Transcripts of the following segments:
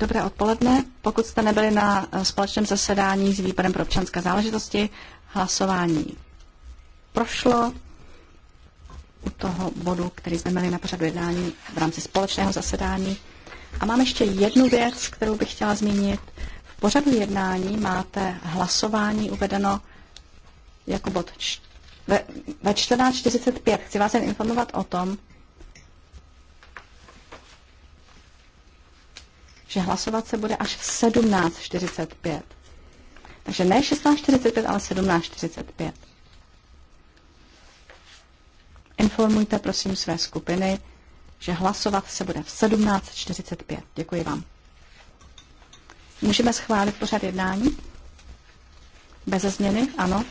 Dobré odpoledne. Pokud jste nebyli na eh, společném zasedání s výborem pro občanské záležitosti, hlasování prošlo u toho bodu, který jsme měli na pořadu jednání v rámci společného zasedání. A mám ještě jednu věc, kterou bych chtěla zmínit. V pořadu jednání máte hlasování uvedeno jako bod 4 ve, ve 14.45 chci vás jen informovat o tom, že hlasovat se bude až v 17.45. Takže ne 16.45, ale 17.45. Informujte prosím své skupiny, že hlasovat se bude v 17.45. Děkuji vám. Můžeme schválit pořad jednání? Bez změny? Ano.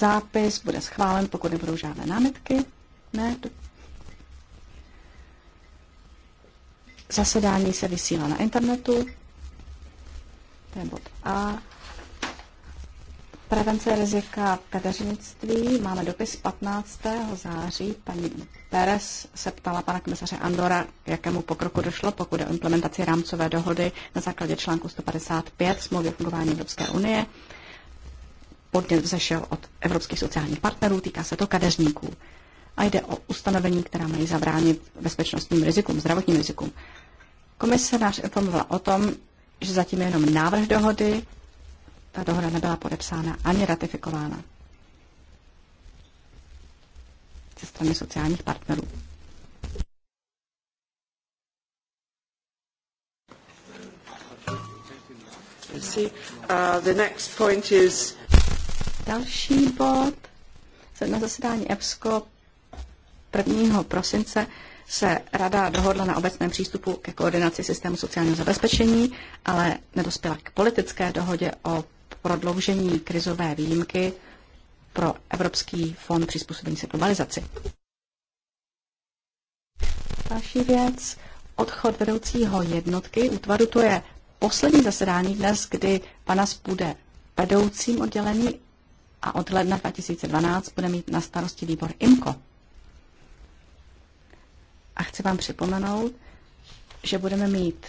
Zápis bude schválen, pokud nebudou žádné námitky. Ne. Zasedání se vysílá na internetu. To je bod A. Prevence rizika kadeřnictví. Máme dopis 15. září. Paní Perez se ptala pana komisaře Andora, jakému pokroku došlo, pokud je o implementaci rámcové dohody na základě článku 155 smlouvy o fungování Evropské unie podnět vzešel od evropských sociálních partnerů, týká se to kadeřníků. A jde o ustanovení, která mají zabránit bezpečnostním rizikům, zdravotním rizikům. Komise nás informovala o tom, že zatím je jenom návrh dohody, ta dohoda nebyla podepsána ani ratifikována ze strany sociálních partnerů. See, uh, the next point is Další bod na zasedání EBSCO 1. prosince se rada dohodla na obecném přístupu ke koordinaci systému sociálního zabezpečení, ale nedospěla k politické dohodě o prodloužení krizové výjimky pro Evropský fond přizpůsobení se globalizaci. Další věc, odchod vedoucího jednotky útvaru, to je poslední zasedání dnes, kdy pana bude vedoucím oddělení a od ledna 2012 bude mít na starosti výbor IMCO. A chci vám připomenout, že budeme mít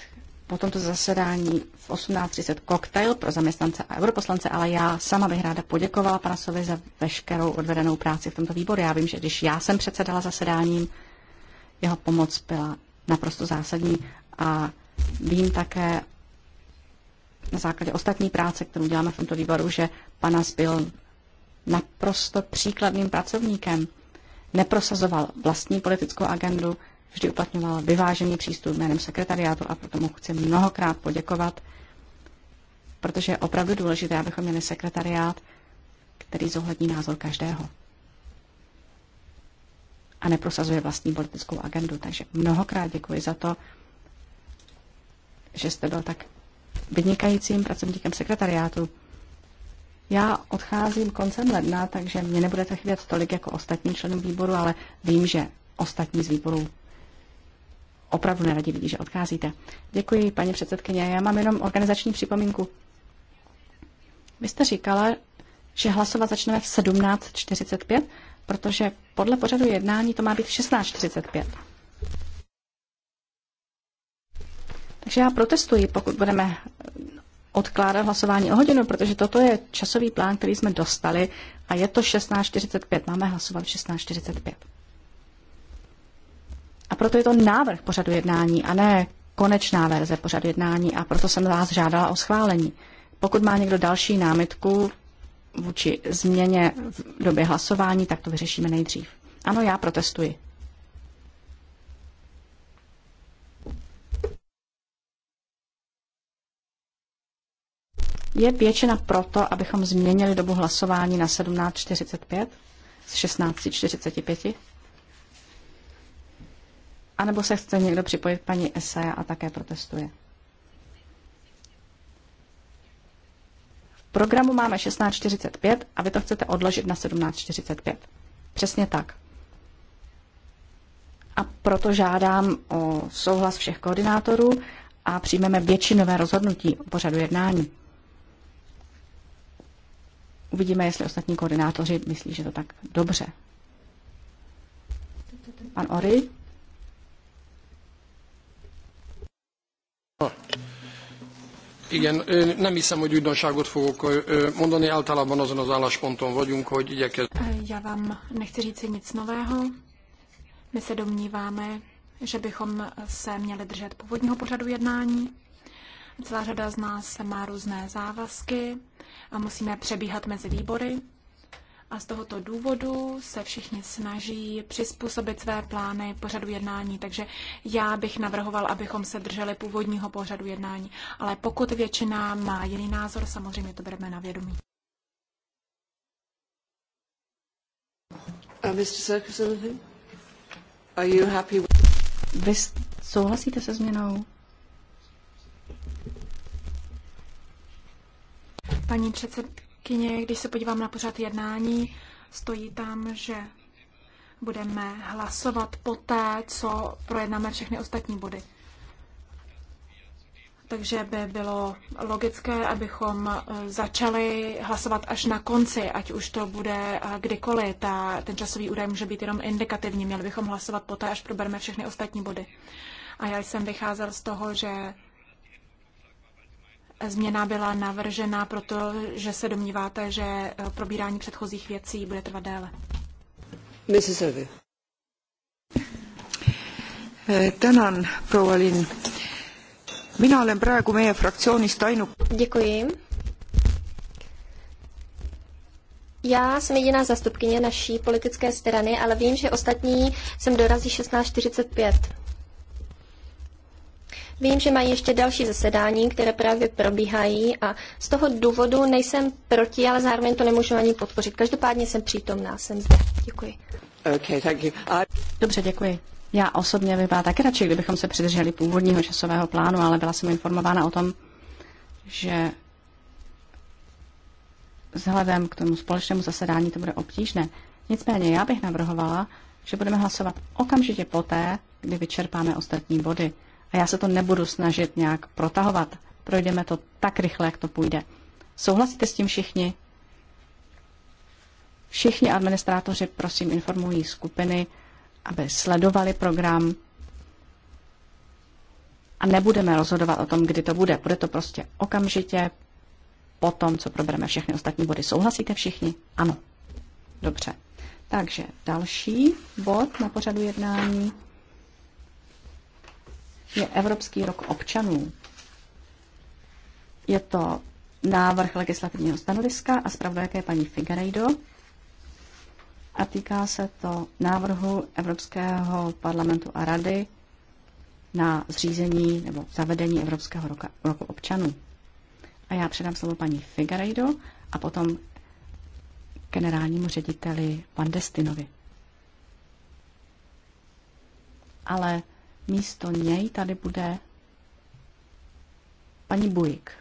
po tomto zasedání v 18.30 koktejl pro zaměstnance a europoslance, ale já sama bych ráda poděkovala Panasovi za veškerou odvedenou práci v tomto výboru. Já vím, že když já jsem předsedala zasedáním, jeho pomoc byla naprosto zásadní a vím také na základě ostatní práce, kterou děláme v tomto výboru, že Panas byl naprosto příkladným pracovníkem. Neprosazoval vlastní politickou agendu, vždy uplatňoval vyvážený přístup jménem sekretariátu a proto mu chci mnohokrát poděkovat, protože je opravdu důležité, abychom měli sekretariát, který zohlední názor každého a neprosazuje vlastní politickou agendu. Takže mnohokrát děkuji za to, že jste byl tak vynikajícím pracovníkem sekretariátu. Já odcházím koncem ledna, takže mě nebudete chybět tolik jako ostatním členům výboru, ale vím, že ostatní z výborů opravdu neradi vidí, že odcházíte. Děkuji, paní předsedkyně. Já mám jenom organizační připomínku. Vy jste říkala, že hlasovat začneme v 17.45, protože podle pořadu jednání to má být 16.45. Takže já protestuji, pokud budeme odkládat hlasování o hodinu, protože toto je časový plán, který jsme dostali a je to 16.45. Máme hlasovat 16.45. A proto je to návrh pořadu jednání a ne konečná verze pořadu jednání a proto jsem vás žádala o schválení. Pokud má někdo další námitku vůči změně v době hlasování, tak to vyřešíme nejdřív. Ano, já protestuji. Je většina proto, abychom změnili dobu hlasování na 17.45 z 16.45? A nebo se chce někdo připojit paní Esaja a také protestuje? V programu máme 16.45 a vy to chcete odložit na 17.45. Přesně tak. A proto žádám o souhlas všech koordinátorů a přijmeme většinové rozhodnutí o pořadu jednání. Uvidíme, jestli ostatní koordinátoři myslí, že to tak dobře. Pan Ory? Igen, nem hiszem, hogy újdonságot fogok mondani, általában azon az állásponton vagyunk, hogy igyekez. Já vám nechci říct nic nového. My se domníváme, že bychom se měli držet původního pořadu jednání. Celá řada z nás má různé závazky a musíme přebíhat mezi výbory. A z tohoto důvodu se všichni snaží přizpůsobit své plány pořadu jednání, takže já bych navrhoval, abychom se drželi původního pořadu jednání. Ale pokud většina má jiný názor, samozřejmě to bereme na vědomí. Uh, Mr. Circus, are you happy with... Vy souhlasíte se změnou? Paní předsedkyně, když se podívám na pořad jednání, stojí tam, že budeme hlasovat poté, co projednáme všechny ostatní body. Takže by bylo logické, abychom eh, začali hlasovat až na konci, ať už to bude eh, kdykoliv. Ta, ten časový údaj může být jenom indikativní. Měli bychom hlasovat poté, až probereme všechny ostatní body. A já jsem vycházel z toho, že změna byla navržena proto, že se domníváte, že eh, probírání předchozích věcí bude trvat déle. Mrs. Eh, tänan, proua Linn. Mina olen praegu meie fraktsioonist ainu... Děkuji. Já jsem jediná zastupkyně naší politické strany, ale vím, že ostatní sem dorazí 16.45. Vím, že mají ještě další zasedání, které právě probíhají a z toho důvodu nejsem proti, ale zároveň to nemůžu ani podpořit. Každopádně jsem přítomná, jsem zde. Děkuji. Okay, thank you. I... Dobře, děkuji. Já osobně bych byla taky radši, kdybychom se přidrželi původního časového plánu, ale byla jsem informována o tom, že vzhledem k tomu společnému zasedání to bude obtížné. Nicméně já bych navrhovala, že budeme hlasovat okamžitě poté, kdy vyčerpáme ostatní body. A já se to nebudu snažit nějak protahovat. Projdeme to tak rychle, jak to půjde. Souhlasíte s tím všichni? Všichni administrátoři prosím informují skupiny, aby sledovali program a nebudeme rozhodovat o tom, kdy to bude. Bude to prostě okamžitě po tom, co probereme všechny ostatní body. Souhlasíte všichni? Ano. Dobře. Takže další bod na pořadu jednání je Evropský rok občanů. Je to návrh legislativního stanoviska a zpravodajka je paní Figueiredo a týká se to návrhu Evropského parlamentu a rady na zřízení nebo zavedení Evropského roka, roku občanů. A já předám slovo paní Figueiredo a potom generálnímu řediteli Pandestinovi. Ale Místo něj tady bude paní Bujik.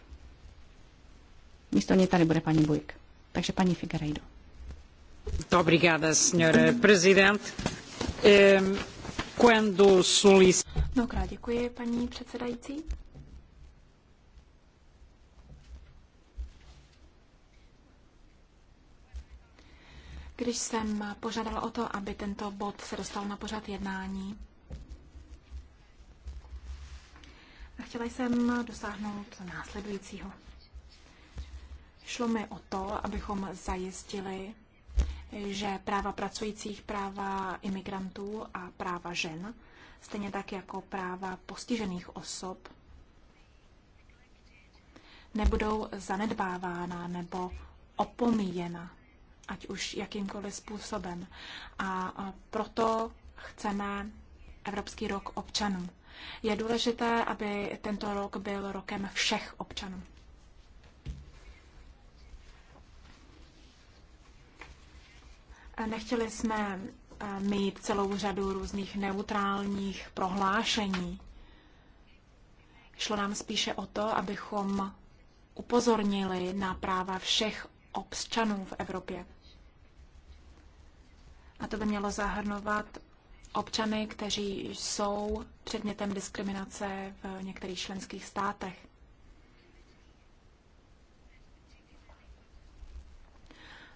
Místo něj tady bude paní Bujik. Takže paní Figueiredo. Obrigada, senhora presidente. Ehm, quando solic... Mnohokrát děkuji, paní předsedající. Když jsem požádala o to, aby tento bod se dostal na pořad jednání, Chtěla jsem dosáhnout následujícího. Šlo mi o to, abychom zajistili, že práva pracujících, práva imigrantů a práva žen, stejně tak jako práva postižených osob, nebudou zanedbávána nebo opomíjena, ať už jakýmkoliv způsobem. A proto chceme Evropský rok občanů. Je důležité, aby tento rok byl rokem všech občanů. Nechtěli jsme mít celou řadu různých neutrálních prohlášení. Šlo nám spíše o to, abychom upozornili na práva všech občanů v Evropě. A to by mělo zahrnovat občany, kteří jsou předmětem diskriminace v některých členských státech.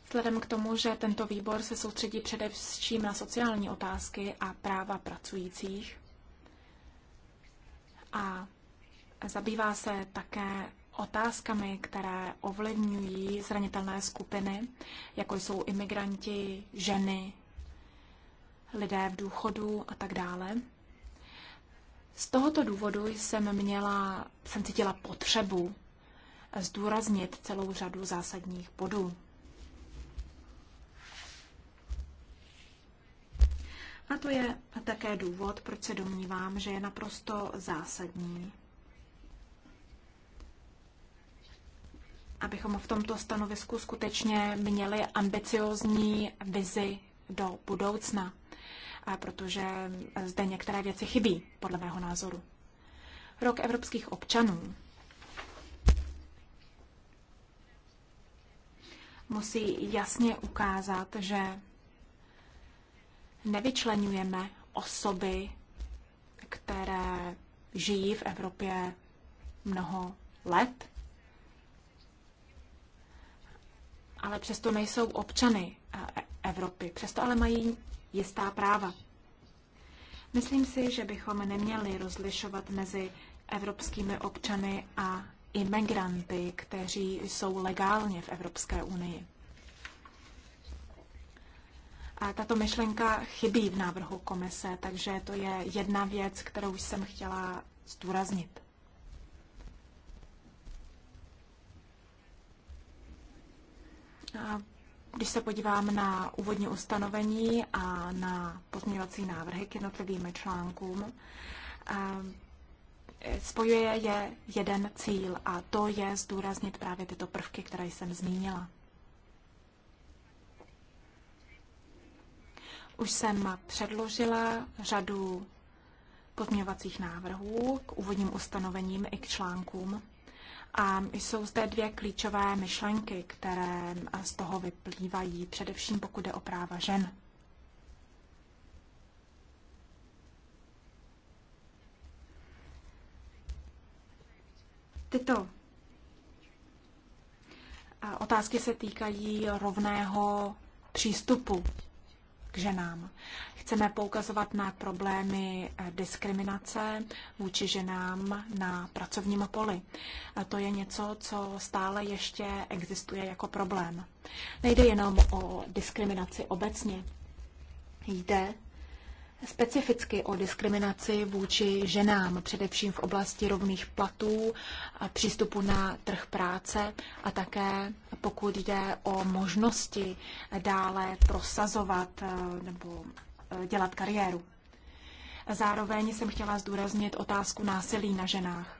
Vzhledem k tomu, že tento výbor se soustředí především na sociální otázky a práva pracujících a zabývá se také otázkami, které ovlivňují zranitelné skupiny, jako jsou imigranti, ženy, lidé v důchodu a tak dále. Z tohoto důvodu jsem měla, jsem cítila potřebu zdůraznit celou řadu zásadních bodů. A to je také důvod, proč se domnívám, že je naprosto zásadní, abychom v tomto stanovisku skutečně měli ambiciozní vizi do budoucna protože zde některé věci chybí, podle mého názoru. Rok evropských občanů. musí jasně ukázat, že nevyčlenujeme osoby, které žijí v Evropě mnoho let, ale přesto nejsou občany eh, Evropy. Přesto ale mají jistá práva. Myslím si, že bychom neměli rozlišovat mezi evropskými občany a imigranty, kteří jsou legálně v Evropské unii. A tato myšlenka chybí v návrhu komise, takže to je jedna věc, kterou jsem chtěla zdůraznit. A když se podívám na úvodní ustanovení a na pozměňovací návrhy k jednotlivým článkům, eh, spojuje je jeden cíl a to je zdůraznit právě tyto prvky, které jsem zmínila. Už jsem předložila řadu pozměňovacích návrhů k úvodním ustanovením i k článkům. A jsou zde dvě klíčové myšlenky, které z toho vyplývají, především pokud jde o práva žen. Tyto otázky se týkají rovného přístupu k ženám. Chceme poukazovat na problémy eh, diskriminace vůči ženám na pracovním poli. A to je něco, co stále ještě existuje jako problém. Nejde jenom o diskriminaci obecně. Jde specificky o diskriminaci vůči ženám, především v oblasti rovných platů, přístupu na trh práce a také pokud jde o možnosti dále prosazovat eh, nebo eh, dělat kariéru. Zároveň jsem chtěla zdůraznit otázku násilí na ženách.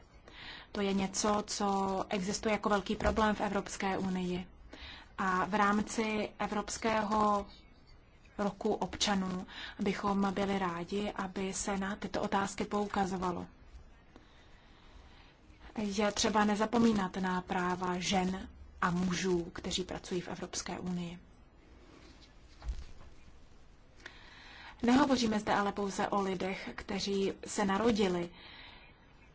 To je něco, co existuje jako velký problém v Evropské unii. A v rámci Evropského roku občanů, bychom byli rádi, aby se na tyto otázky poukazovalo. Je třeba nezapomínat na práva žen a mužů, kteří pracují v Evropské unii. Nehovoříme zde ale pouze o lidech, kteří se narodili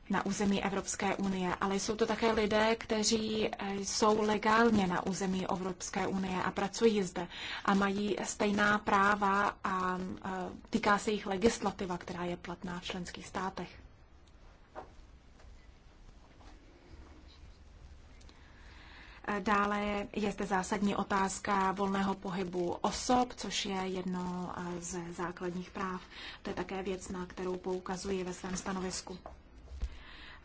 na území Evropské unie, ale jsou to také lidé, kteří eh, jsou legálně na území Evropské unie a pracují zde a mají stejná práva a eh, týká se jich legislativa, která je platná v členských státech. Eh, dále je zde zásadní otázka volného pohybu osob, což je jedno ze základních práv. To je také věc, na kterou poukazuji ve svém stanovisku.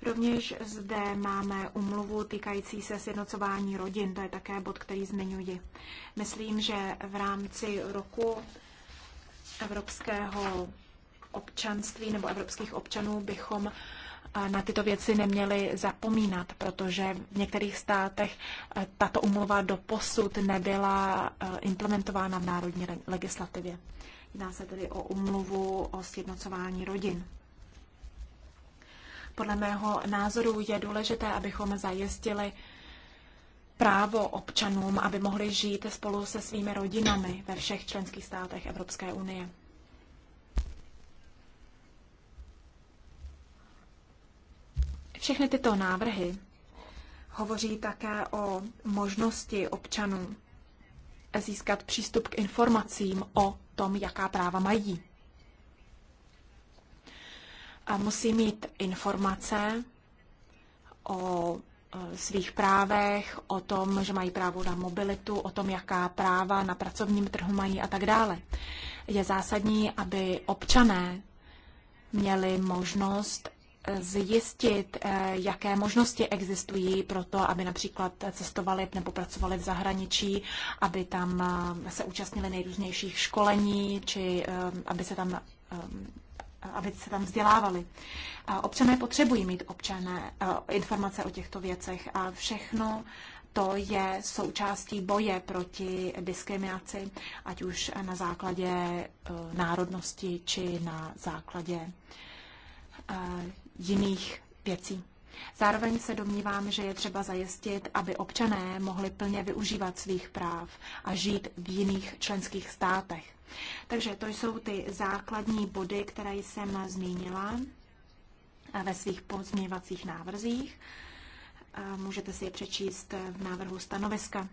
Rovněž zde máme umluvu týkající se sjednocování rodin. To je také bod, který zmiňuji. Myslím, že v rámci roku evropského občanství nebo evropských občanů bychom eh, na tyto věci neměli zapomínat, protože v některých státech eh, tato umluva do posud nebyla eh, implementována v národní legislativě. Jedná se tedy o umluvu o sjednocování rodin. Podle mého názoru je důležité, abychom zajistili právo občanům, aby mohli žít spolu se svými rodinami ve všech členských státech Evropské unie. Všechny tyto návrhy hovoří také o možnosti občanů získat přístup k informacím o tom, jaká práva mají a musí mít informace o e, svých právech, o tom, že mají právo na mobilitu, o tom, jaká práva na pracovním trhu mají a tak dále. Je zásadní, aby občané měli možnost zjistit, e, jaké možnosti existují pro to, aby například cestovali nebo pracovali v zahraničí, aby tam e, se účastnili nejrůznějších školení, či aby se tam aby se tam vzdělávali. Občané potřebují mít občané eh, informace o těchto věcech a všechno to je součástí boje proti diskriminaci, ať už na základě eh, národnosti či na základě eh, jiných věcí. Zároveň se domnívám, že je třeba zajistit, aby občané mohli plně využívat svých práv a žít v jiných členských státech. Takže to jsou ty základní body, které jsem zmínila ve svých pozměňovacích návrzích. Můžete si je přečíst v návrhu stanoviska.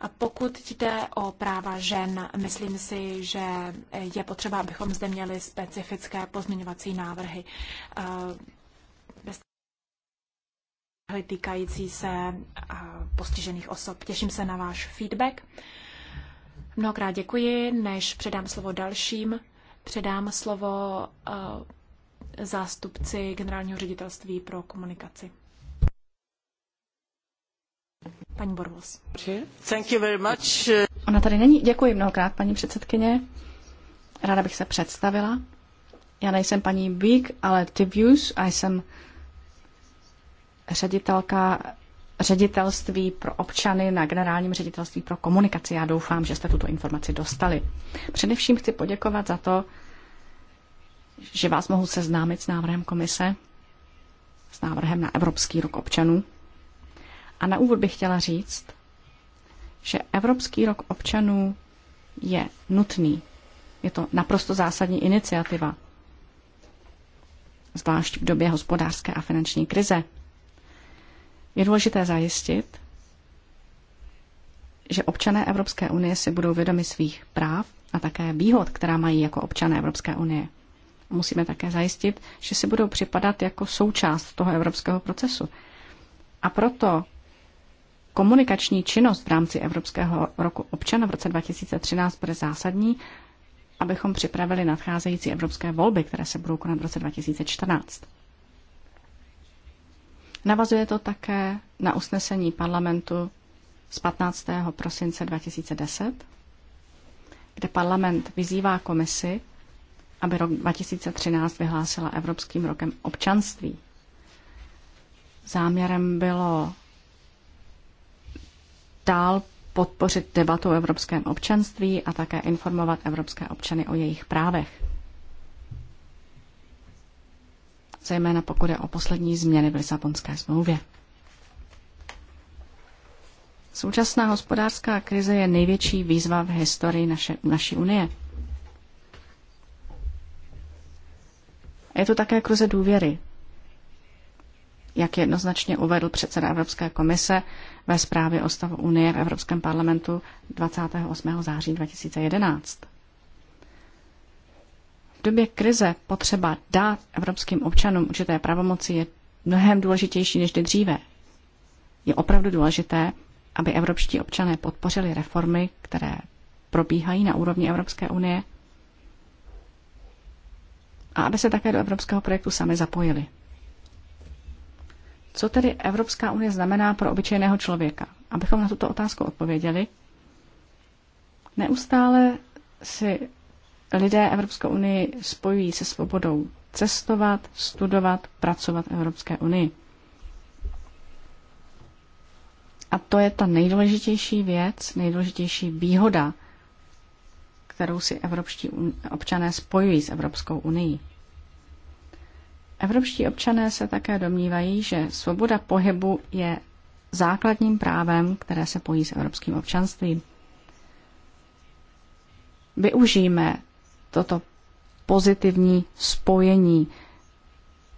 A pokud jde o práva žen, myslím si, že je potřeba, abychom zde měli specifické pozměňovací návrhy. E, týkající se e, postižených osob. Těším se na váš feedback. Mnohokrát děkuji. Než předám slovo dalším, předám slovo e, zástupci generálního ředitelství pro komunikaci. Paní Borvos. Thank you very much. Ona tady není. Děkuji mnohokrát, paní předsedkyně. Ráda bych se představila. Já nejsem paní Big, ale Tibius a jsem ředitelka ředitelství pro občany na generálním ředitelství pro komunikaci. Já doufám, že jste tuto informaci dostali. Především chci poděkovat za to, že vás mohu seznámit s návrhem komise, s návrhem na Evropský rok občanů. A na úvod bych chtěla říct, že Evropský rok občanů je nutný. Je to naprosto zásadní iniciativa, zvlášť v době hospodářské a finanční krize je důležité zajistit, že občané Evropské unie si budou vědomi svých práv a také výhod, která mají jako občané Evropské unie. Musíme také zajistit, že si budou připadat jako součást toho evropského procesu. A proto komunikační činnost v rámci Evropského roku občana v roce 2013 bude zásadní, abychom připravili nadcházející evropské volby, které se budou konat v roce 2014. Navazuje to také na usnesení parlamentu z 15. prosince 2010, kde parlament vyzývá komisi, aby rok 2013 vyhlásila Evropským rokem občanství. Záměrem bylo dál podpořit debatu o evropském občanství a také informovat evropské občany o jejich právech. zejména pokud je o poslední změny v Lisabonské smlouvě. Současná hospodářská krize je největší výzva v historii naše, naší unie. Je to také krize důvěry. Jak jednoznačně uvedl předseda Evropské komise ve zprávě o stavu Unie v Evropském parlamentu 28. září 2011 době krize potřeba dát evropským občanům určité pravomoci je mnohem důležitější než dříve. Je opravdu důležité, aby evropští občané podpořili reformy, které probíhají na úrovni Evropské unie a aby se také do evropského projektu sami zapojili. Co tedy Evropská unie znamená pro obyčejného člověka? Abychom na tuto otázku odpověděli, neustále si lidé Evropské unii spojují se svobodou cestovat, studovat, pracovat v Evropské unii. A to je ta nejdůležitější věc, nejdůležitější výhoda, kterou si evropští občané spojují s Evropskou unii. Evropští občané se také domnívají, že svoboda pohybu je základním právem, které se pojí s evropským občanstvím. Využijeme toto pozitivní spojení.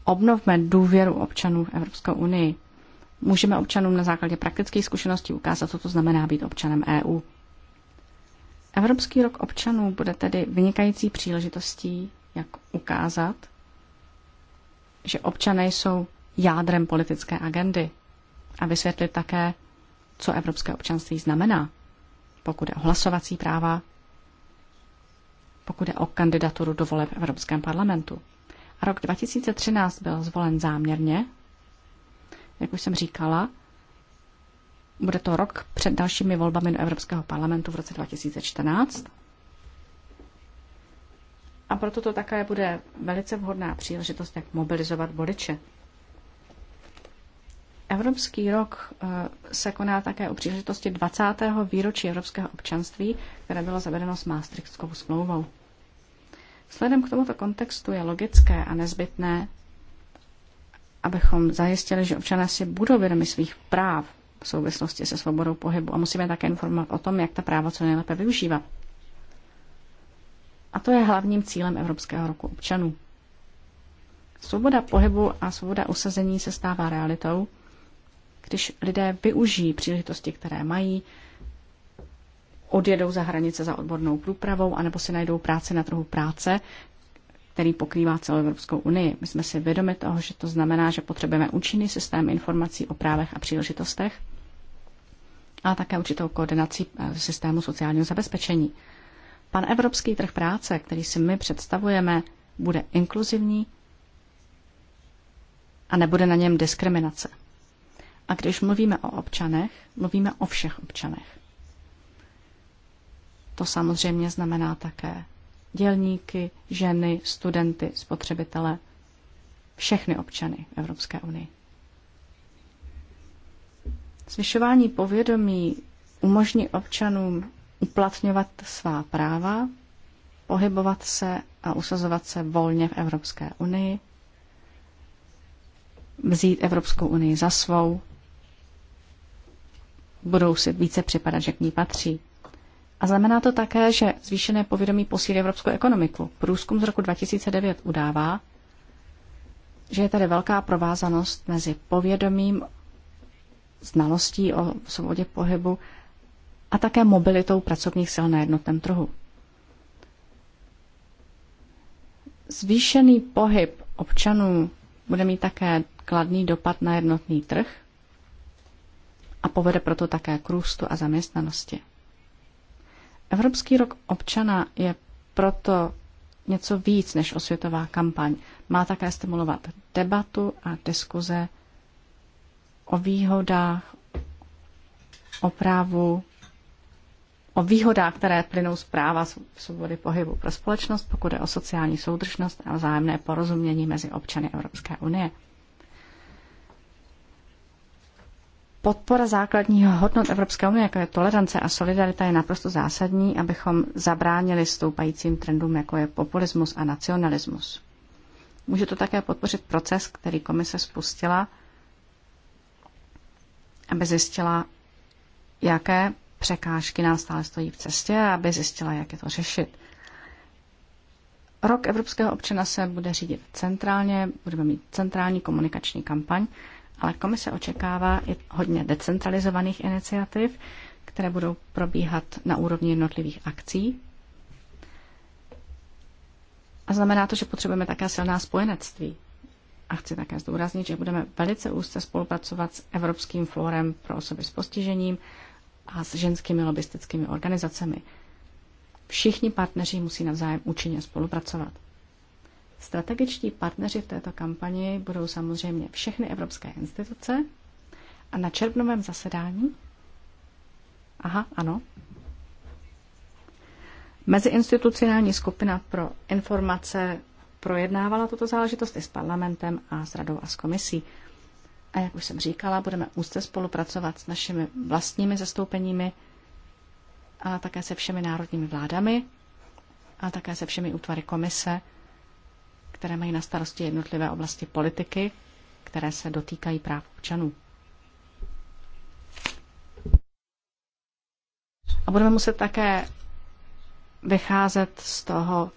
Obnovme důvěru občanů v Evropskou unii. Můžeme občanům na základě praktických zkušeností ukázat, co to znamená být občanem EU. Evropský rok občanů bude tedy vynikající příležitostí, jak ukázat, že občané jsou jádrem politické agendy a vysvětlit také, co evropské občanství znamená, pokud je o hlasovací práva, pokud je o kandidaturu do voleb v Evropském parlamentu. A rok 2013 byl zvolen záměrně, jak už jsem říkala, bude to rok před dalšími volbami do Evropského parlamentu v roce 2014. A proto to také bude velice vhodná příležitost, jak mobilizovat voliče. Evropský rok eh, se koná také u příležitosti 20. výročí evropského občanství, které bylo zavedeno s Maastrichtskou smlouvou. Vzhledem k tomuto kontextu je logické a nezbytné, abychom zajistili, že občané si budou vědomi svých práv v souvislosti se svobodou pohybu a musíme také informovat o tom, jak ta práva co nejlépe využívat. A to je hlavním cílem Evropského roku občanů. Svoboda pohybu a svoboda usazení se stává realitou, když lidé využijí příležitosti, které mají, odjedou za hranice za odbornou průpravou, anebo si najdou práci na trhu práce, který pokrývá celou Evropskou unii. My jsme si vědomi toho, že to znamená, že potřebujeme účinný systém informací o právech a příležitostech a také určitou koordinací eh, systému sociálního zabezpečení. Pan Evropský trh práce, který si my představujeme, bude inkluzivní a nebude na něm diskriminace. A když mluvíme o občanech, mluvíme o všech občanech. To samozřejmě znamená také dělníky, ženy, studenty, spotřebitele, všechny občany Evropské unie. Zvyšování povědomí umožní občanům uplatňovat svá práva, pohybovat se a usazovat se volně v Evropské unii, vzít Evropskou unii za svou, budou si více připadat, že k ní patří. A znamená to také, že zvýšené povědomí posílí evropskou ekonomiku. Průzkum z roku 2009 udává, že je tady velká provázanost mezi povědomím, znalostí o svobodě pohybu a také mobilitou pracovních sil na jednotném trhu. Zvýšený pohyb občanů bude mít také kladný dopad na jednotný trh a povede proto také k růstu a zaměstnanosti. Evropský rok občana je proto něco víc než osvětová kampaň. Má také stimulovat debatu a diskuze o výhodách, o právu, o výhodách, které plynou z práva svobody pohybu pro společnost, pokud je o sociální soudržnost a vzájemné porozumění mezi občany Evropské unie. podpora základního hodnot Evropské unie, jako je tolerance a solidarita, je naprosto zásadní, abychom zabránili stoupajícím trendům, jako je populismus a nacionalismus. Může to také podpořit proces, který komise spustila, aby zjistila, jaké překážky nám stále stojí v cestě a aby zjistila, jak je to řešit. Rok evropského občana se bude řídit centrálně, budeme mít centrální komunikační kampaň, ale komise očekává i hodně decentralizovaných iniciativ, které budou probíhat na úrovni jednotlivých akcí. A znamená to, že potřebujeme také silná spojenectví. A chci také zdůraznit, že budeme velice úzce spolupracovat s Evropským fórem pro osoby s postižením a s ženskými lobistickými organizacemi. Všichni partneři musí navzájem účinně spolupracovat. Strategičtí partneři v této kampani budou samozřejmě všechny evropské instituce a na červnovém zasedání. Aha, ano. Meziinstitucionální skupina pro informace projednávala tuto záležitost i s parlamentem a s radou a s komisí. A jak už jsem říkala, budeme úzce spolupracovat s našimi vlastními zastoupeními a také se všemi národními vládami a také se všemi útvary komise, které mají na starosti jednotlivé oblasti politiky, které se dotýkají práv občanů. A budeme muset také vycházet z toho,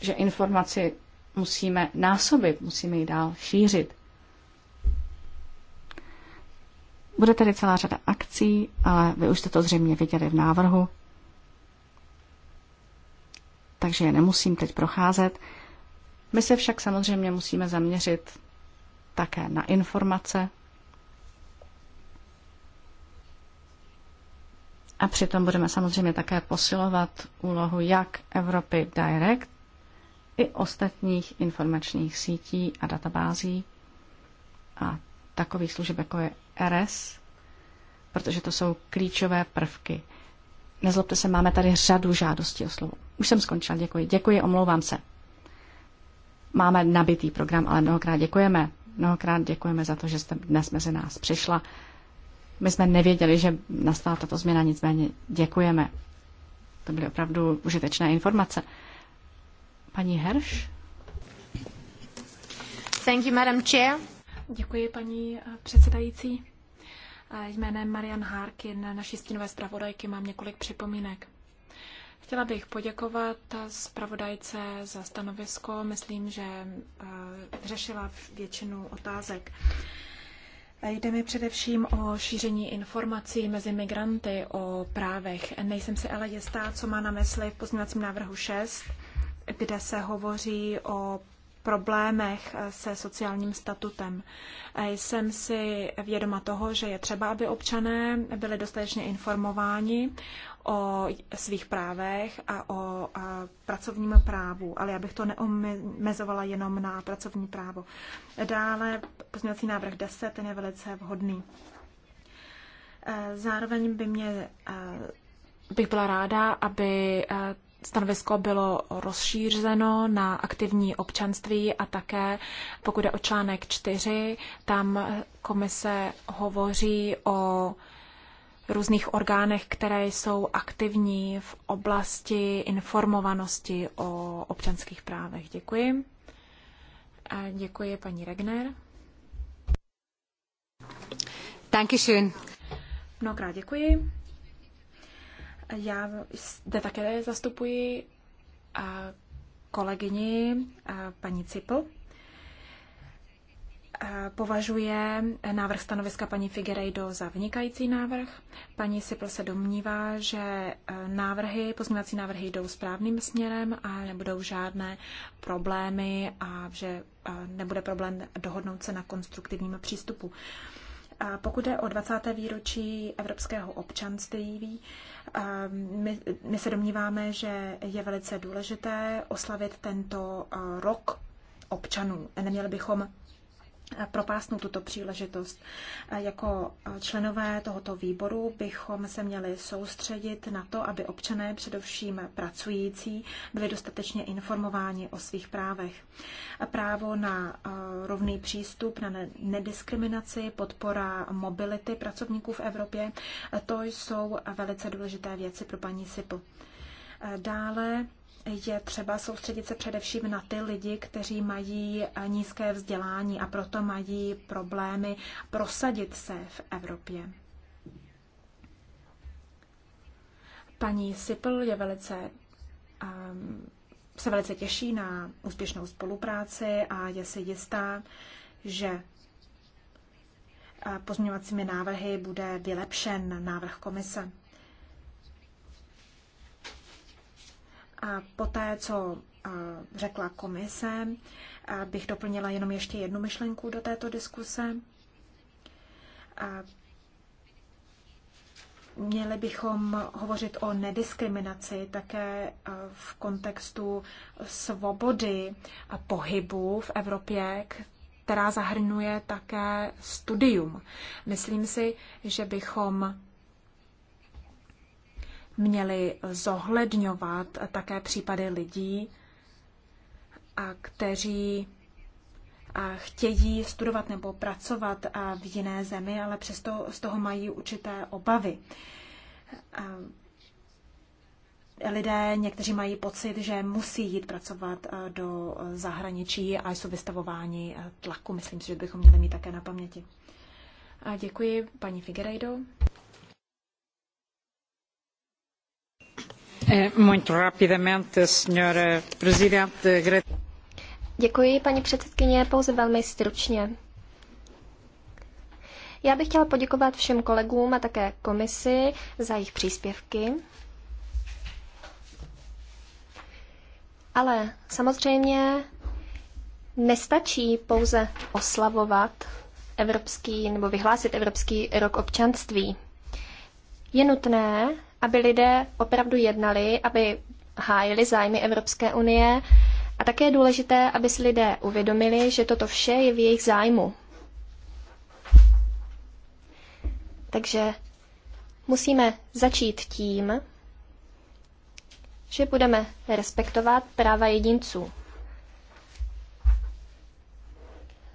že informaci musíme násobit, musíme ji dál šířit. Bude tedy celá řada akcí, ale vy už jste to zřejmě viděli v návrhu, takže je nemusím teď procházet. My se však samozřejmě musíme zaměřit také na informace a přitom budeme samozřejmě také posilovat úlohu jak Evropy Direct, i ostatních informačních sítí a databází a takových služeb, jako je RS, protože to jsou klíčové prvky. Nezlobte se, máme tady řadu žádostí o slovo. Už jsem skončila, děkuji. Děkuji, omlouvám se. Máme nabitý program, ale mnohokrát děkujeme. Mnohokrát děkujeme za to, že jste dnes mezi nás přišla. My jsme nevěděli, že nastala tato změna, nicméně děkujeme. To byly opravdu užitečné informace. Paní Herš? Thank you, Madam Chair. Děkuji, paní eh, předsedající. Eh, jménem Marian Harkin, naší stínové zpravodajky, mám několik připomínek. Chtěla bych poděkovat zpravodajce za stanovisko. Myslím, že eh, řešila většinu otázek. Jde mi především o šíření informací mezi migranty o právech. Nejsem si ale jistá, co má na mysli v pozměňovacím návrhu 6, kde se hovoří o problémech eh, se sociálním statutem. Eh, jsem si vědoma toho, že je třeba, aby občané byli dostatečně informováni o svých právech a o pracovním právu, ale já bych to neomezovala jenom na pracovní právo. Dále pozměňovací návrh 10, ten je velice vhodný. Eh, zároveň by mě bych byla ráda, aby stanovisko bylo rozšířeno na aktivní občanství a také, pokud je o článek 4, tam komise hovoří o různých orgánech, které jsou aktivní v oblasti informovanosti o občanských právech. Děkuji. A děkuji paní Regner. Dankeschön. Mnohokrát děkuji. Já zde také zastupuji kolegyni paní Cipl. Považuje návrh stanoviska paní Figueiredo za vynikající návrh. Paní Sipl se domnívá, že e, návrhy, pozměňovací návrhy jdou správným směrem a nebudou žádné problémy a že e, nebude problém dohodnout se na konstruktivním přístupu. A pokud je o 20. výročí evropského občanství, ehm, my, my se domníváme, že je velice důležité oslavit tento eh, rok občanů. Neměli bychom propásnout tuto příležitost. Jako členové tohoto výboru bychom se měli soustředit na to, aby občané, především pracující, byli dostatečně informováni o svých právech. Právo na rovný přístup, na nediskriminaci, podpora mobility pracovníků v Evropě, to jsou velice důležité věci pro paní Sipl. Dále je třeba soustředit se především na ty lidi, kteří mají eh, nízké vzdělání a proto mají problémy prosadit se v Evropě. Paní Sipl je velice, ehm, se velice těší na úspěšnou spolupráci a je si jistá, že eh, pozměňovacími návrhy bude vylepšen návrh komise. A poté, co řekla komise, bych doplnila jenom ještě jednu myšlenku do této diskuse. A měli bychom hovořit o nediskriminaci také v kontextu svobody a pohybu v Evropě, která zahrnuje také studium. Myslím si, že bychom měli zohledňovat také případy lidí, kteří chtějí studovat nebo pracovat v jiné zemi, ale přesto z toho mají určité obavy. Lidé, někteří mají pocit, že musí jít pracovat do zahraničí a jsou vystavováni tlaku. Myslím si, že bychom měli mít také na paměti. A děkuji paní Figueiredo. Eh, Děkuji, paní předsedkyně, pouze velmi stručně. Já bych chtěla poděkovat všem kolegům a také komisi za jejich příspěvky. Ale samozřejmě nestačí pouze oslavovat evropský nebo vyhlásit Evropský rok občanství. Je nutné aby lidé opravdu jednali, aby hájili zájmy Evropské unie a také je důležité, aby si lidé uvědomili, že toto vše je v jejich zájmu. Takže musíme začít tím, že budeme respektovat práva jedinců.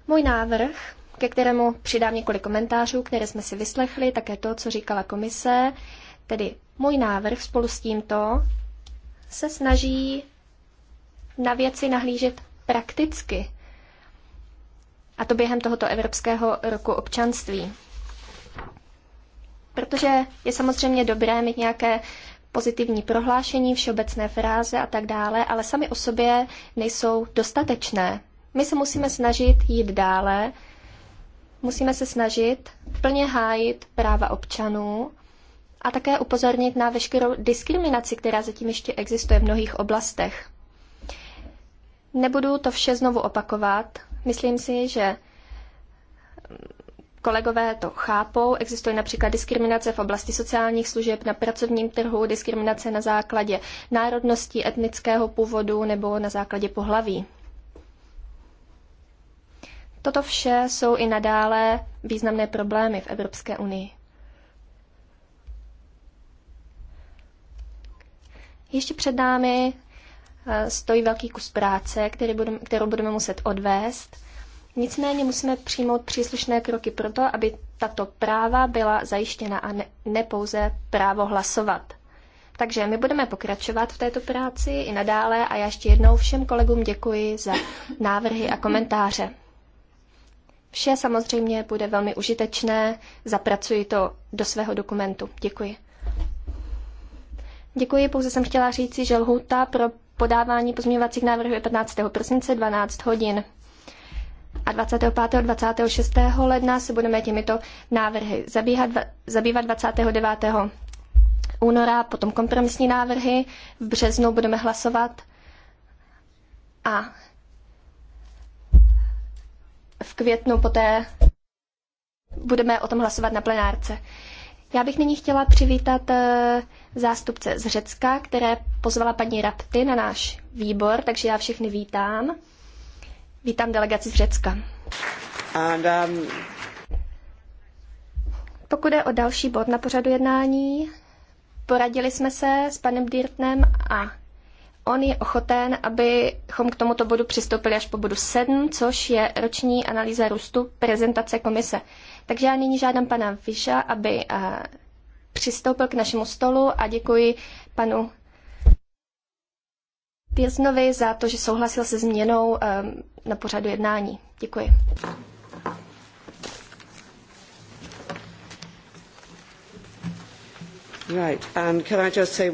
Můj návrh, ke kterému přidám několik komentářů, které jsme si vyslechli, také to, co říkala komise, Tedy můj návrh spolu s tímto se snaží na věci nahlížet prakticky. A to během tohoto Evropského roku občanství. Protože je samozřejmě dobré mít nějaké pozitivní prohlášení, všeobecné fráze a tak dále, ale sami o sobě nejsou dostatečné. My se musíme snažit jít dále, musíme se snažit plně hájit práva občanů a také upozornit na veškerou diskriminaci, která zatím ještě existuje v mnohých oblastech. Nebudu to vše znovu opakovat. Myslím si, že kolegové to chápou. Existuje například diskriminace v oblasti sociálních služeb na pracovním trhu, diskriminace na základě národnosti, etnického původu nebo na základě pohlaví. Toto vše jsou i nadále významné problémy v Evropské unii. Ještě před námi eh, stojí velký kus práce, který budeme, kterou budeme muset odvést. Nicméně musíme přijmout příslušné kroky pro to, aby tato práva byla zajištěna a ne, ne pouze právo hlasovat. Takže my budeme pokračovat v této práci i nadále a já ještě jednou všem kolegům děkuji za návrhy a komentáře. Vše samozřejmě bude velmi užitečné, zapracuji to do svého dokumentu. Děkuji. Děkuji, pouze jsem chtěla říci, že lhůta pro podávání pozměňovacích návrhů je 15. prosince 12 hodin. A 25. a 26. ledna se budeme těmito návrhy zabíhat, zabývat 29. února, potom kompromisní návrhy, v březnu budeme hlasovat a v květnu poté budeme o tom hlasovat na plenárce. Já bych nyní chtěla přivítat eh, zástupce z Řecka, které pozvala paní Rapty na náš výbor, takže já všechny vítám. Vítám delegaci z Řecka. And, um... Pokud je o další bod na pořadu jednání, poradili jsme se s panem Dirtnem a on je ochoten, abychom k tomuto bodu přistoupili až po bodu 7, což je roční analýza růstu prezentace komise. Takže já nyní žádám pana Vyša, aby eh, přistoupil k našemu stolu a děkuji panu Pěznovi za to, že souhlasil se změnou eh, na pořadu jednání. Děkuji. Right. And can I just say...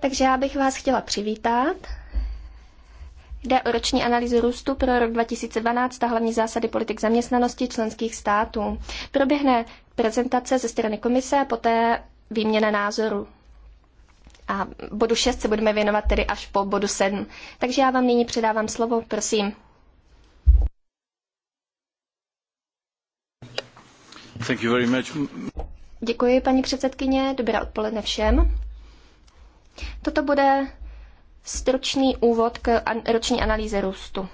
Takže já bych vás chtěla přivítat. Jde o roční analýzu růstu pro rok 2012 a hlavní zásady politik zaměstnanosti členských států. Proběhne prezentace ze strany komise a poté výměna názoru. A bodu 6 se budeme věnovat tedy až po bodu 7. Takže já vám nyní předávám slovo, prosím. Thank you very much. Děkuji, paní předsedkyně. Dobré odpoledne všem. Toto bude stručný úvod k roční analýze růstu.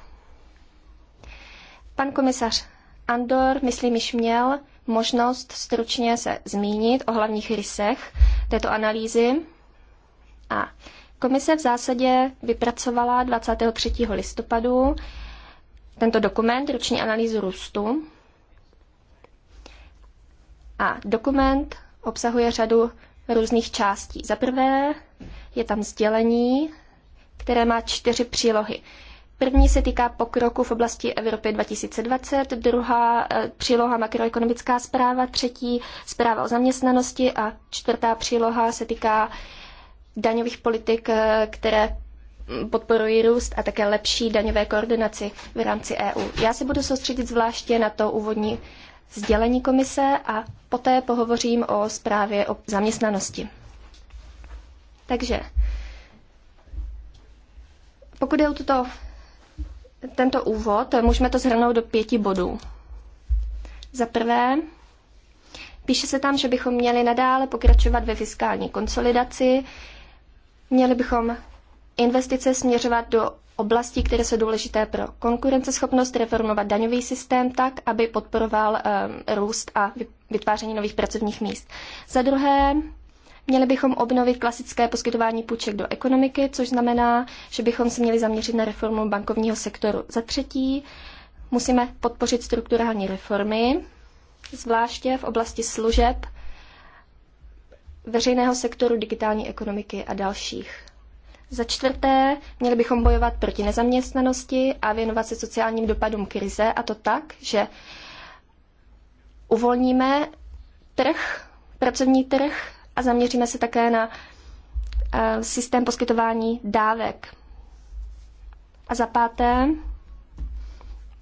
Pan komisař Andor, myslím, již měl možnost stručně se zmínit o hlavních rysech této analýzy. A komise v zásadě vypracovala 23. listopadu tento dokument, roční analýzu růstu. A dokument obsahuje řadu různých částí. Za prvé je tam sdělení které má čtyři přílohy. První se týká pokroku v oblasti Evropy 2020, druhá eh, příloha makroekonomická zpráva, třetí zpráva o zaměstnanosti a čtvrtá příloha se týká daňových politik, eh, které podporují růst a také lepší daňové koordinaci v rámci EU. Já se budu soustředit zvláště na to úvodní sdělení komise a poté pohovořím o zprávě o zaměstnanosti. Takže pokud je o tuto, tento úvod, můžeme to zhrnout do pěti bodů. Za prvé, píše se tam, že bychom měli nadále pokračovat ve fiskální konsolidaci, měli bychom investice směřovat do oblastí, které jsou důležité pro konkurenceschopnost, reformovat daňový systém tak, aby podporoval um, růst a vytváření nových pracovních míst. Za druhé, Měli bychom obnovit klasické poskytování půjček do ekonomiky, což znamená, že bychom se měli zaměřit na reformu bankovního sektoru. Za třetí, musíme podpořit strukturální reformy, zvláště v oblasti služeb, veřejného sektoru, digitální ekonomiky a dalších. Za čtvrté, měli bychom bojovat proti nezaměstnanosti a věnovat se sociálním dopadům krize, a to tak, že uvolníme trh, pracovní trh a zaměříme se také na eh, systém poskytování dávek. A za páté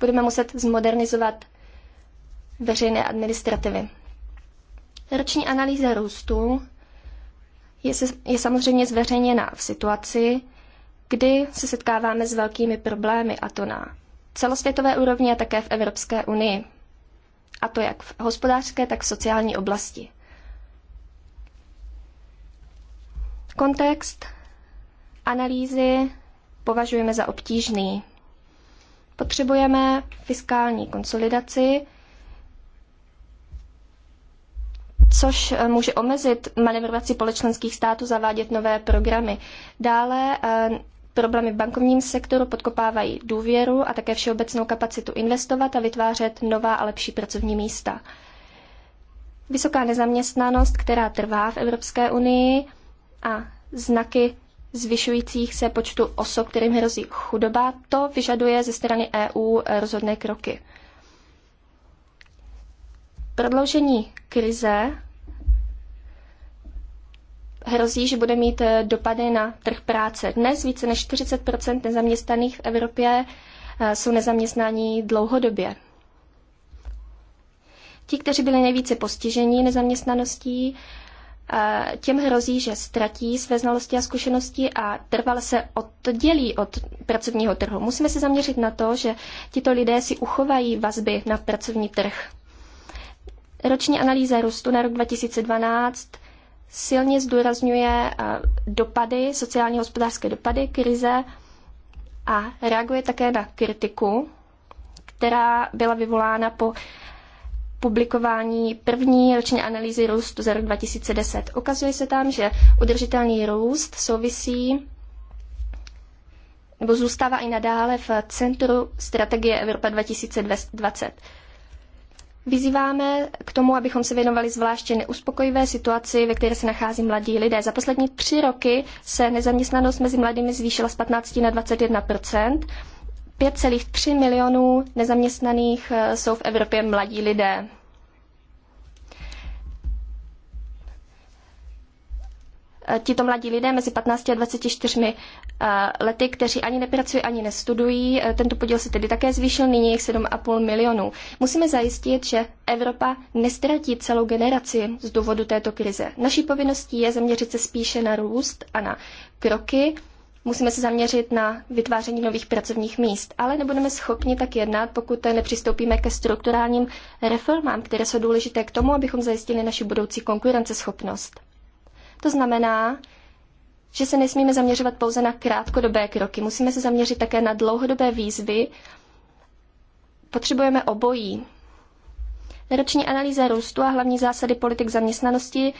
budeme muset zmodernizovat veřejné administrativy. Roční analýza růstu je, se, je samozřejmě zveřejněna v situaci, kdy se setkáváme s velkými problémy, a to na celosvětové úrovni a také v Evropské unii. A to jak v hospodářské, tak v sociální oblasti. Kontext analýzy považujeme za obtížný. Potřebujeme fiskální konsolidaci, což může omezit manevrovací společenských států zavádět nové programy. Dále eh, problémy v bankovním sektoru podkopávají důvěru a také všeobecnou kapacitu investovat a vytvářet nová a lepší pracovní místa. Vysoká nezaměstnanost, která trvá v Evropské unii, a znaky zvyšujících se počtu osob, kterým hrozí chudoba, to vyžaduje ze strany EU rozhodné kroky. Prodloužení krize hrozí, že bude mít eh, dopady na trh práce. Dnes více než 40 nezaměstnaných v Evropě eh, jsou nezaměstnaní dlouhodobě. Ti, kteří byli nejvíce postiženi nezaměstnaností, těm hrozí, že ztratí své znalosti a zkušenosti a trvale se oddělí od pracovního trhu. Musíme se zaměřit na to, že tito lidé si uchovají vazby na pracovní trh. Roční analýza růstu na rok 2012 silně zdůrazňuje eh, dopady, sociálně hospodářské dopady krize a reaguje také na kritiku, která byla vyvolána po publikování první roční analýzy růstu za rok 2010. Ukazuje se tam, že udržitelný růst souvisí nebo zůstává i nadále v centru strategie Evropa 2020. Vyzýváme k tomu, abychom se věnovali zvláště neuspokojivé situaci, ve které se nachází mladí lidé. Za poslední tři roky se nezaměstnanost mezi mladými zvýšila z 15 na 21 5,3 milionů nezaměstnaných eh, jsou v Evropě mladí lidé. Eh, tito mladí lidé mezi 15 a 24 eh, lety, kteří ani nepracují, ani nestudují, tento podíl se tedy také zvýšil, nyní je 7,5 milionů. Musíme zajistit, že Evropa nestratí celou generaci z důvodu této krize. Naší povinností je zaměřit se spíše na růst a na kroky, Musíme se zaměřit na vytváření nových pracovních míst, ale nebudeme schopni tak jednat, pokud nepřistoupíme ke strukturálním reformám, které jsou důležité k tomu, abychom zajistili naši budoucí konkurenceschopnost. To znamená, že se nesmíme zaměřovat pouze na krátkodobé kroky, musíme se zaměřit také na dlouhodobé výzvy. Potřebujeme obojí. Roční analýza růstu a hlavní zásady politik zaměstnanosti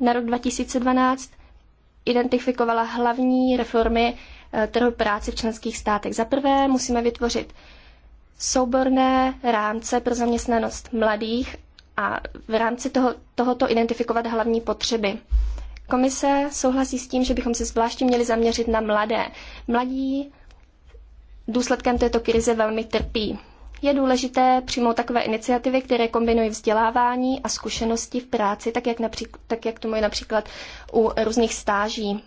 na rok 2012 identifikovala hlavní reformy eh, trhu práce v členských státech. Za prvé musíme vytvořit souborné rámce pro zaměstnanost mladých a v rámci toho, tohoto identifikovat hlavní potřeby. Komise souhlasí s tím, že bychom se zvláště měli zaměřit na mladé. Mladí důsledkem této krize velmi trpí. Je důležité přijmout takové iniciativy, které kombinují vzdělávání a zkušenosti v práci, tak jak, tak jak tomu je například u různých stáží.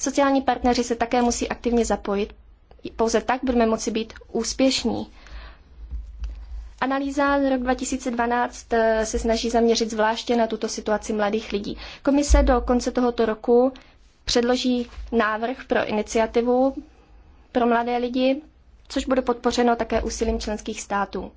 Sociální partneři se také musí aktivně zapojit. Pouze tak budeme moci být úspěšní. Analýza z rok 2012 eh, se snaží zaměřit zvláště na tuto situaci mladých lidí. Komise do konce tohoto roku předloží návrh pro iniciativu pro mladé lidi, což bude podpořeno také úsilím členských států.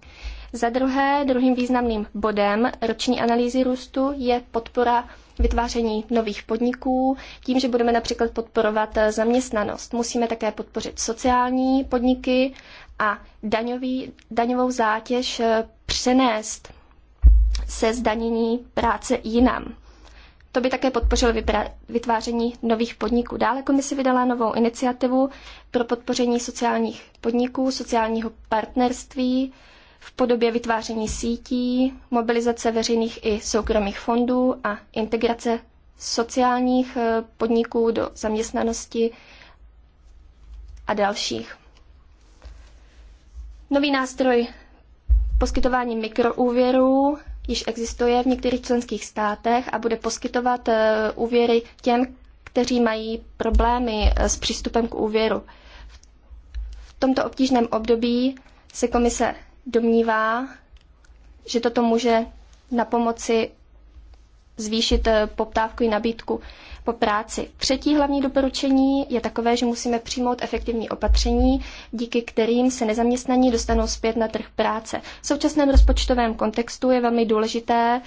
Za druhé, druhým významným bodem roční analýzy růstu je podpora vytváření nových podniků, tím, že budeme například podporovat zaměstnanost. Musíme také podpořit sociální podniky a daňový, daňovou zátěž přenést se zdanění práce jinam. To by také podpořilo vytváření nových podniků. Dále komise vydala novou iniciativu pro podpoření sociálních podniků, sociálního partnerství v podobě vytváření sítí, mobilizace veřejných i soukromých fondů a integrace sociálních eh, podniků do zaměstnanosti a dalších. Nový nástroj poskytování mikroúvěrů již existuje v některých členských státech a bude poskytovat eh, úvěry těm, kteří mají problémy eh, s přístupem k úvěru. V tomto obtížném období se komise domnívá, že toto může na pomoci zvýšit eh, poptávku i nabídku po práci. Třetí hlavní doporučení je takové, že musíme přijmout efektivní opatření, díky kterým se nezaměstnaní dostanou zpět na trh práce. V současném rozpočtovém kontextu je velmi důležité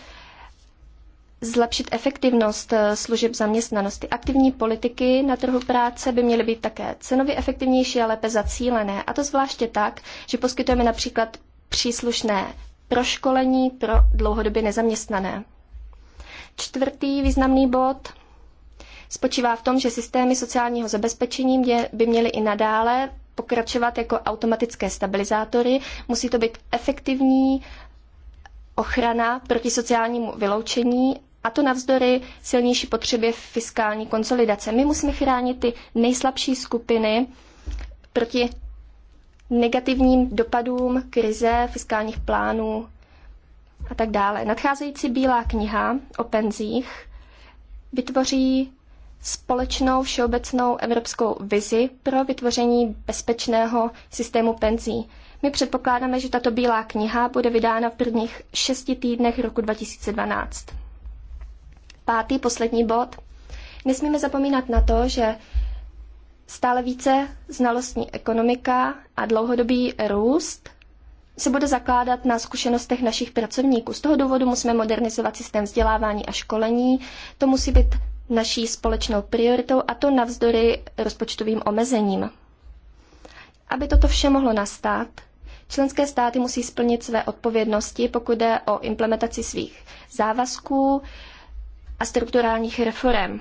zlepšit efektivnost eh, služeb zaměstnanosti. Aktivní politiky na trhu práce by měly být také cenově efektivnější a lépe zacílené. A to zvláště tak, že poskytujeme například příslušné proškolení pro dlouhodobě nezaměstnané. Čtvrtý významný bod spočívá v tom, že systémy sociálního zabezpečení by měly i nadále pokračovat jako automatické stabilizátory. Musí to být efektivní ochrana proti sociálnímu vyloučení a to navzdory silnější potřebě fiskální konsolidace. My musíme chránit ty nejslabší skupiny proti negativním dopadům krize, fiskálních plánů a tak dále. Nadcházející bílá kniha o penzích vytvoří společnou všeobecnou evropskou vizi pro vytvoření bezpečného systému penzí. My předpokládáme, že tato bílá kniha bude vydána v prvních šesti týdnech roku 2012. Pátý, poslední bod. Nesmíme zapomínat na to, že stále více znalostní ekonomika a dlouhodobý růst se bude zakládat na zkušenostech našich pracovníků. Z toho důvodu musíme modernizovat systém vzdělávání a školení. To musí být naší společnou prioritou a to navzdory rozpočtovým omezením. Aby toto vše mohlo nastat, členské státy musí splnit své odpovědnosti, pokud jde o implementaci svých závazků a strukturálních reform.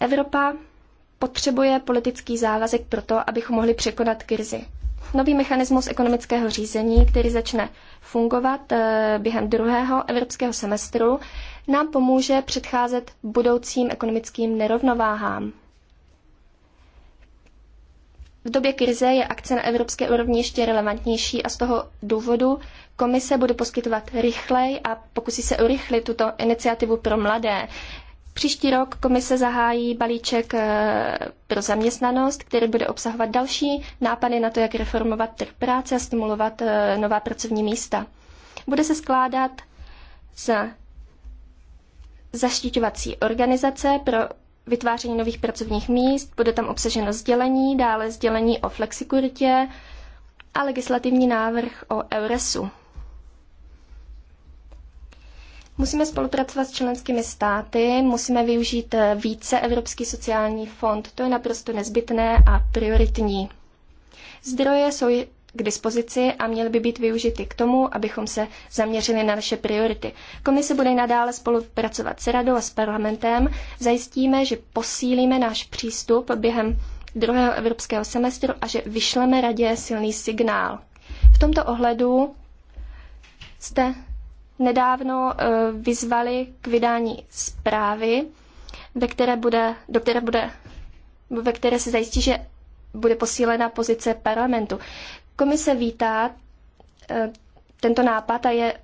Evropa potřebuje politický závazek pro to, abychom mohli překonat krizi. Nový mechanismus ekonomického řízení, který začne fungovat eh, během druhého evropského semestru, nám pomůže předcházet budoucím ekonomickým nerovnováhám. V době krize je akce na evropské úrovni ještě relevantnější a z toho důvodu komise bude poskytovat rychlej a pokusí se urychlit tuto iniciativu pro mladé. Příští rok komise zahájí balíček eh, pro zaměstnanost, který bude obsahovat další nápady na to, jak reformovat trh práce a stimulovat eh, nová pracovní místa. Bude se skládat za zaštiťovací organizace pro vytváření nových pracovních míst, bude tam obsaženo sdělení, dále sdělení o flexikuritě a legislativní návrh o Euresu. Musíme spolupracovat s členskými státy, musíme využít eh, více Evropský sociální fond. To je naprosto nezbytné a prioritní. Zdroje jsou k dispozici a měly by být využity k tomu, abychom se zaměřili na naše priority. Komise bude nadále spolupracovat s radou a s parlamentem. Zajistíme, že posílíme náš přístup během druhého evropského semestru a že vyšleme radě silný signál. V tomto ohledu jste nedávno eh, vyzvali k vydání zprávy, ve které, bude, do které bude, ve které se zajistí, že bude posílena pozice parlamentu. Komise vítá eh, tento nápad a je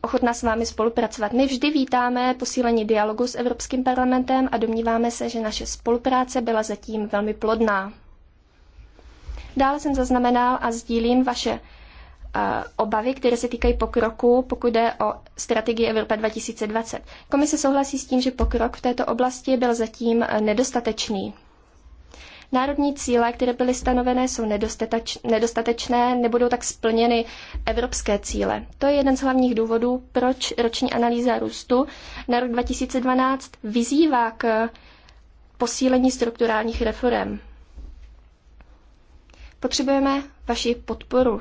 ochotná s vámi spolupracovat. My vždy vítáme posílení dialogu s Evropským parlamentem a domníváme se, že naše spolupráce byla zatím velmi plodná. Dále jsem zaznamenal a sdílím vaše Eh, obavy, které se týkají pokroku, pokud jde o strategii Evropa 2020. Komise souhlasí s tím, že pokrok v této oblasti byl zatím nedostatečný. Národní cíle, které byly stanovené, jsou nedostatečné, nebudou tak splněny evropské cíle. To je jeden z hlavních důvodů, proč roční analýza růstu na rok 2012 vyzývá k posílení strukturálních reform. Potřebujeme vaši podporu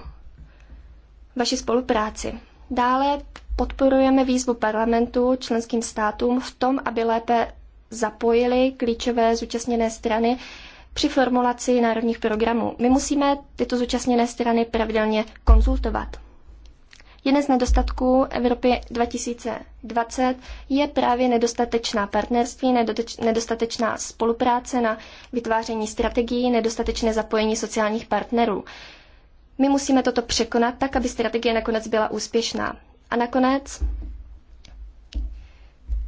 vaši spolupráci. Dále podporujeme výzvu parlamentu členským státům v tom, aby lépe zapojili klíčové zúčastněné strany při formulaci národních programů. My musíme tyto zúčastněné strany pravidelně konzultovat. Jeden z nedostatků Evropy 2020 je právě nedostatečná partnerství, nedostatečná spolupráce na vytváření strategií, nedostatečné zapojení sociálních partnerů. My musíme toto překonat tak, aby strategie nakonec byla úspěšná. A nakonec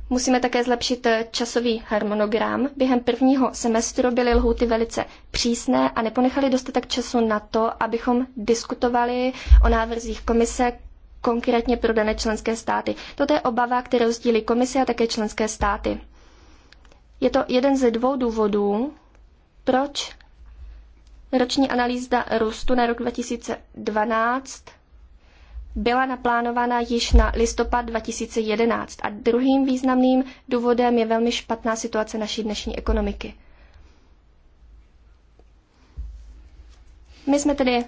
musíme také zlepšit eh, časový harmonogram. Během prvního semestru byly lhuty velice přísné a neponechali dostatek času na to, abychom diskutovali o návrzích komise konkrétně pro dané členské státy. Toto je obava, kterou sdílí komise a také členské státy. Je to jeden ze dvou důvodů, proč Roční analýza růstu na rok 2012 byla naplánována již na listopad 2011 a druhým významným důvodem je velmi špatná situace naší dnešní ekonomiky. My jsme tedy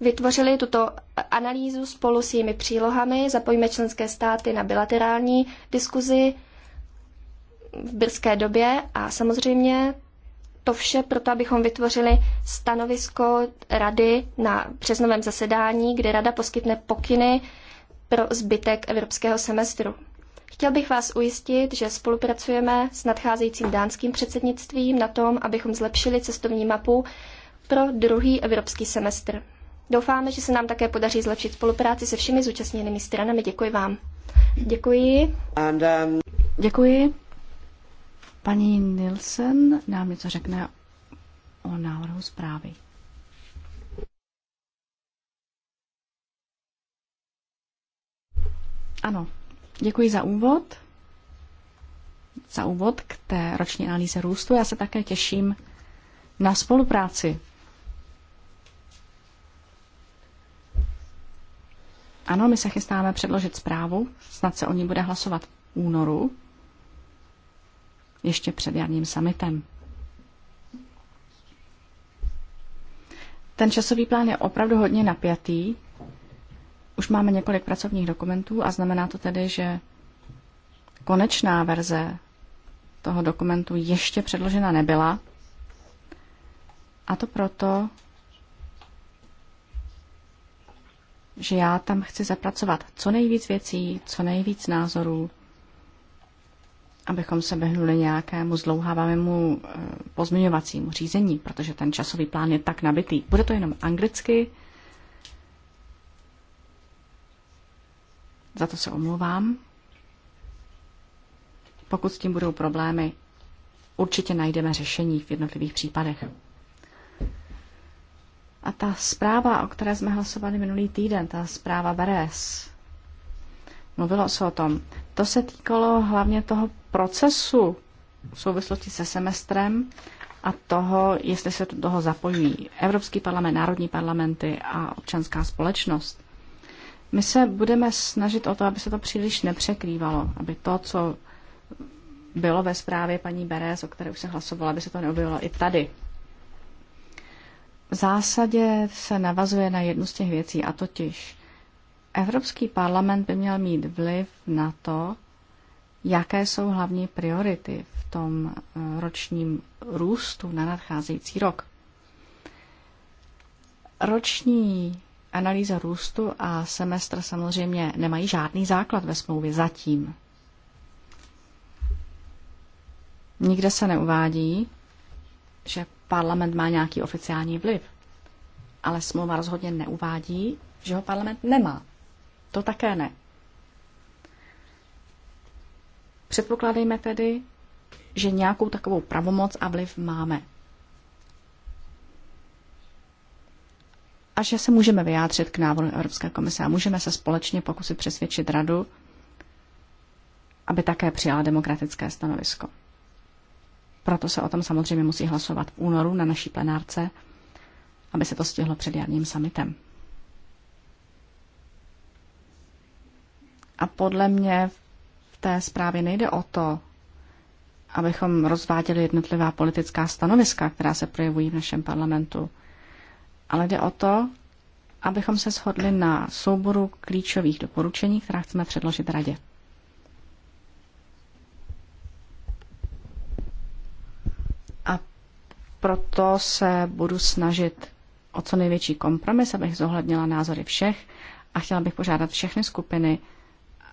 vytvořili tuto analýzu spolu s jejími přílohami, zapojíme členské státy na bilaterální diskuzi v brzké době a samozřejmě to vše proto, abychom vytvořili stanovisko rady na březnovém zasedání, kde rada poskytne pokyny pro zbytek evropského semestru. Chtěl bych vás ujistit, že spolupracujeme s nadcházejícím dánským předsednictvím na tom, abychom zlepšili cestovní mapu pro druhý evropský semestr. Doufáme, že se nám také podaří zlepšit spolupráci se všemi zúčastněnými stranami. Děkuji vám. Děkuji. And, um... Děkuji. Paní Nilsen nám něco řekne o návrhu zprávy. Ano, děkuji za úvod. Za úvod k té roční analýze růstu. Já se také těším na spolupráci. Ano, my se chystáme předložit zprávu, snad se o ní bude hlasovat v únoru ještě před jarním summitem. Ten časový plán je opravdu hodně napjatý. Už máme několik pracovních dokumentů a znamená to tedy, že konečná verze toho dokumentu ještě předložena nebyla. A to proto, že já tam chci zapracovat co nejvíc věcí, co nejvíc názorů, abychom se vyhnuli nějakému zdlouhávavému eh, pozměňovacímu řízení, protože ten časový plán je tak nabitý. Bude to jenom anglicky. Za to se omlouvám. Pokud s tím budou problémy, určitě najdeme řešení v jednotlivých případech. A ta zpráva, o které jsme hlasovali minulý týden, ta zpráva Beres, Mluvilo se o tom. To se týkalo hlavně toho procesu v souvislosti se semestrem a toho, jestli se do toho zapojí Evropský parlament, národní parlamenty a občanská společnost. My se budeme snažit o to, aby se to příliš nepřekrývalo, aby to, co bylo ve zprávě paní Berez, o které už se hlasovala, aby se to neobjevilo i tady. V zásadě se navazuje na jednu z těch věcí, a totiž Evropský parlament by měl mít vliv na to, jaké jsou hlavní priority v tom eh, ročním růstu na nadcházející rok. Roční analýza růstu a semestr samozřejmě nemají žádný základ ve smlouvě zatím. Nikde se neuvádí, že parlament má nějaký oficiální vliv, ale smlouva rozhodně neuvádí, že ho parlament nemá. To také ne. Předpokládejme tedy, že nějakou takovou pravomoc a vliv máme. A že se můžeme vyjádřit k návrhu Evropské komise a můžeme se společně pokusit přesvědčit radu, aby také přijala demokratické stanovisko. Proto se o tom samozřejmě musí hlasovat v únoru na naší plenárce, aby se to stihlo před jarním summitem. A podle mě v té zprávě nejde o to, abychom rozváděli jednotlivá politická stanoviska, která se projevují v našem parlamentu. Ale jde o to, abychom se shodli na souboru klíčových doporučení, která chceme předložit radě. A proto se budu snažit o co největší kompromis, abych zohlednila názory všech a chtěla bych požádat všechny skupiny,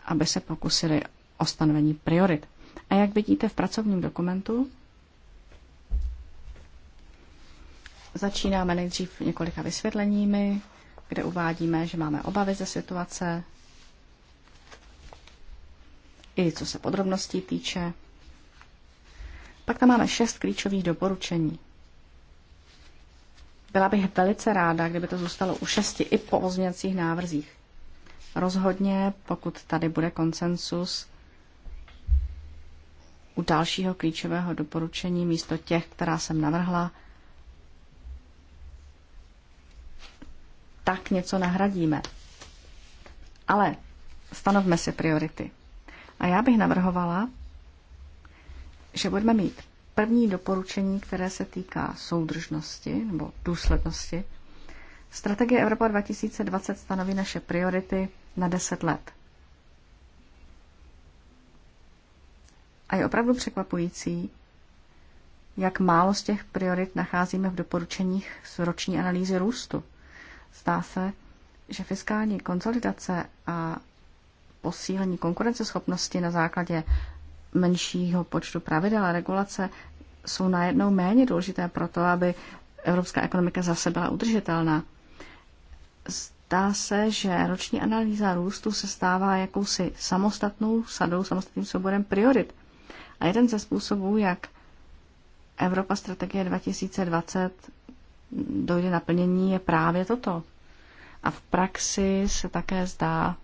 aby se pokusili o stanovení priorit. A jak vidíte v pracovním dokumentu, začínáme nejdřív několika vysvětleními, kde uvádíme, že máme obavy ze situace, i co se podrobností týče. Pak tam máme šest klíčových doporučení. Byla bych velice ráda, kdyby to zůstalo u šesti i po pozměňovacích návrzích. Rozhodně, pokud tady bude konsensus u dalšího klíčového doporučení místo těch, která jsem navrhla, tak něco nahradíme. Ale stanovme si priority. A já bych navrhovala, že budeme mít první doporučení, které se týká soudržnosti nebo důslednosti. Strategie Evropa 2020 stanoví naše priority na deset let. A je opravdu překvapující, jak málo z těch priorit nacházíme v doporučeních z roční analýzy růstu. Zdá se, že fiskální konsolidace a posílení konkurenceschopnosti na základě menšího počtu pravidel a regulace jsou najednou méně důležité pro to, aby evropská ekonomika zase byla udržitelná. Z Zdá se, že roční analýza růstu se stává jakousi samostatnou sadou, samostatným souborem priorit. A jeden ze způsobů, jak Evropa strategie 2020 dojde na plnění je právě toto. A v praxi se také zdá,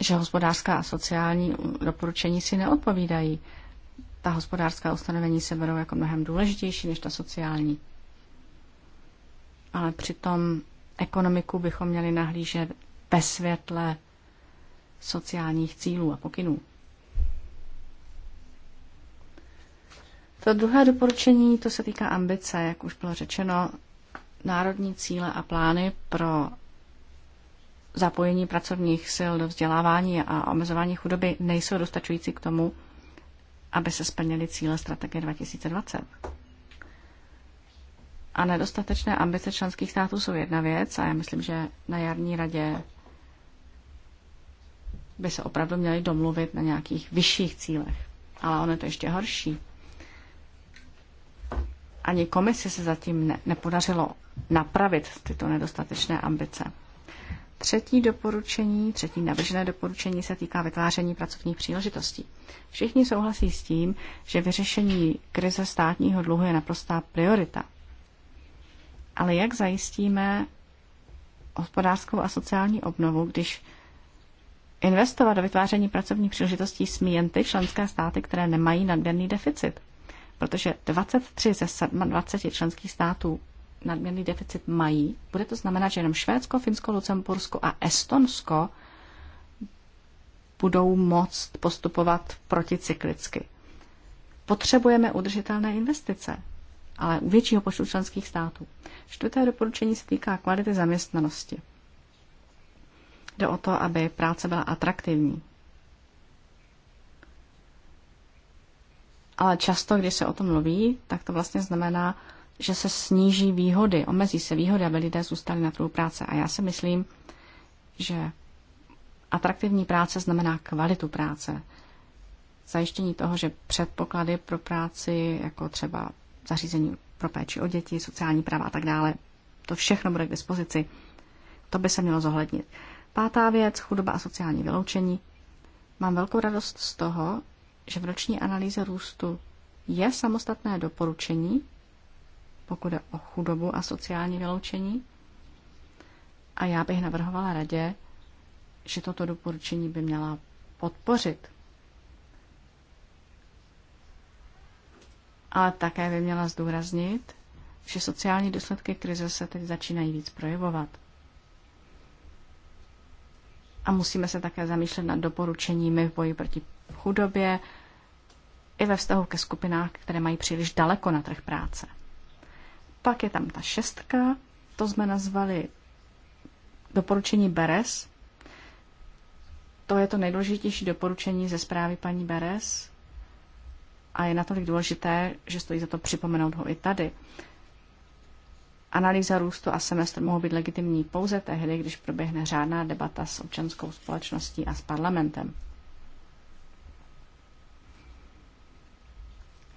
že hospodářská a sociální doporučení si neodpovídají ta hospodářská ustanovení se berou jako mnohem důležitější než ta sociální. Ale přitom ekonomiku bychom měli nahlížet ve světle sociálních cílů a pokynů. To druhé doporučení, to se týká ambice, jak už bylo řečeno, národní cíle a plány pro zapojení pracovních sil do vzdělávání a omezování chudoby nejsou dostačující k tomu, aby se splnily cíle strategie 2020. A nedostatečné ambice členských států jsou jedna věc a já myslím, že na jarní radě by se opravdu měli domluvit na nějakých vyšších cílech. Ale ono je to ještě horší. Ani komisi se zatím ne, nepodařilo napravit tyto nedostatečné ambice. Třetí doporučení, třetí navržené doporučení se týká vytváření pracovních příležitostí. Všichni souhlasí s tím, že vyřešení krize státního dluhu je naprostá priorita. Ale jak zajistíme hospodářskou a sociální obnovu, když investovat do vytváření pracovních příležitostí smí jen ty členské státy, které nemají nadměrný deficit? Protože 23 ze 27 členských států nadměrný deficit mají, bude to znamenat, že jenom Švédsko, Finsko, Lucembursko a Estonsko budou moct postupovat proticyklicky. Potřebujeme udržitelné investice, ale u většího počtu členských států. Čtvrté doporučení se týká kvality zaměstnanosti. Jde o to, aby práce byla atraktivní. Ale často, když se o tom mluví, tak to vlastně znamená, že se sníží výhody, omezí se výhody, aby lidé zůstali na trhu práce. A já si myslím, že atraktivní práce znamená kvalitu práce. Zajištění toho, že předpoklady pro práci, jako třeba zařízení pro péči o děti, sociální práva a tak dále, to všechno bude k dispozici. To by se mělo zohlednit. Pátá věc, chudoba a sociální vyloučení. Mám velkou radost z toho, že v roční analýze růstu je samostatné doporučení, pokud je o chudobu a sociální vyloučení. A já bych navrhovala radě, že toto doporučení by měla podpořit. Ale také by měla zdůraznit, že sociální důsledky krize se teď začínají víc projevovat. A musíme se také zamýšlet nad doporučeními v boji proti chudobě i ve vztahu ke skupinách, které mají příliš daleko na trh práce. Pak je tam ta šestka, to jsme nazvali doporučení Beres. To je to nejdůležitější doporučení ze zprávy paní Beres a je natolik důležité, že stojí za to připomenout ho i tady. Analýza růstu a semestr mohou být legitimní pouze tehdy, když proběhne řádná debata s občanskou společností a s parlamentem.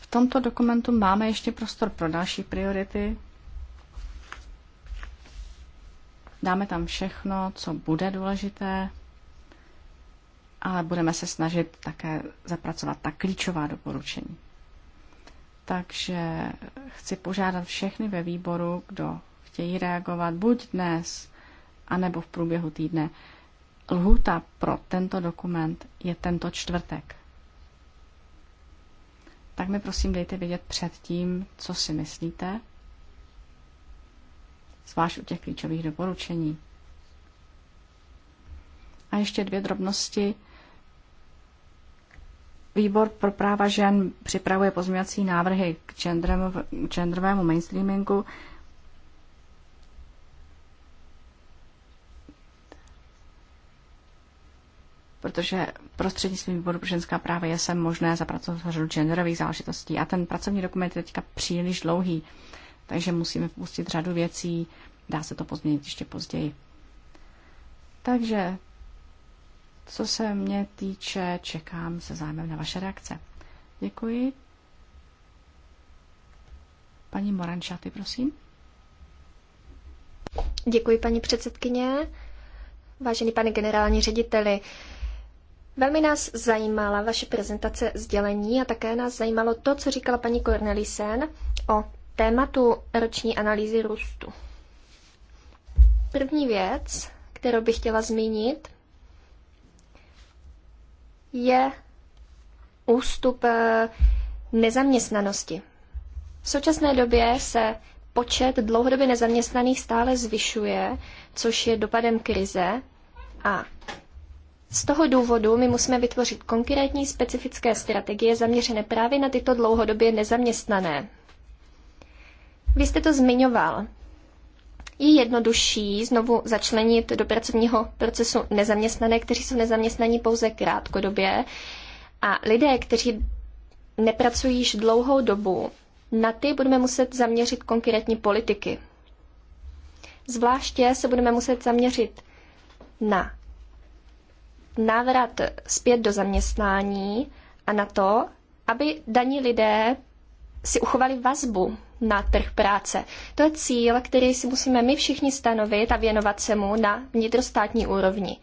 tomto dokumentu máme ještě prostor pro další priority. Dáme tam všechno, co bude důležité, ale budeme se snažit také zapracovat ta klíčová doporučení. Takže chci požádat všechny ve výboru, kdo chtějí reagovat buď dnes, anebo v průběhu týdne. Lhuta pro tento dokument je tento čtvrtek tak mi prosím dejte vědět před tím, co si myslíte, zvlášť u těch klíčových doporučení. A ještě dvě drobnosti. Výbor pro práva žen připravuje pozměňovací návrhy k genderovému mainstreamingu. protože prostřednictvím výboru pro ženská práva je sem možné zapracovat řadu genderových záležitostí. A ten pracovní dokument je teďka příliš dlouhý, takže musíme pustit řadu věcí, dá se to pozměnit ještě později. Takže, co se mě týče, čekám se zájmem na vaše reakce. Děkuji. Paní Morančaty, prosím. Děkuji, paní předsedkyně. Vážený pane generální řediteli, Velmi nás zajímala vaše prezentace sdělení a také nás zajímalo to, co říkala paní Cornelisen o tématu roční analýzy růstu. První věc, kterou bych chtěla zmínit, je ústup eh, nezaměstnanosti. V současné době se počet dlouhodobě nezaměstnaných stále zvyšuje, což je dopadem krize a z toho důvodu my musíme vytvořit konkrétní specifické strategie zaměřené právě na tyto dlouhodobě nezaměstnané. Vy jste to zmiňoval. Je jednodušší znovu začlenit do pracovního procesu nezaměstnané, kteří jsou nezaměstnaní pouze krátkodobě. A lidé, kteří nepracují již dlouhou dobu, na ty budeme muset zaměřit konkrétní politiky. Zvláště se budeme muset zaměřit na návrat zpět do zaměstnání a na to, aby daní lidé si uchovali vazbu na trh práce. To je cíl, který si musíme my všichni stanovit a věnovat se mu na vnitrostátní úrovni.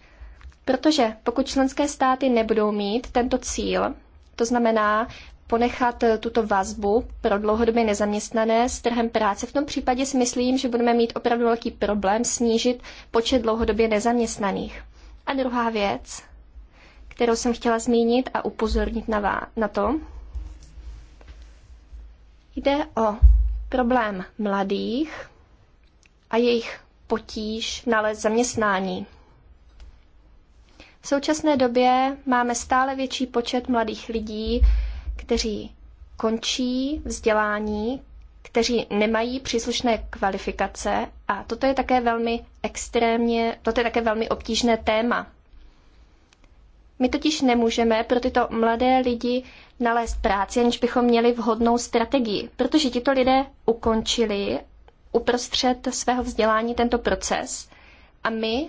Protože pokud členské státy nebudou mít tento cíl, to znamená ponechat tuto vazbu pro dlouhodobě nezaměstnané s trhem práce. V tom případě si myslím, že budeme mít opravdu velký problém snížit počet dlouhodobě nezaměstnaných. A druhá věc, kterou jsem chtěla zmínit a upozornit na, vá, na to, jde o problém mladých a jejich potíž nalézt zaměstnání. V současné době máme stále větší počet mladých lidí, kteří končí vzdělání, kteří nemají příslušné kvalifikace a toto je také velmi extrémně, toto je také velmi obtížné téma. My totiž nemůžeme pro tyto mladé lidi nalézt práci, aniž bychom měli vhodnou strategii, protože tito lidé ukončili uprostřed svého vzdělání tento proces a my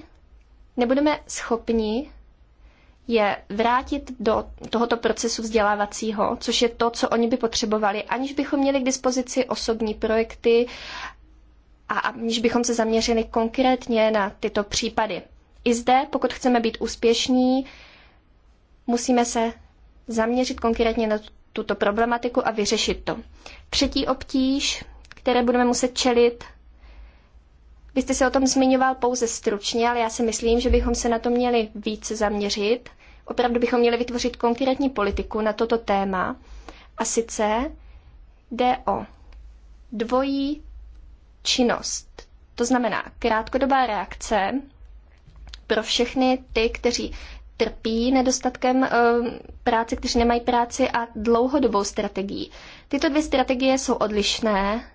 nebudeme schopni je vrátit do tohoto procesu vzdělávacího, což je to, co oni by potřebovali, aniž bychom měli k dispozici osobní projekty a aniž bychom se zaměřili konkrétně na tyto případy. I zde, pokud chceme být úspěšní, musíme se zaměřit konkrétně na tuto problematiku a vyřešit to. Třetí obtíž, které budeme muset čelit, vy jste se o tom zmiňoval pouze stručně, ale já si myslím, že bychom se na to měli více zaměřit. Opravdu bychom měli vytvořit konkrétní politiku na toto téma. A sice jde o dvojí činnost. To znamená krátkodobá reakce pro všechny ty, kteří trpí nedostatkem e, práce, kteří nemají práci a dlouhodobou strategii. Tyto dvě strategie jsou odlišné.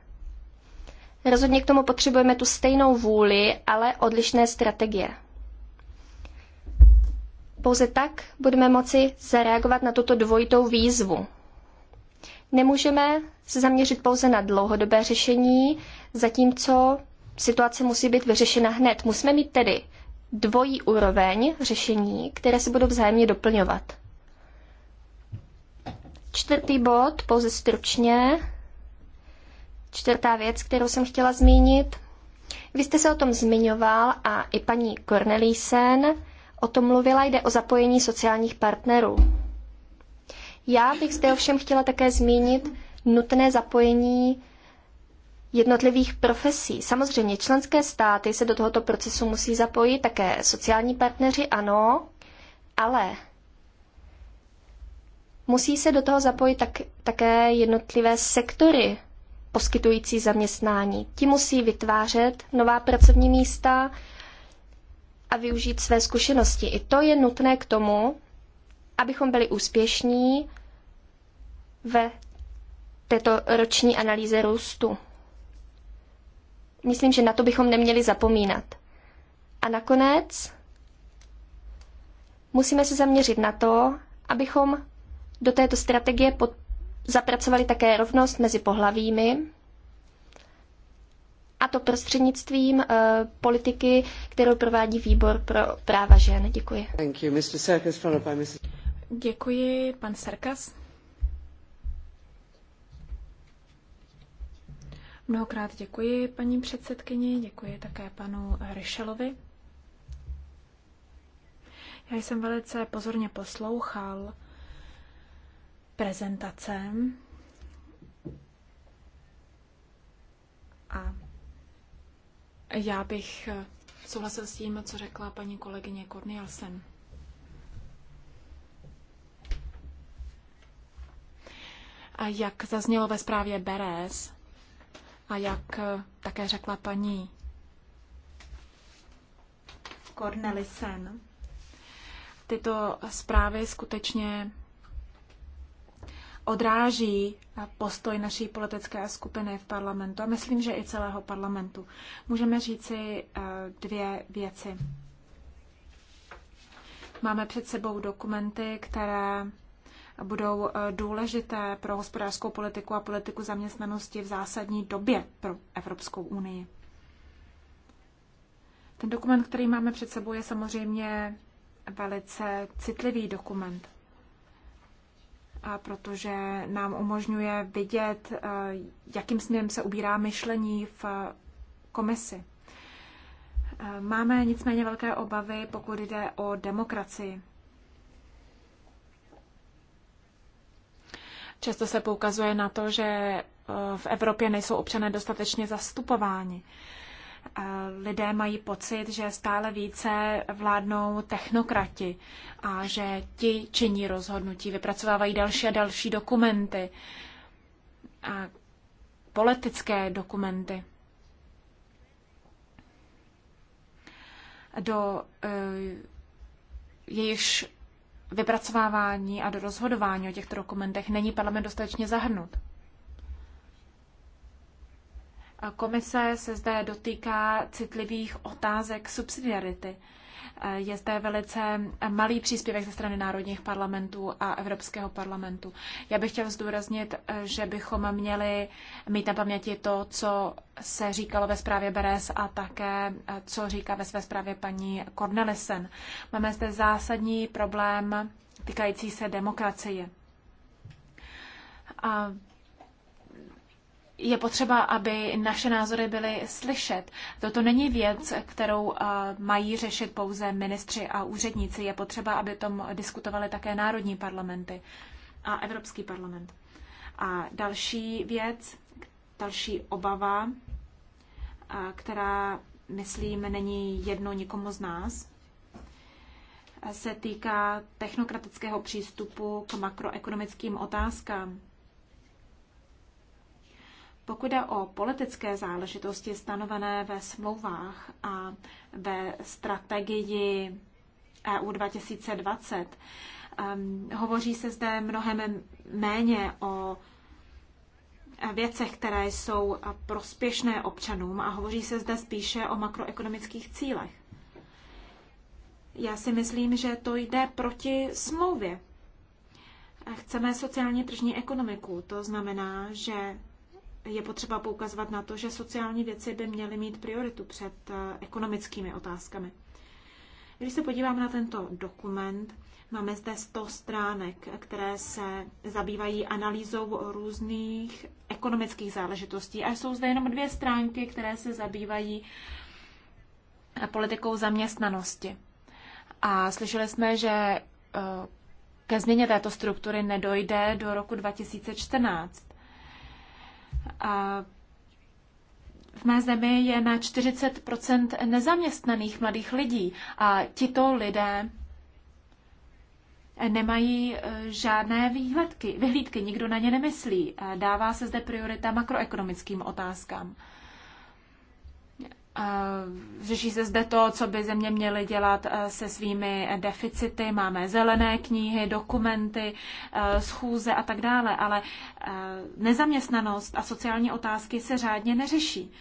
Rozhodně k tomu potřebujeme tu stejnou vůli, ale odlišné strategie. Pouze tak budeme moci zareagovat na tuto dvojitou výzvu. Nemůžeme se zaměřit pouze na dlouhodobé řešení, zatímco situace musí být vyřešena hned. Musíme mít tedy dvojí úroveň řešení, které se budou vzájemně doplňovat. Čtvrtý bod, pouze stručně. Čtvrtá věc, kterou jsem chtěla zmínit. Vy jste se o tom zmiňoval a i paní Cornelísen o tom mluvila, jde o zapojení sociálních partnerů. Já bych zde ovšem chtěla také zmínit nutné zapojení jednotlivých profesí. Samozřejmě členské státy se do tohoto procesu musí zapojit, také sociální partneři ano, ale musí se do toho zapojit tak, také jednotlivé sektory poskytující zaměstnání. Ti musí vytvářet nová pracovní místa, a využít své zkušenosti. I to je nutné k tomu, abychom byli úspěšní ve této roční analýze růstu. Myslím, že na to bychom neměli zapomínat. A nakonec musíme se zaměřit na to, abychom do této strategie pod... zapracovali také rovnost mezi pohlavími a to prostřednictvím uh, politiky, kterou provádí výbor pro práva žen. Děkuji. Thank you, Mr. Serkis, by Mrs. Děkuji, pan Serkas. Mnohokrát děkuji paní předsedkyni, děkuji také panu Ryšelovi. Já jsem velice pozorně poslouchal prezentace a já bych eh, souhlasil s tím, co řekla paní kolegyně Kornielsen. A jak zaznělo ve zprávě Beres a jak eh, také řekla paní Kornelisen, tyto zprávy skutečně odráží postoj naší politické skupiny v parlamentu a myslím, že i celého parlamentu. Můžeme říci eh, dvě věci. Máme před sebou dokumenty, které budou eh, důležité pro hospodářskou politiku a politiku zaměstnanosti v zásadní době pro Evropskou unii. Ten dokument, který máme před sebou, je samozřejmě velice citlivý dokument protože nám umožňuje vidět, eh, jakým směrem se ubírá myšlení v komisi. Eh, máme nicméně velké obavy, pokud jde o demokracii. Často se poukazuje na to, že eh, v Evropě nejsou občané dostatečně zastupováni lidé mají pocit, že stále více vládnou technokrati a že ti činí rozhodnutí, vypracovávají další a další dokumenty a politické dokumenty. Do uh, jejichž vypracovávání a do rozhodování o těchto dokumentech není parlament dostatečně zahrnut. Komise se zde dotýká citlivých otázek subsidiarity. Je zde velice malý příspěvek ze strany národních parlamentů a Evropského parlamentu. Já bych chtěl zdůraznit, že bychom měli mít na paměti to, co se říkalo ve zprávě Beres a také, co říká ve své zprávě paní Cornelissen. Máme zde zásadní problém týkající se demokracie. A je potřeba, aby naše názory byly slyšet. Toto není věc, kterou eh, mají řešit pouze ministři a úředníci. Je potřeba, aby tom diskutovali také národní parlamenty a Evropský parlament. A další věc, další obava, eh, která, myslím, není jedno nikomu z nás, eh, se týká technokratického přístupu k makroekonomickým otázkám pokud jde o politické záležitosti stanovené ve smlouvách a ve strategii EU 2020, um, hovoří se zde mnohem méně o věcech, které jsou prospěšné občanům a hovoří se zde spíše o makroekonomických cílech. Já si myslím, že to jde proti smlouvě. Chceme sociálně tržní ekonomiku, to znamená, že je potřeba poukazovat na to, že sociální věci by měly mít prioritu před eh, ekonomickými otázkami. Když se podívám na tento dokument, máme zde 100 stránek, které se zabývají analýzou různých ekonomických záležitostí. A jsou zde jenom dvě stránky, které se zabývají eh, politikou zaměstnanosti. A slyšeli jsme, že eh, ke změně této struktury nedojde do roku 2014 v mé zemi je na 40 nezaměstnaných mladých lidí a tito lidé nemají e, žádné výhledky, vyhlídky, nikdo na ně nemyslí. Dává se zde priorita makroekonomickým otázkám. Eh, řeší se zde to, co by země měly dělat eh, se svými deficity. Máme zelené knihy, dokumenty, eh, schůze a tak dále, ale nezaměstnanost a sociální otázky se řádně neřeší.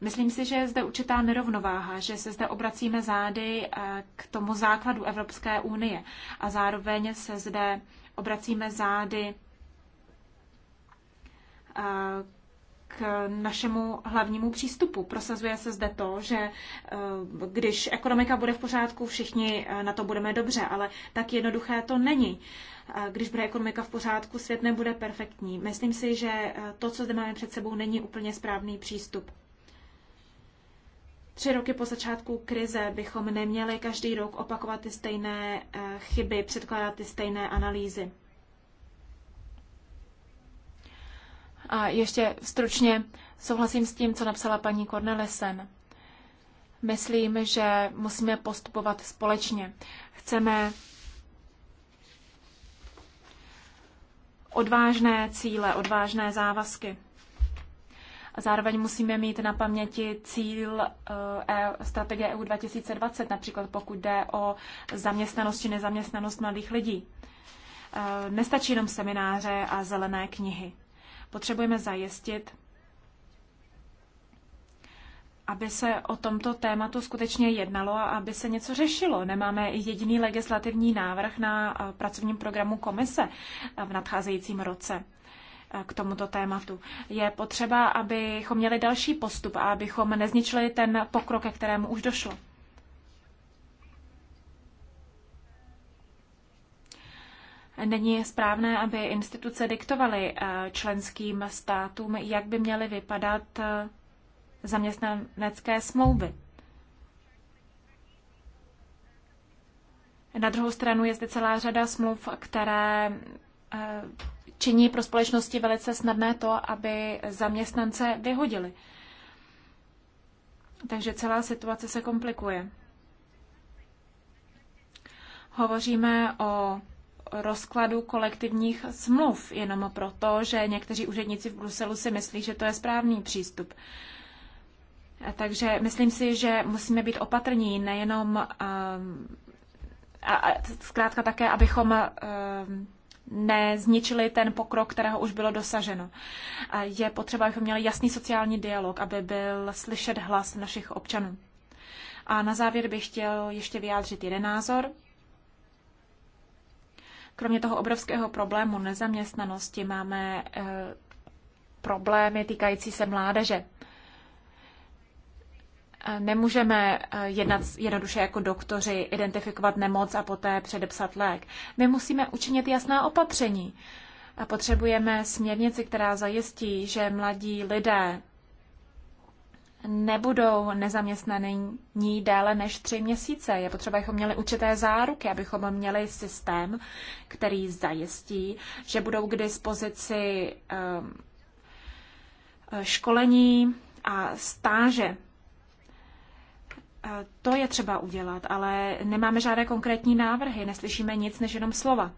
Myslím si, že je zde určitá nerovnováha, že se zde obracíme zády k tomu základu Evropské unie a zároveň se zde obracíme zády k našemu hlavnímu přístupu. Prosazuje se zde to, že eh, když ekonomika bude v pořádku, všichni eh, na to budeme dobře, ale tak jednoduché to není. Eh, když bude ekonomika v pořádku, svět nebude perfektní. Myslím si, že to, co zde máme před sebou, není úplně správný přístup. Tři roky po začátku krize bychom neměli každý rok opakovat ty stejné chyby, předkládat ty stejné analýzy. A ještě stručně souhlasím s tím, co napsala paní Cornelesen. Myslím, že musíme postupovat společně. Chceme odvážné cíle, odvážné závazky. A zároveň musíme mít na paměti cíl eh, e, strategie EU 2020, například pokud jde o zaměstnanost či nezaměstnanost mladých lidí. E, nestačí jenom semináře a zelené knihy. Potřebujeme zajistit, aby se o tomto tématu skutečně jednalo a aby se něco řešilo. Nemáme jediný legislativní návrh na eh, pracovním programu komise eh, v nadcházejícím roce eh, k tomuto tématu. Je potřeba, abychom měli další postup a abychom nezničili ten pokrok, ke kterému už došlo. Není správné, aby instituce diktovaly eh, členským státům, jak by měly vypadat eh, zaměstnanecké smlouvy. Na druhou stranu je zde celá řada smluv, které eh, činí pro společnosti velice snadné to, aby zaměstnance vyhodili. Takže celá situace se komplikuje. Hovoříme o rozkladu kolektivních smluv, jenom proto, že někteří úředníci v Bruselu si myslí, že to je správný přístup. Takže myslím si, že musíme být opatrní, nejenom eh, a zkrátka také, abychom eh, nezničili ten pokrok, kterého už bylo dosaženo. Je potřeba, abychom měli jasný sociální dialog, aby byl slyšet hlas našich občanů. A na závěr bych chtěl ještě vyjádřit jeden názor. Kromě toho obrovského problému nezaměstnanosti máme eh, problémy týkající se mládeže. Eh, nemůžeme eh, jednat jednoduše jako doktoři, identifikovat nemoc a poté předepsat lék. My musíme učinit jasná opatření. A potřebujeme směrnici, která zajistí, že mladí lidé nebudou nezaměstnaní déle než tři měsíce. Je potřeba, abychom měli určité záruky, abychom měli systém, který zajistí, že budou k dispozici ehm, školení a stáže. Eh, to je třeba udělat, ale nemáme žádné konkrétní návrhy, neslyšíme nic než jenom slova.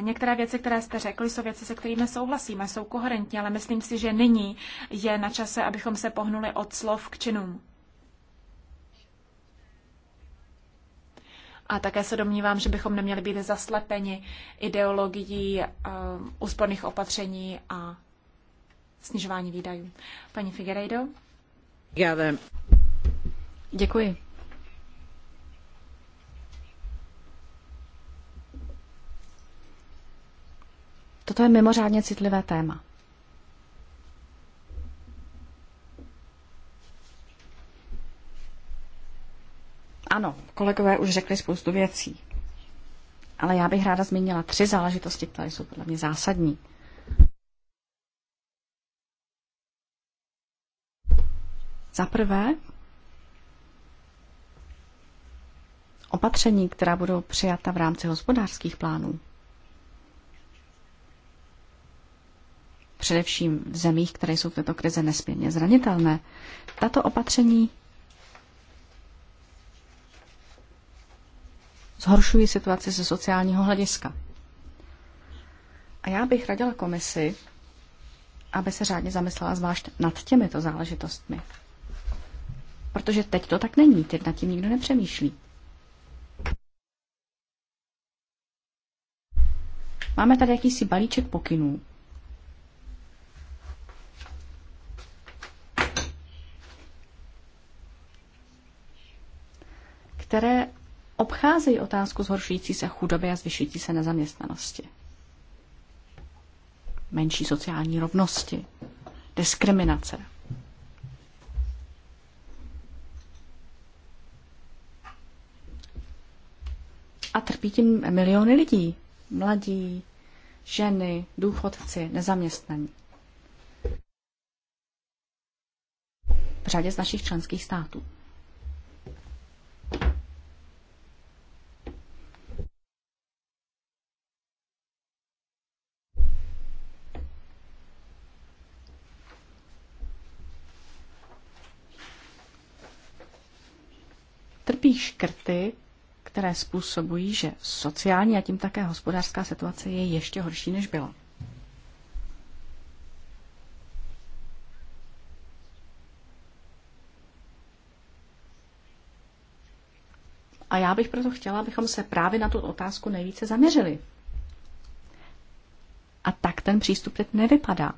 Některé věci, které jste řekli, jsou věci, se kterými souhlasíme, jsou koherentní, ale myslím si, že nyní je na čase, abychom se pohnuli od slov k činům. A také se domnívám, že bychom neměli být zaslepeni ideologií uh, úsporných opatření a snižování výdajů. Paní Figueiredo. Děkuji. Toto je mimořádně citlivé téma. Ano, kolegové už řekli spoustu věcí. Ale já bych ráda zmínila tři záležitosti, které jsou podle mě zásadní. Za prvé, opatření, která budou přijata v rámci hospodářských plánů. především v zemích, které jsou v této krize nesmírně zranitelné. Tato opatření zhoršují situaci ze sociálního hlediska. A já bych radila komisi, aby se řádně zamyslela zvlášť nad těmito záležitostmi. Protože teď to tak není, teď nad tím nikdo nepřemýšlí. Máme tady jakýsi balíček pokynů, které obcházejí otázku zhoršující se chudoby a zvyšující se nezaměstnanosti. Menší sociální rovnosti, diskriminace. A trpí tím miliony lidí, mladí, ženy, důchodci, nezaměstnaní. V řadě z našich členských států. trpí škrty, které způsobují, že sociální a tím také hospodářská situace je ještě horší, než byla. A já bych proto chtěla, abychom se právě na tu otázku nejvíce zaměřili. A tak ten přístup teď nevypadá.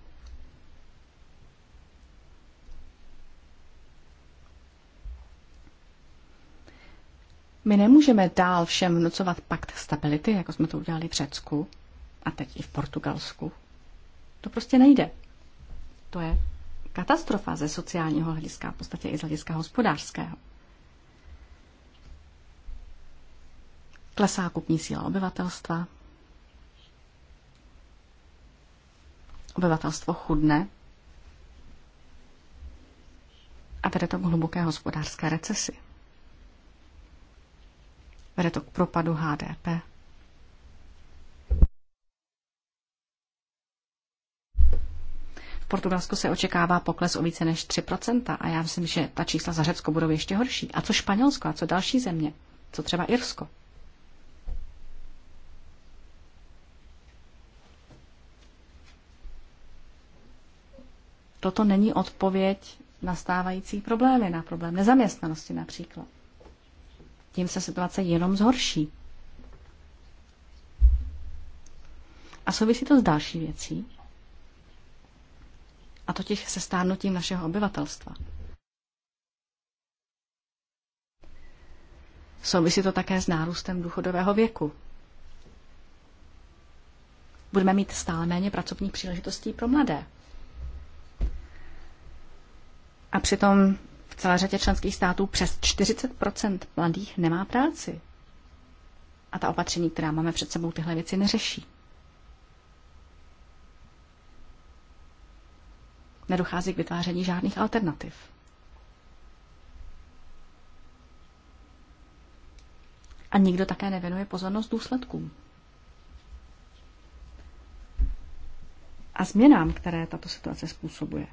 My nemůžeme dál všem vnucovat pakt stability, jako jsme to udělali v Řecku a teď i v Portugalsku. To prostě nejde. To je katastrofa ze sociálního hlediska, v podstatě i z hlediska hospodářského. Klesá kupní síla obyvatelstva, obyvatelstvo chudne a vede to k hluboké hospodářské recesi. Vede to k propadu HDP. V Portugalsku se očekává pokles o více než 3% a já myslím, že ta čísla za Řecko budou ještě horší. A co Španělsko a co další země? Co třeba Irsko? Toto není odpověď na stávající problémy, na problém nezaměstnanosti například tím se situace jenom zhorší. A souvisí to s další věcí, a totiž se stárnutím našeho obyvatelstva. Souvisí to také s nárůstem důchodového věku. Budeme mít stále méně pracovních příležitostí pro mladé. A přitom celé řadě členských států přes 40 mladých nemá práci. A ta opatření, která máme před sebou, tyhle věci neřeší. Nedochází k vytváření žádných alternativ. A nikdo také nevěnuje pozornost důsledkům. A změnám, které tato situace způsobuje.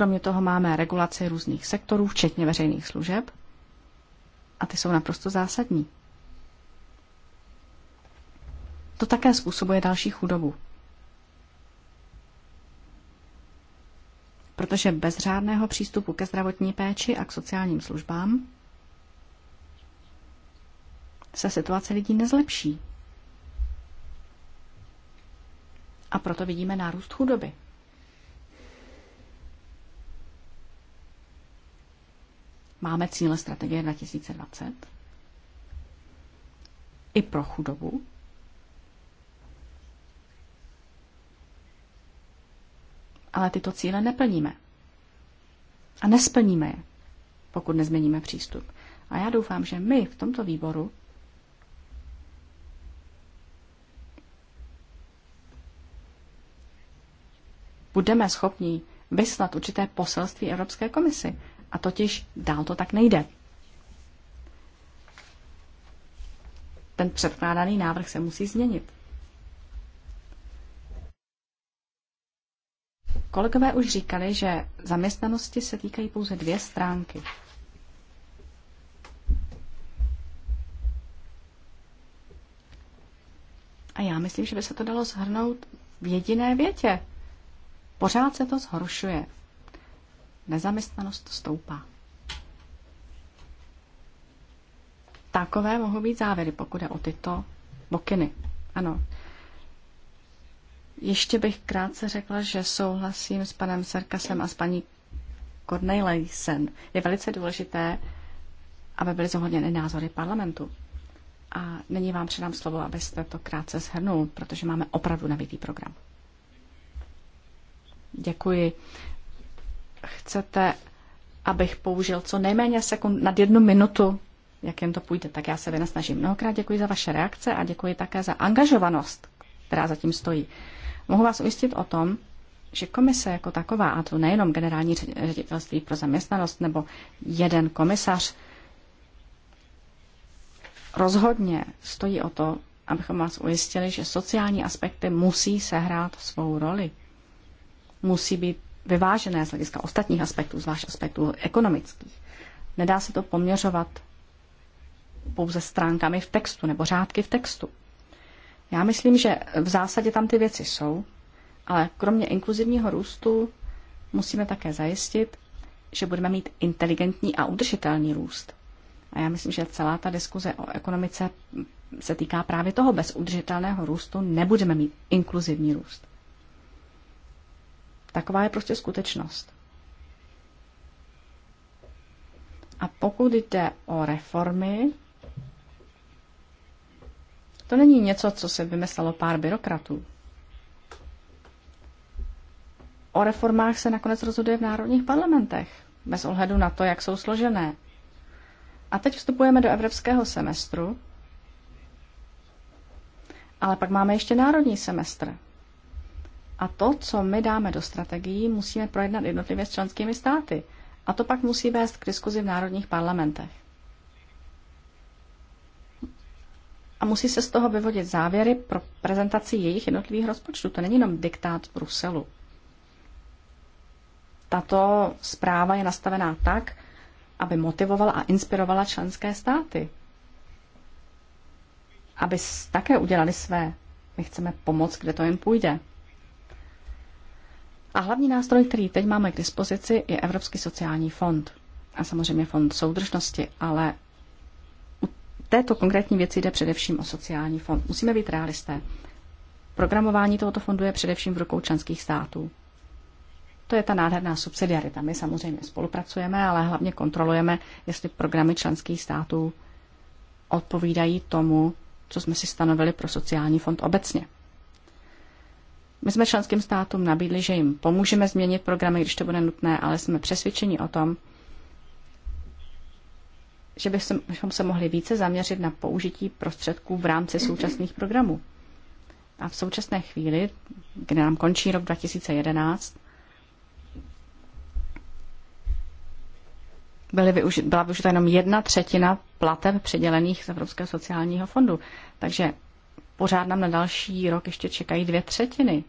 Kromě toho máme regulaci různých sektorů, včetně veřejných služeb, a ty jsou naprosto zásadní. To také způsobuje další chudobu. Protože bez řádného přístupu ke zdravotní péči a k sociálním službám se situace lidí nezlepší. A proto vidíme nárůst chudoby. Máme cíle strategie 2020 i pro chudobu. Ale tyto cíle neplníme. A nesplníme je, pokud nezměníme přístup. A já doufám, že my v tomto výboru budeme schopni vyslat určité poselství Evropské komisi. A totiž dál to tak nejde. Ten předkládaný návrh se musí změnit. Kolegové už říkali, že zaměstnanosti se týkají pouze dvě stránky. A já myslím, že by se to dalo shrnout v jediné větě. Pořád se to zhoršuje nezaměstnanost stoupá. Takové mohou být závěry, pokud je o tyto bokyny. Ano. Ještě bych krátce řekla, že souhlasím s panem Serkasem a s paní Cornelisen. Je velice důležité, aby byly zohledněny názory parlamentu. A nyní vám předám slovo, abyste to krátce shrnul, protože máme opravdu nabitý program. Děkuji chcete, abych použil co nejméně sekund nad jednu minutu, jak jen to půjde, tak já se vynasnažím. Mnohokrát děkuji za vaše reakce a děkuji také za angažovanost, která zatím stojí. Mohu vás ujistit o tom, že komise jako taková, a to nejenom generální ředitelství pro zaměstnanost nebo jeden komisař, rozhodně stojí o to, abychom vás ujistili, že sociální aspekty musí sehrát svou roli. Musí být vyvážené z hlediska ostatních aspektů, zvlášť aspektů ekonomických. Nedá se to poměřovat pouze stránkami v textu nebo řádky v textu. Já myslím, že v zásadě tam ty věci jsou, ale kromě inkluzivního růstu musíme také zajistit, že budeme mít inteligentní a udržitelný růst. A já myslím, že celá ta diskuze o ekonomice se týká právě toho. Bez udržitelného růstu nebudeme mít inkluzivní růst. Taková je prostě skutečnost. A pokud jde o reformy, to není něco, co se vymyslelo pár byrokratů. O reformách se nakonec rozhoduje v národních parlamentech, bez ohledu na to, jak jsou složené. A teď vstupujeme do evropského semestru, ale pak máme ještě národní semestr. A to, co my dáme do strategií, musíme projednat jednotlivě s členskými státy. A to pak musí vést k diskuzi v národních parlamentech. A musí se z toho vyvodit závěry pro prezentaci jejich jednotlivých rozpočtů. To není jenom diktát Bruselu. Tato zpráva je nastavená tak, aby motivovala a inspirovala členské státy. Aby také udělali své. My chceme pomoct, kde to jen půjde. A hlavní nástroj, který teď máme k dispozici, je Evropský sociální fond. A samozřejmě fond soudržnosti, ale u této konkrétní věci jde především o sociální fond. Musíme být realisté. Programování tohoto fondu je především v rukou členských států. To je ta nádherná subsidiarita. My samozřejmě spolupracujeme, ale hlavně kontrolujeme, jestli programy členských států odpovídají tomu, co jsme si stanovili pro sociální fond obecně. My jsme členským státům nabídli, že jim pomůžeme změnit programy, když to bude nutné, ale jsme přesvědčeni o tom, že bychom se mohli více zaměřit na použití prostředků v rámci současných programů. A v současné chvíli, kdy nám končí rok 2011, byly využi- byla využita jenom jedna třetina plateb předělených z Evropského sociálního fondu. Takže pořád nám na další rok ještě čekají dvě třetiny.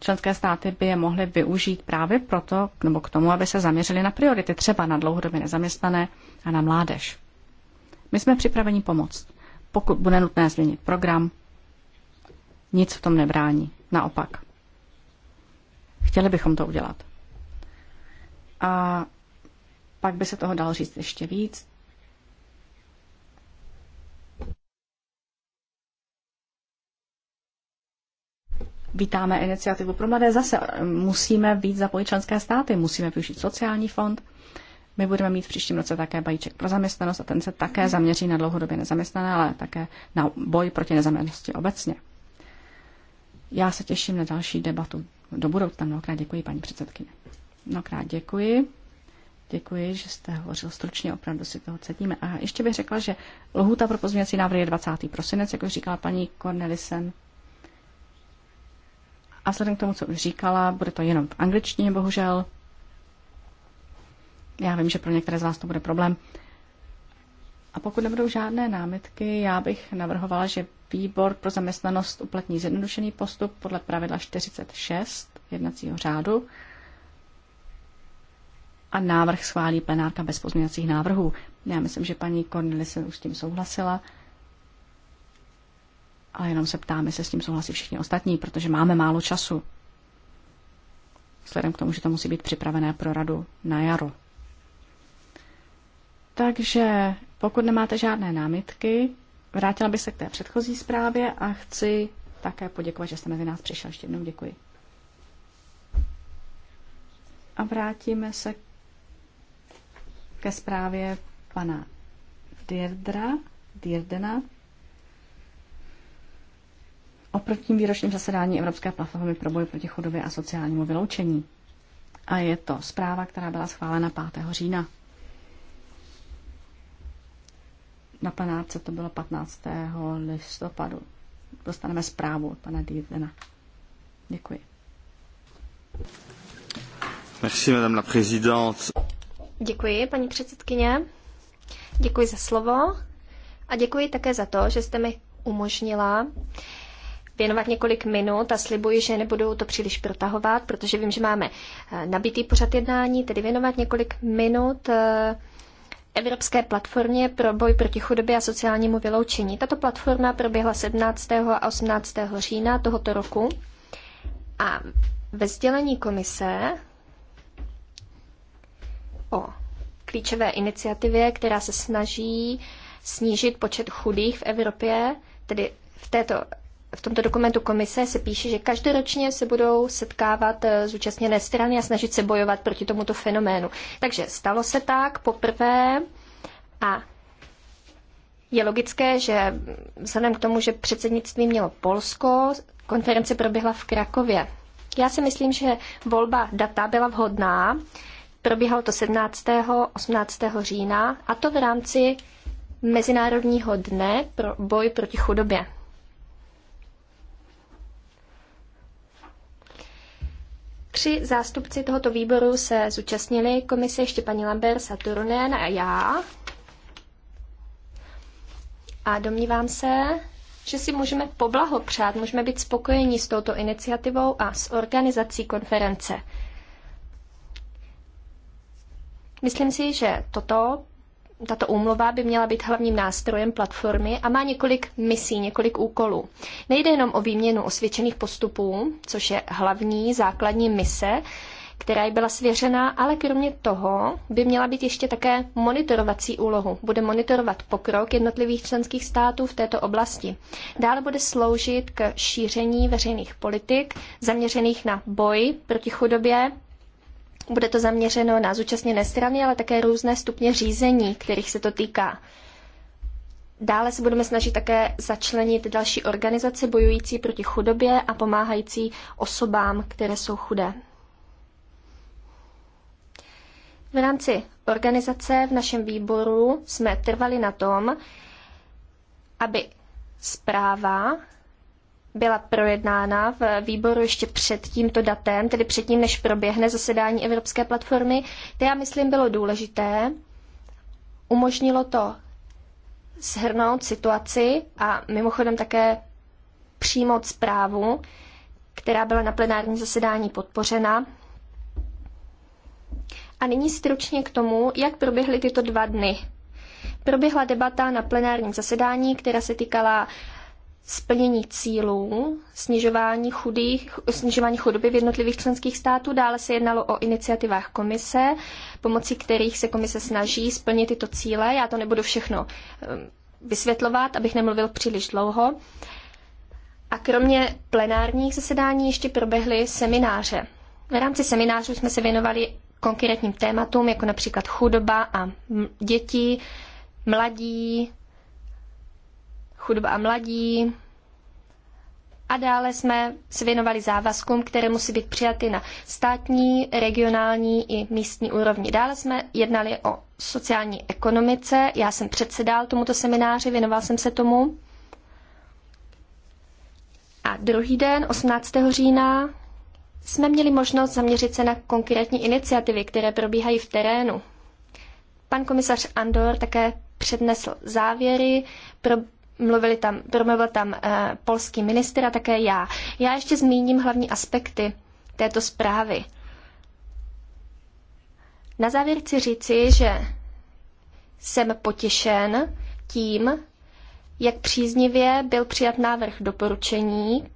Členské státy by je mohly využít právě proto, nebo k tomu, aby se zaměřili na priority, třeba na dlouhodobě nezaměstnané a na mládež. My jsme připraveni pomoct. Pokud bude nutné změnit program, nic v tom nebrání. Naopak. Chtěli bychom to udělat. A pak by se toho dal říct ještě víc. Vítáme iniciativu pro mladé. Zase eh, musíme být zapojit členské státy, musíme využít sociální fond. My budeme mít v příštím roce také balíček pro zaměstnanost a ten se také zaměří na dlouhodobě nezaměstnané, ale také na boj proti nezaměstnanosti obecně. Já se těším na další debatu do budoucna. Mnohokrát děkuji, paní předsedkyně. Mnohokrát děkuji. Děkuji, že jste hovořil stručně, opravdu si toho cítíme. A ještě bych řekla, že lhůta pro pozměňovací návrh je 20. prosinec, jako říkala paní Cornelisen. A vzhledem k tomu, co už říkala, bude to jenom v angličtině, bohužel. Já vím, že pro některé z vás to bude problém. A pokud nebudou žádné námitky, já bych navrhovala, že výbor pro zaměstnanost uplatní zjednodušený postup podle pravidla 46 jednacího řádu a návrh schválí plenárka bez pozměňovacích návrhů. Já myslím, že paní Cornelise už s tím souhlasila a jenom se ptáme, se s tím souhlasí všichni ostatní, protože máme málo času. Vzhledem k tomu, že to musí být připravené pro radu na jaro. Takže pokud nemáte žádné námitky, vrátila bych se k té předchozí zprávě a chci také poděkovat, že jste mezi nás přišel. Ještě jednou děkuji. A vrátíme se ke zprávě pana Dirdra, Dirdena, o prvním výročním zasedání Evropské platformy pro boj proti chudobě a sociálnímu vyloučení. A je to zpráva, která byla schválena 5. října. Na plenárce to bylo 15. listopadu. Dostaneme zprávu od pana Dýdena. Děkuji. Merci, madame la présidente. Děkuji, paní předsedkyně. Děkuji za slovo a děkuji také za to, že jste mi umožnila uh, věnovat několik minut a slibuji, že nebudu to příliš protahovat, protože vím, že máme eh, nabitý pořad jednání, tedy věnovat několik minut eh, Evropské platformě pro boj proti chudobě a sociálnímu vyloučení. Tato platforma proběhla 17. a 18. října tohoto roku a ve sdělení komise o klíčové iniciativě, která se snaží snížit počet chudých v Evropě, tedy v této v tomto dokumentu komise se píše, že každoročně se budou setkávat eh, zúčastněné strany a snažit se bojovat proti tomuto fenoménu. Takže stalo se tak poprvé a je logické, že vzhledem k tomu, že předsednictví mělo Polsko, konference proběhla v Krakově. Já si myslím, že volba data byla vhodná. Probíhalo to 17. 18. října a to v rámci Mezinárodního dne pro boj proti chudobě. Tři zástupci tohoto výboru se zúčastnili komise ještě paní Lambert, Saturnen a já. A domnívám se, že si můžeme poblahopřát, můžeme být spokojeni s touto iniciativou a s organizací konference. Myslím si, že toto tato úmluva by měla být hlavním nástrojem platformy a má několik misí, několik úkolů. Nejde jenom o výměnu osvědčených postupů, což je hlavní základní mise, která jí byla svěřena, ale kromě toho by měla být ještě také monitorovací úlohu. Bude monitorovat pokrok jednotlivých členských států v této oblasti. Dále bude sloužit k šíření veřejných politik zaměřených na boj proti chudobě, bude to zaměřeno na zúčastněné strany, ale také různé stupně řízení, kterých se to týká. Dále se budeme snažit také začlenit další organizace bojující proti chudobě a pomáhající osobám, které jsou chudé. V rámci organizace v našem výboru jsme trvali na tom, aby zpráva byla projednána v výboru ještě před tímto datem, tedy předtím, než proběhne zasedání Evropské platformy. To já myslím bylo důležité. Umožnilo to shrnout situaci a mimochodem také přijmout zprávu, která byla na plenární zasedání podpořena. A nyní stručně k tomu, jak proběhly tyto dva dny. Proběhla debata na plenárním zasedání, která se týkala splnění cílů, snižování, chudých, snižování chudoby v jednotlivých členských států. Dále se jednalo o iniciativách komise, pomocí kterých se komise snaží splnit tyto cíle. Já to nebudu všechno ehm, vysvětlovat, abych nemluvil příliš dlouho. A kromě plenárních zasedání ještě proběhly semináře. V rámci seminářů jsme se věnovali konkrétním tématům, jako například chudoba a děti, mladí, chudoba a mladí. A dále jsme se věnovali závazkům, které musí být přijaty na státní, regionální i místní úrovni. Dále jsme jednali o sociální ekonomice. Já jsem předsedal tomuto semináři, věnoval jsem se tomu. A druhý den, 18. října, jsme měli možnost zaměřit se na konkrétní iniciativy, které probíhají v terénu. Pan komisař Andor také přednesl závěry, pro, mluvili tam, promluvil tam eh, polský minister a také já. Já ještě zmíním hlavní aspekty této zprávy. Na závěr chci říci, že jsem potěšen tím, jak příznivě byl přijat návrh doporučení,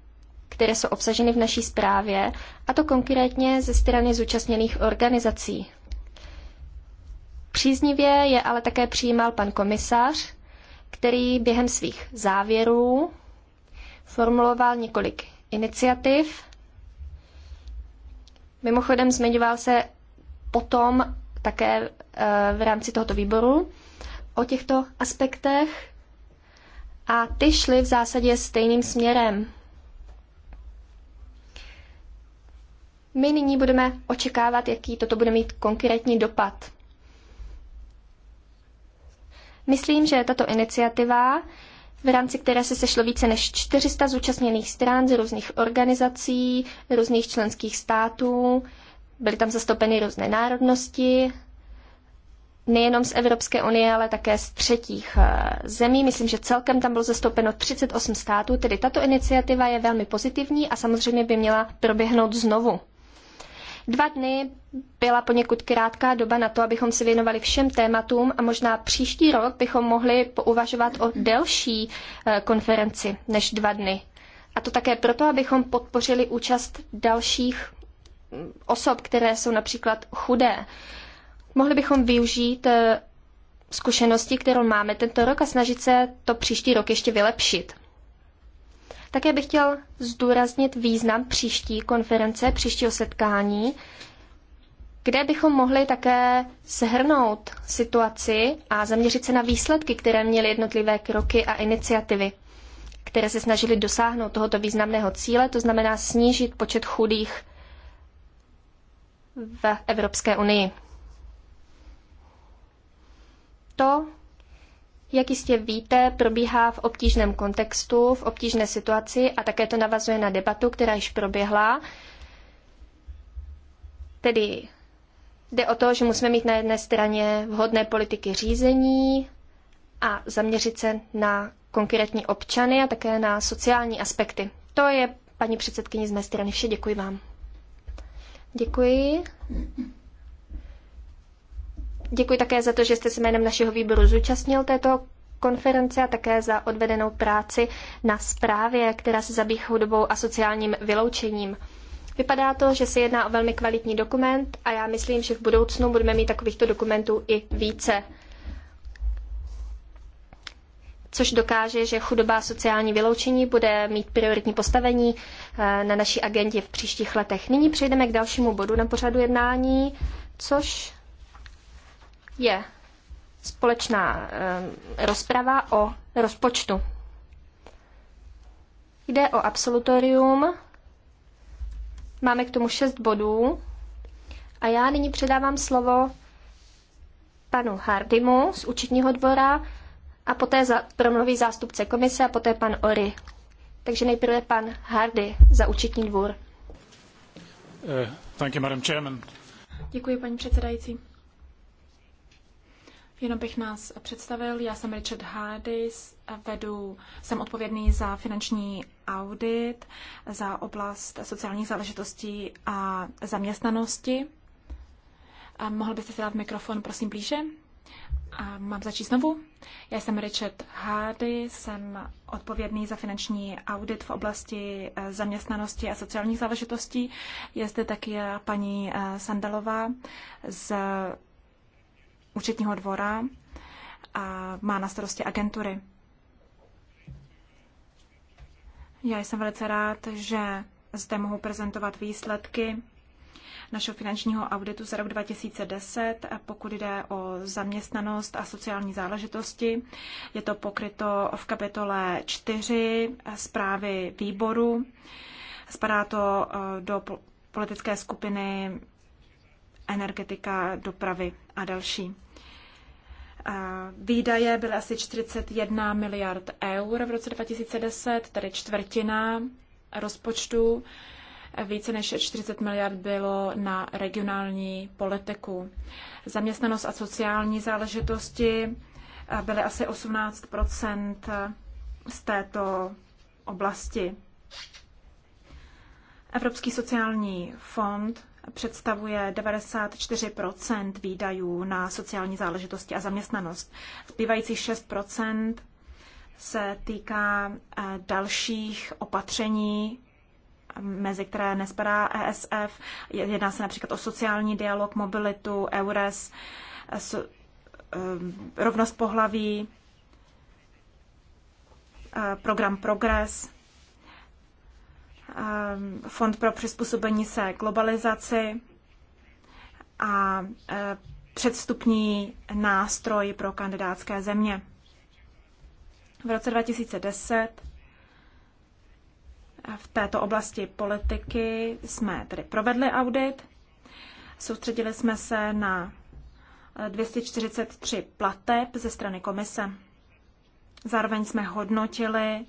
které jsou obsaženy v naší zprávě, a to konkrétně ze strany zúčastněných organizací. Příznivě je ale také přijímal pan komisař, který během svých závěrů formuloval několik iniciativ. Mimochodem zmiňoval se potom také eh, v rámci tohoto výboru o těchto aspektech a ty šly v zásadě stejným směrem. My nyní budeme očekávat, jaký toto bude mít konkrétní dopad. Myslím, že tato iniciativa, v rámci které se sešlo více než 400 zúčastněných stran z různých organizací, různých členských států, byly tam zastoupeny různé národnosti, nejenom z Evropské unie, ale také z třetích eh, zemí. Myslím, že celkem tam bylo zastoupeno 38 států, tedy tato iniciativa je velmi pozitivní a samozřejmě by měla proběhnout znovu. Dva dny byla poněkud krátká doba na to, abychom se věnovali všem tématům a možná příští rok bychom mohli pouvažovat o delší eh, konferenci než dva dny. A to také proto, abychom podpořili účast dalších mm, osob, které jsou například chudé. Mohli bychom využít eh, zkušenosti, kterou máme tento rok a snažit se to příští rok ještě vylepšit. Také bych chtěl zdůraznit význam příští konference, příštího setkání, kde bychom mohli také shrnout situaci a zaměřit se na výsledky, které měly jednotlivé kroky a iniciativy, které se snažily dosáhnout tohoto významného cíle, to znamená snížit počet chudých v Evropské unii. To jak jistě víte, probíhá v obtížném kontextu, v obtížné situaci a také to navazuje na debatu, která již proběhla. Tedy jde o to, že musíme mít na jedné straně vhodné politiky řízení a zaměřit se na konkrétní občany a také na sociální aspekty. To je, paní předsedkyně, z mé strany vše. Děkuji vám. Děkuji. Děkuji také za to, že jste se jménem našeho výboru zúčastnil této konference a také za odvedenou práci na zprávě, která se zabývá chudobou a sociálním vyloučením. Vypadá to, že se jedná o velmi kvalitní dokument a já myslím, že v budoucnu budeme mít takovýchto dokumentů i více. Což dokáže, že chudoba a sociální vyloučení bude mít prioritní postavení eh, na naší agendě v příštích letech. Nyní přejdeme k dalšímu bodu na pořadu jednání, což je společná eh, rozprava o rozpočtu. Jde o absolutorium. Máme k tomu šest bodů. A já nyní předávám slovo panu Hardimu z účetního dvora a poté za, promluví zástupce komise a poté pan Ory. Takže nejprve pan Hardy za účetní dvůr. Uh, thank you, Madam Chairman. Děkuji, paní předsedající. Jenom bych nás představil, já jsem Richard Hardis, vedu, jsem odpovědný za finanční audit, za oblast sociálních záležitostí a zaměstnanosti. A mohl byste si dát mikrofon, prosím, blíže? A mám začít znovu? Já jsem Richard Hardy, jsem odpovědný za finanční audit v oblasti eh, zaměstnanosti a sociálních záležitostí. Je zde taky eh, paní eh, Sandalová z účetního dvora a má na starosti agentury. Já jsem velice rád, že zde mohu prezentovat výsledky našeho finančního auditu za rok 2010, pokud jde o zaměstnanost a sociální záležitosti. Je to pokryto v kapitole 4 zprávy výboru. Spadá to e, do politické skupiny energetika, dopravy a další. Výdaje byly asi 41 miliard eur v roce 2010, tedy čtvrtina rozpočtu. Více než 40 miliard bylo na regionální politiku. Zaměstnanost a sociální záležitosti eh, byly asi 18 z této oblasti. Evropský sociální fond představuje 94 výdajů na sociální záležitosti a zaměstnanost. Zbývající 6 se týká eh, dalších opatření, mezi které nespadá ESF. Jedná se například o sociální dialog, mobilitu, EURES, eh, eh, rovnost pohlaví, program Progress Eh, Fond pro přizpůsobení se globalizaci a eh, předstupní nástroj pro kandidátské země. V roce 2010 eh, v této oblasti politiky jsme tedy provedli audit. Soustředili jsme se na 243 plateb ze strany komise. Zároveň jsme hodnotili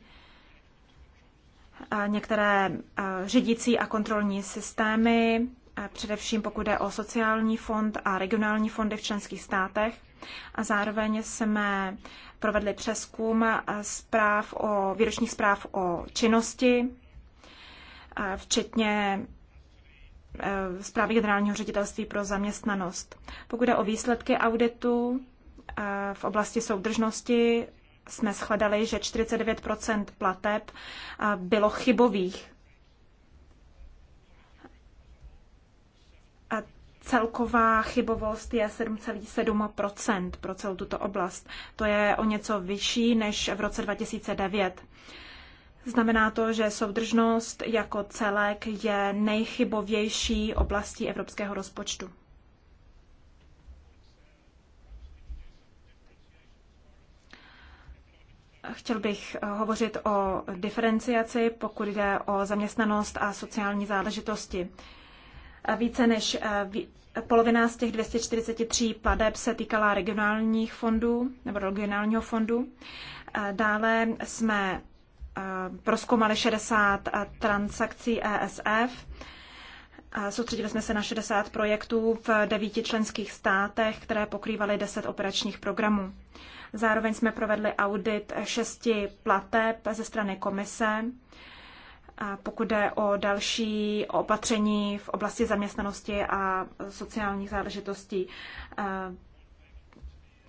některé řídící a kontrolní systémy, především pokud jde o sociální fond a regionální fondy v členských státech. A zároveň jsme provedli přeskum zpráv o, výročních zpráv o činnosti, včetně e, zprávy generálního ředitelství pro zaměstnanost. Pokud jde o výsledky auditu v oblasti soudržnosti, jsme shledali, že 49 plateb eh, bylo chybových. A celková chybovost je 7,7 pro celou tuto oblast. To je o něco vyšší než v roce 2009. Znamená to, že soudržnost jako celek je nejchybovější oblastí evropského rozpočtu. Chtěl bych eh, hovořit o diferenciaci, pokud jde o zaměstnanost a sociální záležitosti. Více než eh, polovina z těch 243 pladeb se týkala regionálních fondů nebo regionálního fondu. Eh, dále jsme proskoumali 60 transakcí ESF. Soustředili jsme se na 60 projektů v devíti členských státech, které pokrývaly 10 operačních programů. Zároveň jsme provedli audit šesti plateb ze strany komise. A pokud jde o další opatření v oblasti zaměstnanosti a sociálních záležitostí, eh,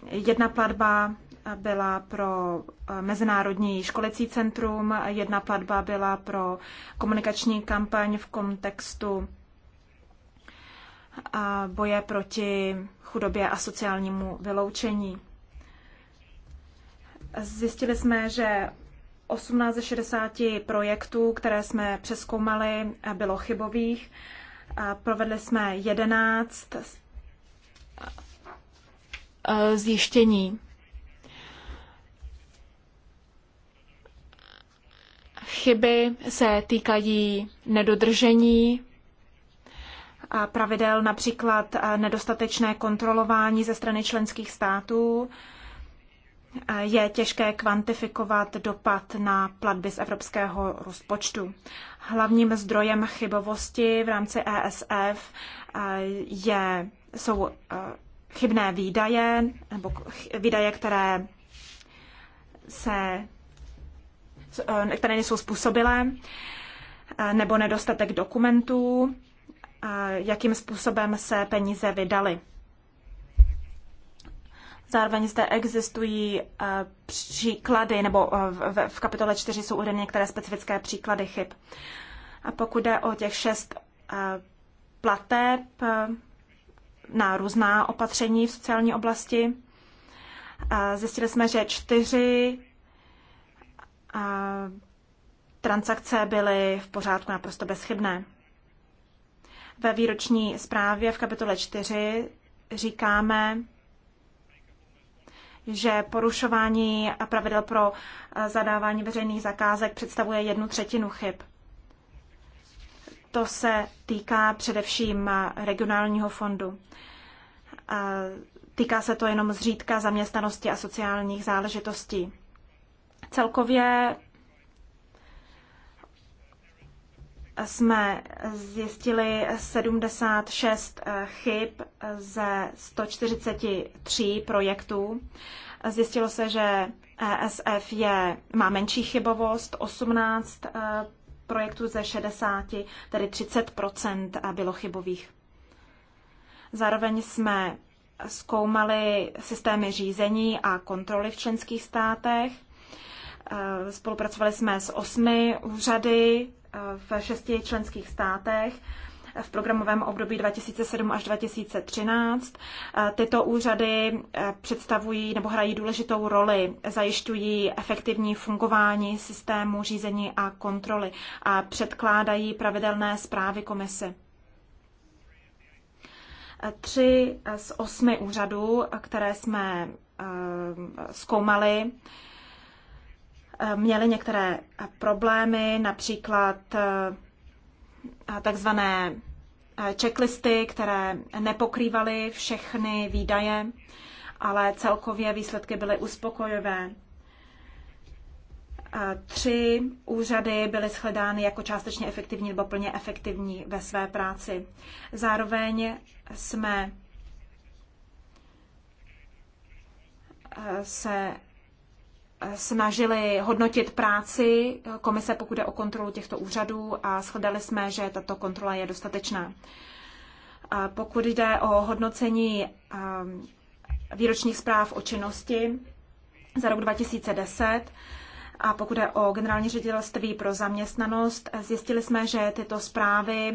jedna platba byla pro eh, Mezinárodní školecí centrum, jedna platba byla pro komunikační kampaň v kontextu eh, boje proti chudobě a sociálnímu vyloučení. Zjistili jsme, že 18 ze 60 projektů, které jsme přeskoumali, bylo chybových. Provedli jsme 11 e, zjištění. Chyby se týkají nedodržení pravidel, například e, nedostatečné kontrolování ze strany členských států, je těžké kvantifikovat dopad na platby z evropského rozpočtu. Hlavním zdrojem chybovosti v rámci ESF eh, je, jsou eh, chybné výdaje, nebo výdaje, které se eh, které nejsou způsobilé, nebo nedostatek dokumentů, jakým způsobem se peníze vydaly. Zároveň zde existují eh, příklady, nebo eh, v kapitole 4 jsou uvedeny některé specifické příklady chyb. A pokud jde o těch šest eh, plateb na různá opatření v sociální oblasti, zjistili jsme, že čtyři transakce byly v pořádku naprosto bezchybné. Ve výroční zprávě v kapitole 4 říkáme, že porušování pravidel pro eh, zadávání veřejných zakázek představuje jednu třetinu chyb. To se týká především eh, regionálního fondu. Eh, týká se to jenom zřídka zaměstnanosti a sociálních záležitostí. Celkově jsme zjistili 76 eh, chyb ze 143 projektů. Zjistilo se, že ESF je, má menší chybovost, 18 eh, projektů ze 60, tedy 30 eh, bylo chybových. Zároveň jsme zkoumali systémy řízení a kontroly v členských státech. Spolupracovali jsme s osmi úřady v šesti členských státech v programovém období 2007 až 2013. Tyto úřady eh, představují nebo hrají důležitou roli, zajišťují efektivní fungování systému řízení a kontroly a předkládají pravidelné zprávy komise Tři z osmi úřadů, které jsme eh, zkoumali, Eh, měli některé problémy, například eh, takzvané eh, checklisty, které nepokrývaly všechny výdaje, ale celkově výsledky byly uspokojivé. Tři úřady byly shledány jako částečně efektivní nebo plně efektivní ve své práci. Zároveň jsme se snažili hodnotit práci komise, pokud jde o kontrolu těchto úřadů a shledali jsme, že tato kontrola je dostatečná. A pokud jde o hodnocení um, výročních zpráv o činnosti za rok 2010, a pokud jde o generální ředitelství pro zaměstnanost, zjistili jsme, že tyto zprávy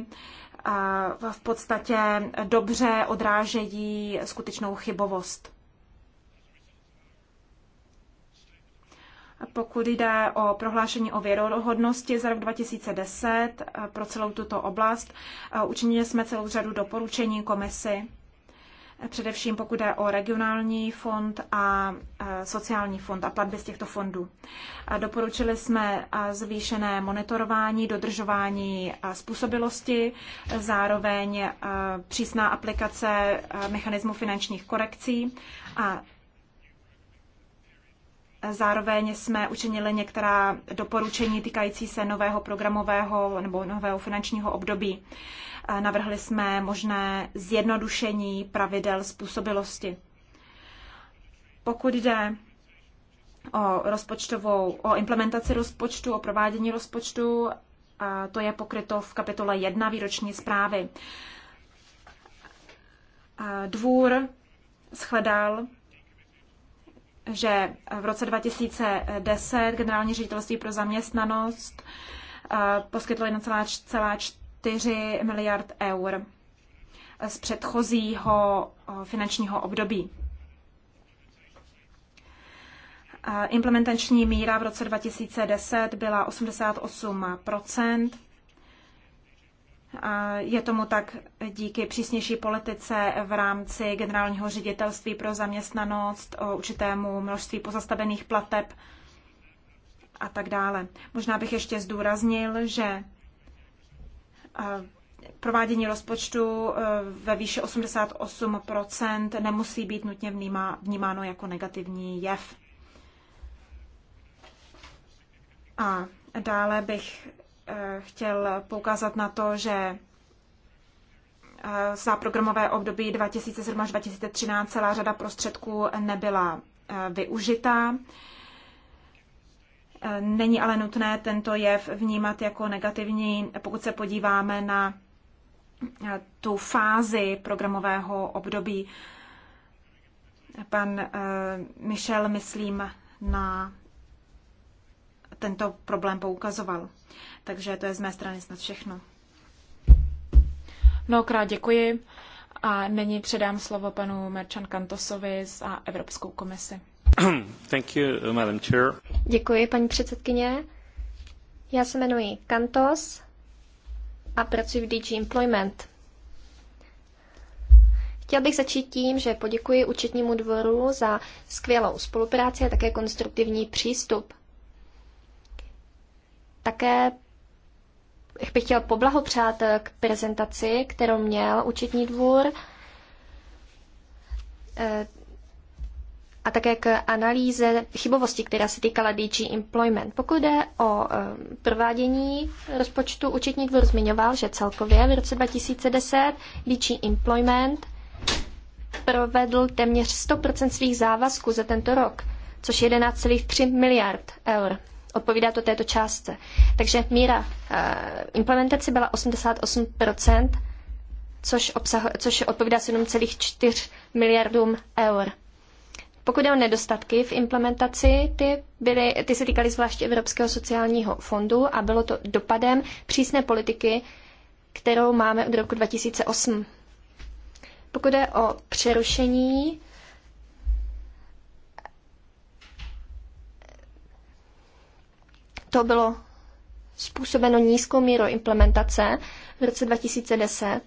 uh, v podstatě dobře odrážejí skutečnou chybovost. Pokud jde o prohlášení o věrohodnosti za rok 2010 eh, pro celou tuto oblast, eh, učinili jsme celou řadu doporučení komisi, eh, především pokud jde o regionální fond a sociální fond a platby z těchto fondů. Doporučili jsme zvýšené monitorování, dodržování způsobilosti, zároveň přísná aplikace mechanismu finančních korekcí a Zároveň jsme učinili některá doporučení týkající se nového programového nebo nového finančního období. Navrhli jsme možné zjednodušení pravidel způsobilosti. Pokud jde o rozpočtovou, o implementaci rozpočtu, o provádění rozpočtu, to je pokryto v kapitole 1 výroční zprávy. Dvůr shledal, že v roce 2010 generální ředitelství pro zaměstnanost eh, poskytlo 1,4 miliard eur z předchozího eh, finančního období. Eh, implementační míra v roce 2010 byla 88 je tomu tak díky přísnější politice v rámci generálního ředitelství pro zaměstnanost, o určitému množství pozastavených plateb a tak dále. Možná bych ještě zdůraznil, že provádění rozpočtu e, ve výši 88% nemusí být nutně vnímáno jako negativní jev. A dále bych chtěl poukázat na to, že eh, za programové období 2007 až 2013 celá řada prostředků nebyla eh, využitá. Eh, není ale nutné tento jev vnímat jako negativní, pokud se podíváme na tu fázi programového období. Pan Michel, myslím, na tento problém poukazoval. Takže to je z mé strany snad všechno. Mnohokrát děkuji a nyní předám slovo panu Merčan Kantosovi za Evropskou komisi. Thank you, Madam Chair. Děkuji, paní předsedkyně. Já se jmenuji Kantos a pracuji v DG Employment. Chtěl bych začít tím, že poděkuji účetnímu dvoru za skvělou spolupráci a také konstruktivní přístup. Také bych chtěl poblahopřát eh, k prezentaci, kterou měl účetní dvůr eh, a také k analýze chybovosti, která se týkala DG Employment. Pokud jde o eh, provádění rozpočtu, účetní dvůr zmiňoval, že celkově v roce 2010 DG Employment provedl téměř 100% svých závazků za tento rok, což 11,3 miliard eur odpovídá to této částce. Takže míra eh, implementace byla 88%, což, obsah, což odpovídá 7,4 miliardům eur. Pokud jde o nedostatky v implementaci, ty, byly, ty se týkaly zvláště Evropského sociálního fondu a bylo to dopadem přísné politiky, kterou máme od roku 2008. Pokud jde o přerušení to bylo způsobeno nízkou mírou implementace v roce 2010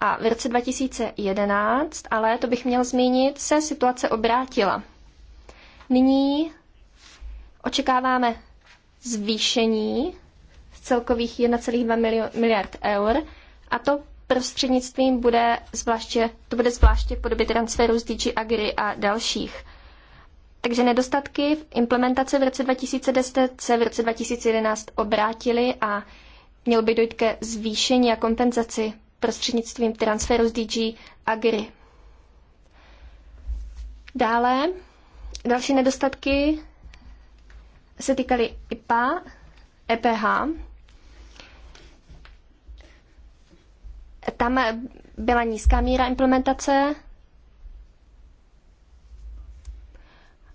a v roce 2011, ale to bych měl zmínit, se situace obrátila. Nyní očekáváme zvýšení z celkových 1,2 miliard eur a to prostřednictvím bude zvláště, to bude zvláště v podobě transferu z DG Agri a dalších. Takže nedostatky v implementaci v roce 2010 se v roce 2011 obrátily a mělo by dojít ke zvýšení a kompenzaci prostřednictvím transferu z DG Agri. Dále další nedostatky se týkaly IPA, EPH. Tam byla nízká míra implementace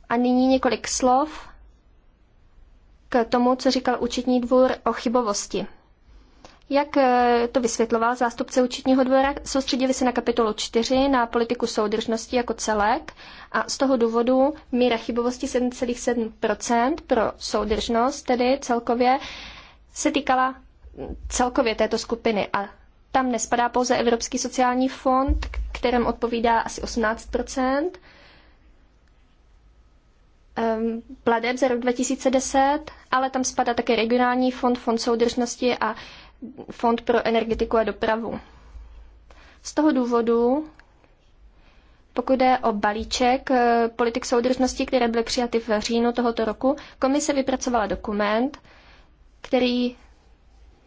A nyní několik slov k tomu, co říkal účetní dvůr o chybovosti. Jak eh, to vysvětloval zástupce účetního dvora, soustředili se na kapitolu 4, na politiku soudržnosti jako celek a z toho důvodu míra chybovosti 7,7% pro soudržnost, tedy celkově, se týkala mm, celkově této skupiny a tam nespadá pouze Evropský sociální fond, kterém odpovídá asi 18%, pladeb za rok 2010, ale tam spadá také regionální fond, fond soudržnosti a fond pro energetiku a dopravu. Z toho důvodu, pokud jde o balíček eh, politik soudržnosti, které byly přijaty v říjnu tohoto roku, komise vypracovala dokument, který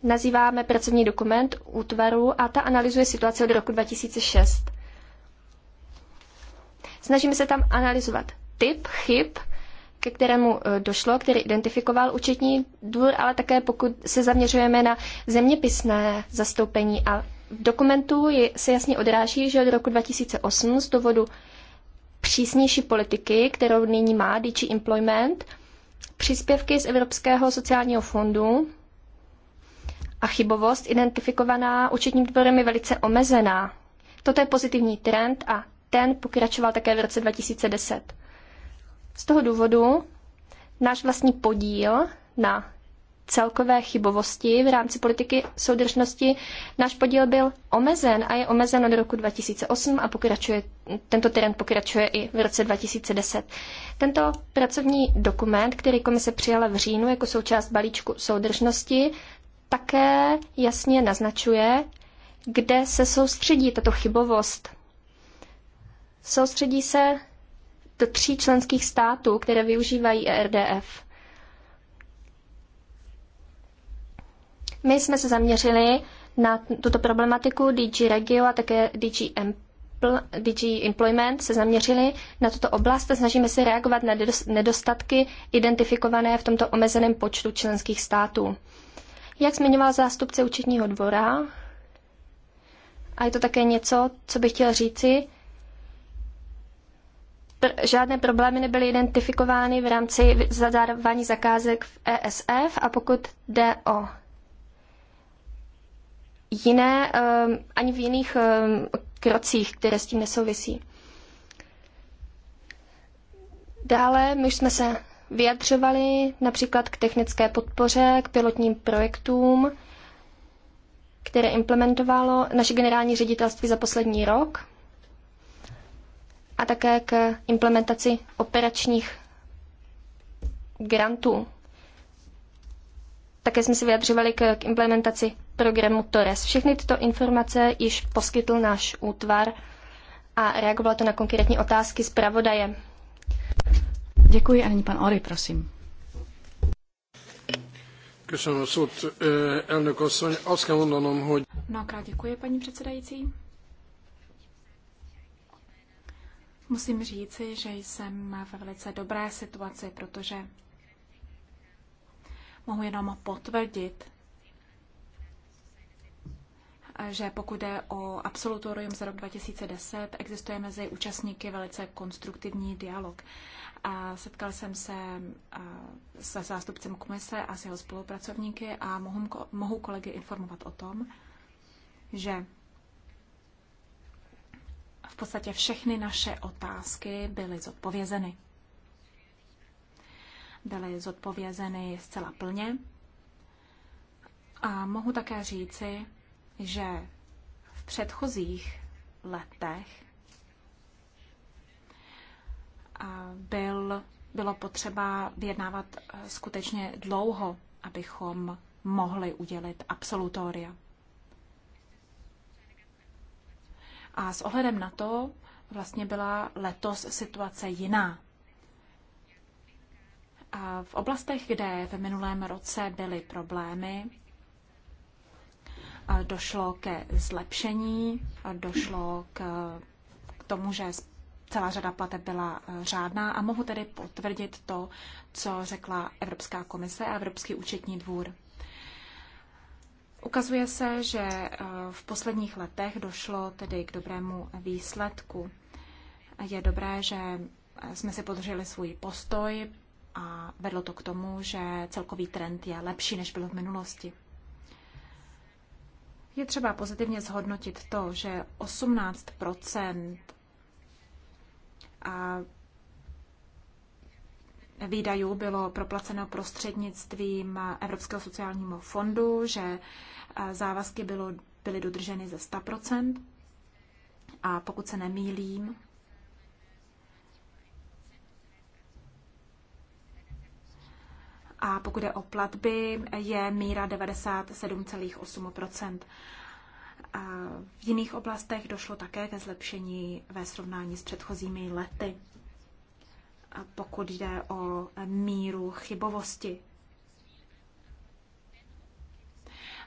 nazýváme pracovní dokument útvaru a ta analyzuje situaci od roku 2006. Snažíme se tam analyzovat typ chyb, ke kterému eh, došlo, který identifikoval účetní dvůr, ale také pokud se zaměřujeme na zeměpisné zastoupení a v dokumentu se jasně odráží, že od roku 2008 z důvodu přísnější politiky, kterou nyní má DG Employment, příspěvky z Evropského sociálního fondu a chybovost identifikovaná účetním dvorem je velice omezená. Toto je pozitivní trend a ten pokračoval také v roce 2010. Z toho důvodu náš vlastní podíl na celkové chybovosti v rámci politiky soudržnosti. Náš podíl byl omezen a je omezen od roku 2008 a pokračuje, tento trend pokračuje i v roce 2010. Tento pracovní dokument, který komise přijala v říjnu jako součást balíčku soudržnosti, také jasně naznačuje, kde se soustředí tato chybovost. Soustředí se tří členských států, které využívají ERDF. My jsme se zaměřili na tuto problematiku DG Regio a také DG, Empl, DG Employment se zaměřili na tuto oblast a snažíme se reagovat na nedostatky identifikované v tomto omezeném počtu členských států. Jak zmiňoval zástupce účetního dvora, a je to také něco, co bych chtěl říci, pr- žádné problémy nebyly identifikovány v rámci zadávání zakázek v ESF a pokud jde o jiné, ehm, ani v jiných ehm, krocích, které s tím nesouvisí. Dále my už jsme se vyjadřovali například k technické podpoře, k pilotním projektům, které implementovalo naše generální ředitelství za poslední rok a také k implementaci operačních grantů. Také jsme se vyjadřovali k, k implementaci programu TORES. Všechny tyto informace již poskytl náš útvar a reagovala to na konkrétní otázky zpravodaje. Děkuji a nyní pan Ory, prosím. Köszönöm a szót, elnök asszony. Azt kell mondanom, hogy... Mnohokrát děkuji, paní předsedající. Musím říci, že jsem ve velice dobré situaci, protože mohu jenom potvrdit, že pokud jde o absolutorium za rok 2010, existuje mezi účastníky velice konstruktivní dialog. A setkal jsem se se zástupcem komise a s jeho spolupracovníky a mohu, mohu kolegy informovat o tom, že v podstatě všechny naše otázky byly zodpovězeny. Byly zodpovězeny zcela plně. A mohu také říci, že v předchozích letech byl, bylo potřeba vyjednávat eh, skutečně dlouho, abychom mohli udělit absolutoria. A s ohledem na to vlastně byla letos situace jiná. A v oblastech, kde v minulém roce byly problémy, došlo ke zlepšení, došlo k, k tomu, že celá řada plateb byla e, řádná a mohu tedy potvrdit to, co řekla Evropská komise a Evropský účetní dvůr. Ukazuje se, že eh, v posledních letech došlo tedy k dobrému výsledku. Je dobré, že eh, jsme si podrželi svůj postoj a vedlo to k tomu, že celkový trend je lepší, než byl v minulosti. Je třeba pozitivně zhodnotit to, že 18 a výdajů bylo proplaceno prostřednictvím Evropského sociálního fondu, že eh, závazky bylo, byly dodrženy ze 100%. A pokud se nemýlím, a pokud je o platby, je míra 97,8 a v jiných oblastech došlo také ke zlepšení ve srovnání s předchozími lety pokud jde o míru chybovosti.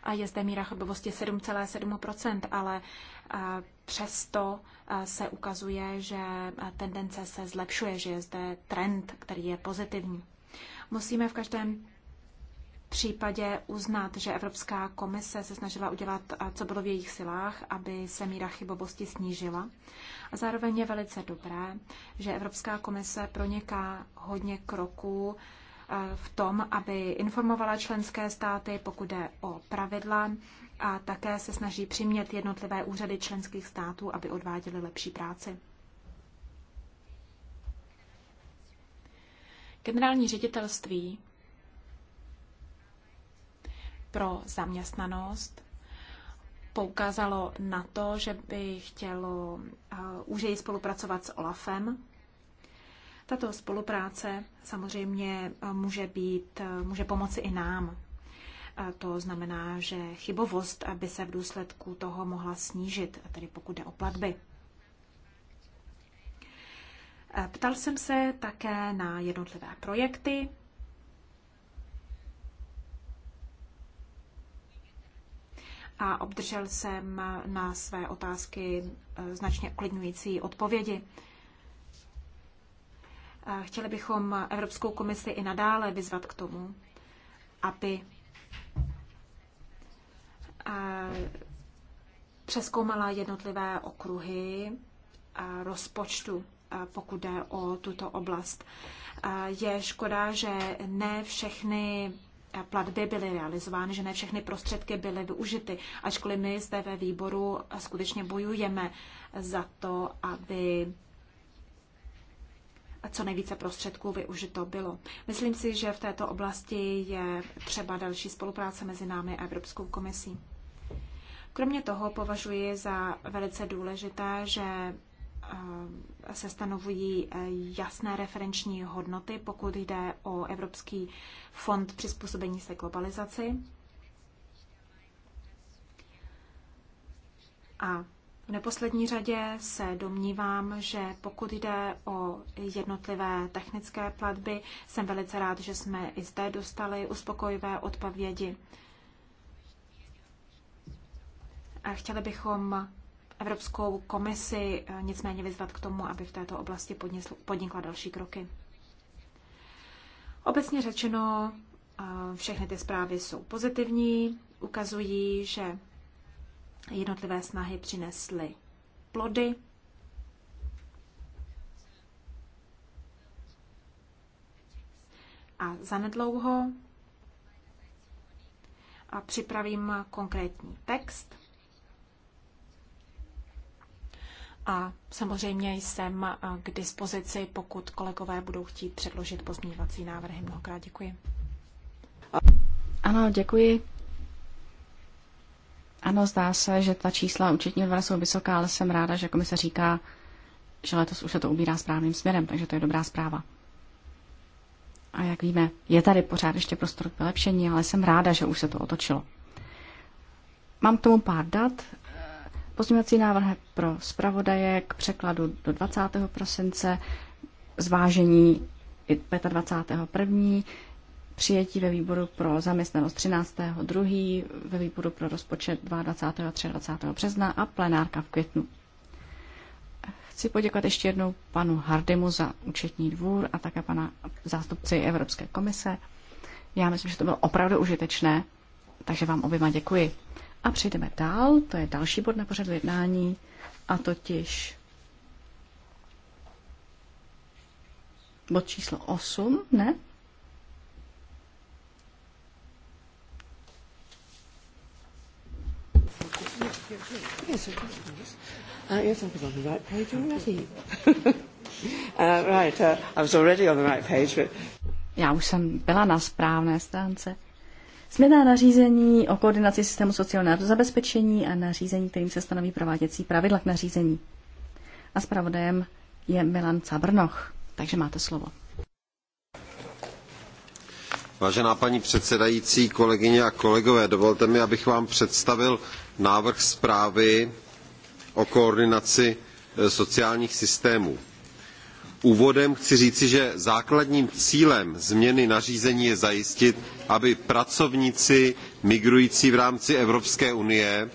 A je zde míra chybovosti 7,7%, ale přesto se ukazuje, že tendence se zlepšuje, že je zde trend, který je pozitivní. Musíme v každém případě uznat, že Evropská komise se snažila udělat, co bylo v jejich silách, aby se míra chybovosti snížila. A zároveň je velice dobré, že Evropská komise proniká hodně kroků v tom, aby informovala členské státy, pokud jde o pravidla, a také se snaží přimět jednotlivé úřady členských států, aby odváděly lepší práci. Generální ředitelství pro zaměstnanost poukázalo na to, že by chtělo eh, úžeji spolupracovat s OLAFem. Tato spolupráce samozřejmě eh, může, být, eh, může pomoci i nám. A to znamená, že chybovost by se v důsledku toho mohla snížit, tedy pokud jde o platby. Ptal jsem se také na jednotlivé projekty, a obdržel jsem na své otázky eh, značně uklidňující odpovědi. Eh, chtěli bychom Evropskou komisi i nadále vyzvat k tomu, aby eh, přeskoumala jednotlivé okruhy rozpočtu, pokud jde o tuto oblast. Je škoda, že ne všechny platby byly realizovány, že ne všechny prostředky byly využity, ačkoliv my zde ve výboru skutečně bojujeme za to, aby co nejvíce prostředků využito bylo. Myslím si, že v této oblasti je třeba další spolupráce mezi námi a Evropskou komisí. Kromě toho považuji za velice důležité, že se stanovují eh, jasné referenční hodnoty, pokud jde o Evropský fond přizpůsobení se globalizaci. A v neposlední řadě se domnívám, že pokud jde o jednotlivé technické platby, jsem velice rád, že jsme i zde dostali uspokojivé odpovědi. A chtěli bychom Evropskou komisi eh, nicméně vyzvat k tomu, aby v této oblasti podnikla další kroky. Obecně řečeno, eh, všechny ty zprávy jsou pozitivní, ukazují, že jednotlivé snahy přinesly plody. A zanedlouho a připravím konkrétní text A samozřejmě jsem k dispozici, pokud kolegové budou chtít předložit pozměňovací návrhy. Mnohokrát děkuji. Ano, děkuji. Ano, zdá se, že ta čísla účetního dvora jsou vysoká, ale jsem ráda, že komise říká, že letos už se to ubírá správným směrem, takže to je dobrá zpráva. A jak víme, je tady pořád ještě prostor k vylepšení, ale jsem ráda, že už se to otočilo. Mám k tomu pár dat. Pozměňovací návrhy pro zpravodaje k překladu do 20. prosince, zvážení 25.1., přijetí ve výboru pro zaměstnanost 13.2., ve výboru pro rozpočet 22. a 23. března a plenárka v květnu. Chci poděkovat ještě jednou panu Hardimu za účetní dvůr a také pana zástupci Evropské komise. Já myslím, že to bylo opravdu užitečné, takže vám oběma děkuji. A přejdeme dál, to je další bod na pořadu jednání, a totiž bod číslo 8, ne? Uh, yes, I was on the right page already. Uh, right, uh, I was already on the right page, but... Já už jsem byla na správné stránce. Změna nařízení o koordinaci systému sociálního zabezpečení a nařízení, kterým se stanoví prováděcí pravidla k nařízení. A zpravodajem je Milan Cabrnoch. Takže máte slovo. Vážená paní předsedající, kolegyně a kolegové, dovolte mi, abych vám představil návrh zprávy o koordinaci eh, sociálních systémů Úvodem chci říci, že základním cílem změny nařízení je zajistit, aby pracovníci migrující v rámci Evropské unie,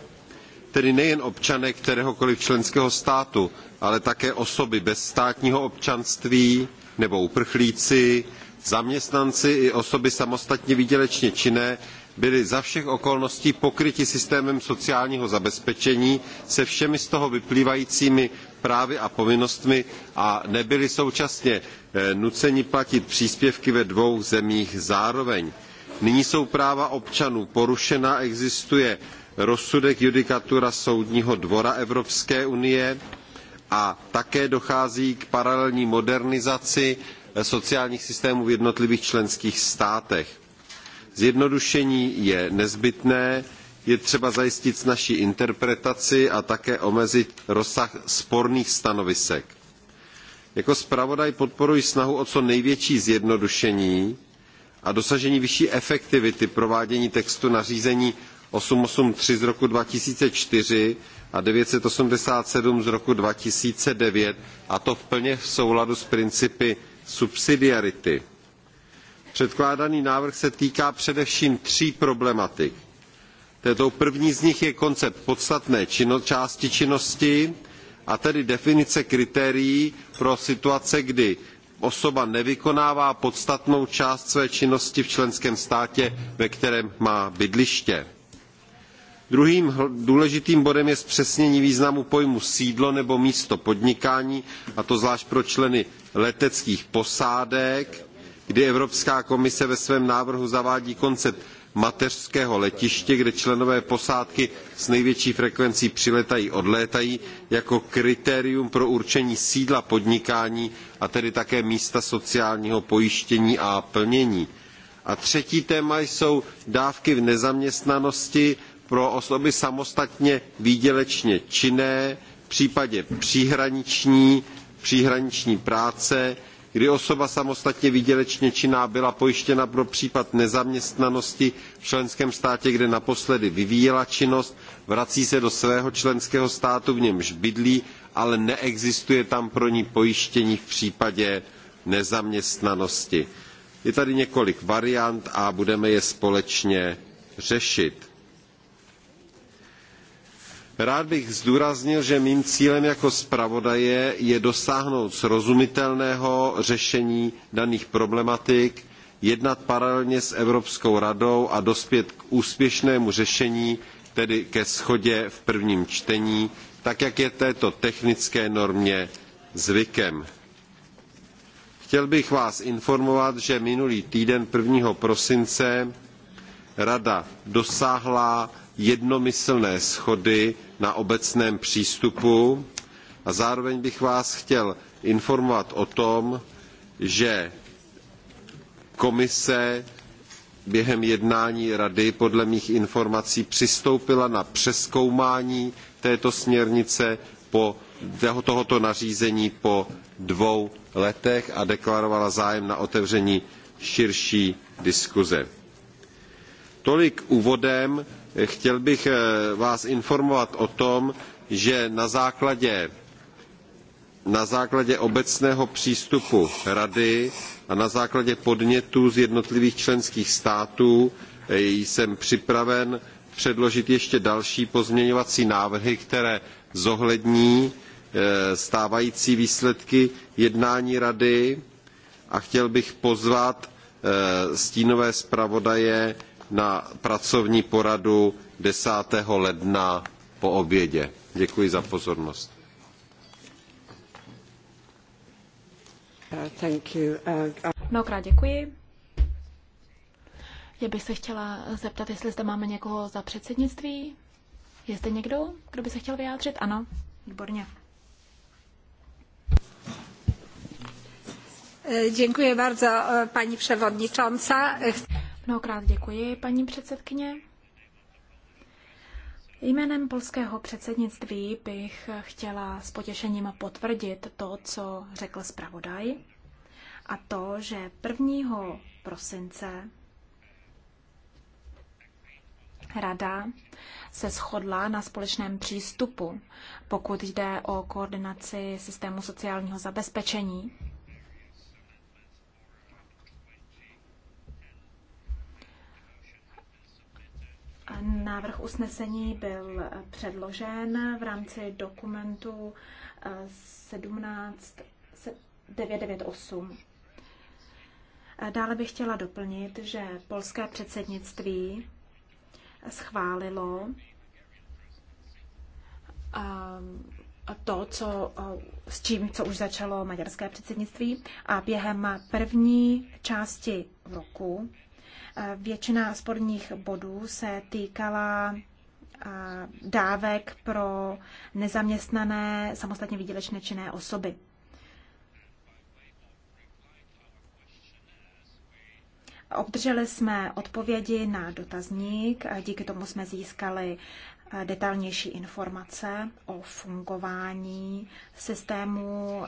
tedy nejen občané kteréhokoliv členského státu, ale také osoby bez státního občanství nebo uprchlíci, zaměstnanci i osoby samostatně výdělečně činné byli za všech okolností pokryti systémem sociálního zabezpečení se všemi z toho vyplývajícími právy a povinnostmi a nebyli současně eh, nuceni platit příspěvky ve dvou zemích zároveň. nyní jsou práva občanů porušena existuje rozsudek judikatura soudního dvora evropské unie a také dochází k paralelní modernizaci eh, sociálních systémů v jednotlivých členských státech. zjednodušení je nezbytné je třeba zajistit snazší interpretaci a také omezit rozsah sporných stanovisek. Jako zpravodaj podporuji snahu o co největší zjednodušení a dosažení vyšší efektivity provádění textu nařízení 883 z roku 2004 a 987 z roku 2009, a to v plně v souladu s principy subsidiarity. Předkládaný návrh se týká především tří problematik Tou první z nich je koncept podstatné čino, části činnosti, a tedy definice kritérií pro situace, kdy osoba nevykonává podstatnou část své činnosti v členském státě, ve kterém má bydliště. Druhým důležitým bodem je zpřesnění významu pojmu sídlo nebo místo podnikání, a to zvlášť pro členy leteckých posádek, kdy Evropská komise ve svém návrhu zavádí koncept mateřského letiště, kde členové posádky s největší frekvencí přiletají odlétají jako kritérium pro určení sídla podnikání a tedy také místa sociálního pojištění a plnění. A třetí téma jsou dávky v nezaměstnanosti pro osoby samostatně výdělečně činné, v případě příhraniční, příhraniční práce, kdy osoba samostatně výdělečně činná byla pojištěna pro případ nezaměstnanosti v členském státě, kde naposledy vyvíjela činnost, vrací se do svého členského státu, v němž bydlí, ale neexistuje tam pro ní pojištění v případě nezaměstnanosti. Je tady několik variant a budeme je společně řešit Rád bych zdůraznil, že mým cílem jako zpravodaje je dosáhnout srozumitelného řešení daných problematik, jednat paralelně s Evropskou radou a dospět k úspěšnému řešení, tedy ke shodě v prvním čtení, tak jak je této technické normě zvykem. Chtěl bych vás informovat, že minulý týden 1. prosince Rada dosáhla jednomyslné shody na obecném přístupu a zároveň bych vás chtěl informovat o tom, že komise během jednání rady podle mých informací přistoupila na přezkoumání této směrnice po tohoto nařízení po dvou letech a deklarovala zájem na otevření širší diskuze Tolik úvodem. Chtěl bych eh, vás informovat o tom, že na základě, na základě obecného přístupu Rady a na základě podnětů z jednotlivých členských států eh, jsem připraven předložit ještě další pozměňovací návrhy, které zohlední eh, stávající výsledky jednání Rady a chtěl bych pozvat stínové zpravodaje na pracovní poradu 10. ledna po obědě. Děkuji za pozornost. Uh, uh, Mnohokrát děkuji. Já bych se chtěla zeptat, jestli zde máme někoho za předsednictví. Je zde někdo, kdo by se chtěl vyjádřit? Ano, výborně. Eh, děkuji bardzo, eh, pani przewodnicząca. Mnohokrát děkuji, paní předsedkyně. Jménem polského předsednictví bych chtěla s potěšením potvrdit to, co řekl zpravodaj, a to, že 1. prosince Rada se shodla na společném přístupu, pokud jde o koordinaci systému sociálního zabezpečení Návrh usnesení byl předložen v rámci dokumentu 17998. Eh, dále bych chtěla doplnit, že polské předsednictví schválilo eh, to, co, eh, s čím, co už začalo maďarské předsednictví a během první části roku Většina sporních bodů se týkala dávek pro nezaměstnané samostatně výdělečné činné osoby. Obdrželi jsme odpovědi na dotazník, díky tomu jsme získali detailnější informace o fungování systému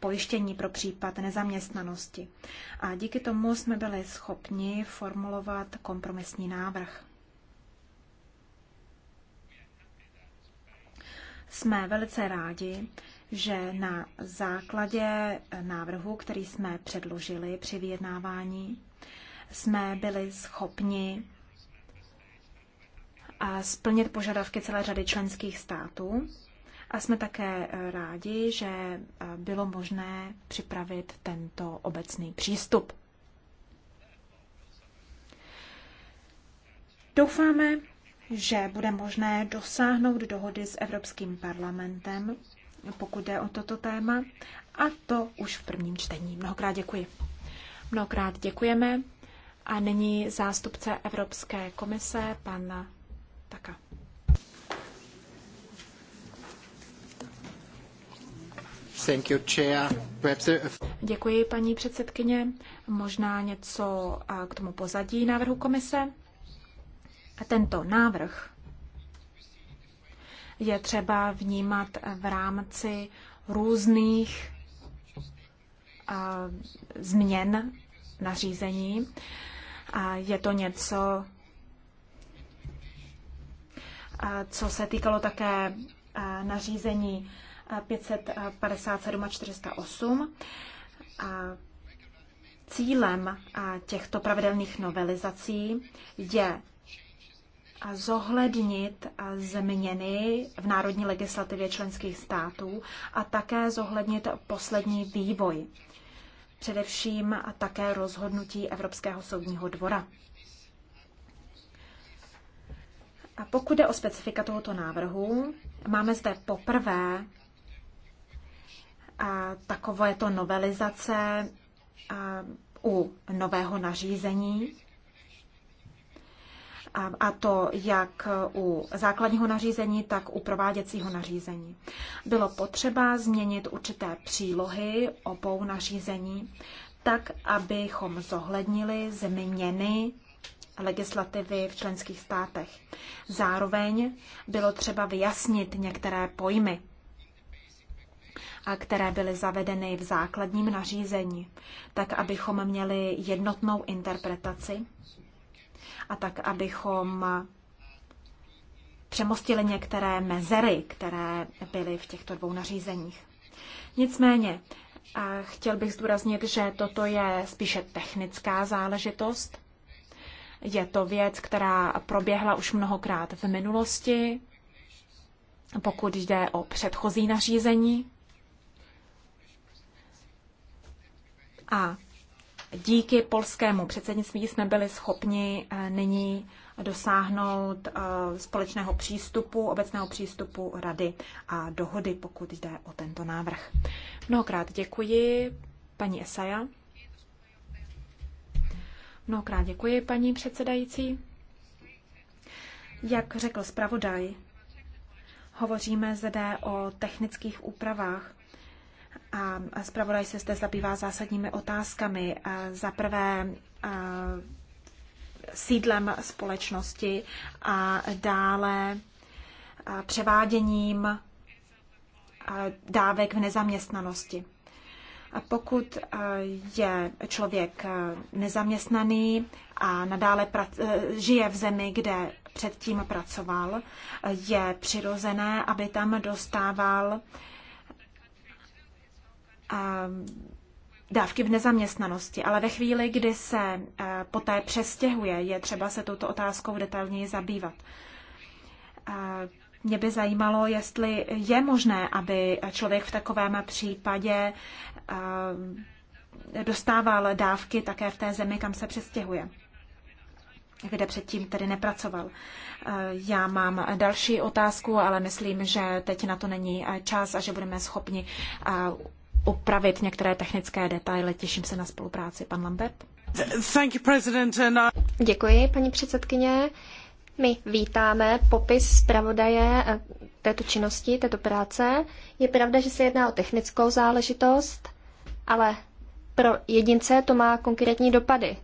pojištění pro případ nezaměstnanosti. A díky tomu jsme byli schopni formulovat kompromisní návrh. Jsme velice rádi, že na základě návrhu, který jsme předložili při vyjednávání, jsme byli schopni splnit požadavky celé řady členských států a jsme také eh, rádi, že eh, bylo možné připravit tento obecný přístup. Doufáme, že bude možné dosáhnout dohody s Evropským parlamentem, pokud jde o toto téma, a to už v prvním čtení. Mnohokrát děkuji. Mnohokrát děkujeme. A nyní zástupce Evropské komise, pan Taka. Thank you, chair. Perhaps... Děkuji, paní předsedkyně. Možná něco k tomu pozadí návrhu komise. Tento návrh je třeba vnímat v rámci různých změn nařízení. A je to něco, co se týkalo také nařízení 557 a 408. Cílem těchto pravidelných novelizací je zohlednit změny v národní legislativě členských států a také zohlednit poslední vývoj, především a také rozhodnutí Evropského soudního dvora. A pokud jde o specifika tohoto návrhu, máme zde poprvé takovéto novelizace u nového nařízení, a to jak u základního nařízení, tak u prováděcího nařízení. Bylo potřeba změnit určité přílohy obou nařízení, tak abychom zohlednili změny legislativy v členských státech. Zároveň bylo třeba vyjasnit některé pojmy a které byly zavedeny v základním nařízení, tak abychom měli jednotnou interpretaci a tak abychom přemostili některé mezery, které byly v těchto dvou nařízeních. Nicméně, chtěl bych zdůraznit, že toto je spíše technická záležitost. Je to věc, která proběhla už mnohokrát v minulosti, pokud jde o předchozí nařízení. A díky polskému předsednictví jsme byli schopni eh, nyní dosáhnout eh, společného přístupu, obecného přístupu rady a dohody, pokud jde o tento návrh. Mnohokrát děkuji, paní Esaja. Mnohokrát děkuji, paní předsedající. Jak řekl zpravodaj, hovoříme zde o technických úpravách a zpravodaj se zde zabývá zásadními otázkami. Za prvé sídlem společnosti a dále převáděním dávek v nezaměstnanosti. A pokud je člověk nezaměstnaný a nadále žije v zemi, kde předtím pracoval, je přirozené, aby tam dostával dávky v nezaměstnanosti, ale ve chvíli, kdy se eh, poté přestěhuje, je třeba se touto otázkou detailněji zabývat. Eh, mě by zajímalo, jestli je možné, aby člověk v takovém případě eh, dostával dávky také v té zemi, kam se přestěhuje kde předtím tedy nepracoval. Já mám další otázku, ale myslím, že teď na to není čas a že budeme schopni opravit některé technické detaily. Těším se na spolupráci. Pan Lambert. Thank you, President. Děkuji, paní předsedkyně. My vítáme popis zpravodaje eh, této činnosti, této práce. Je pravda, že se jedná o technickou záležitost, ale pro jedince to má konkrétní dopady.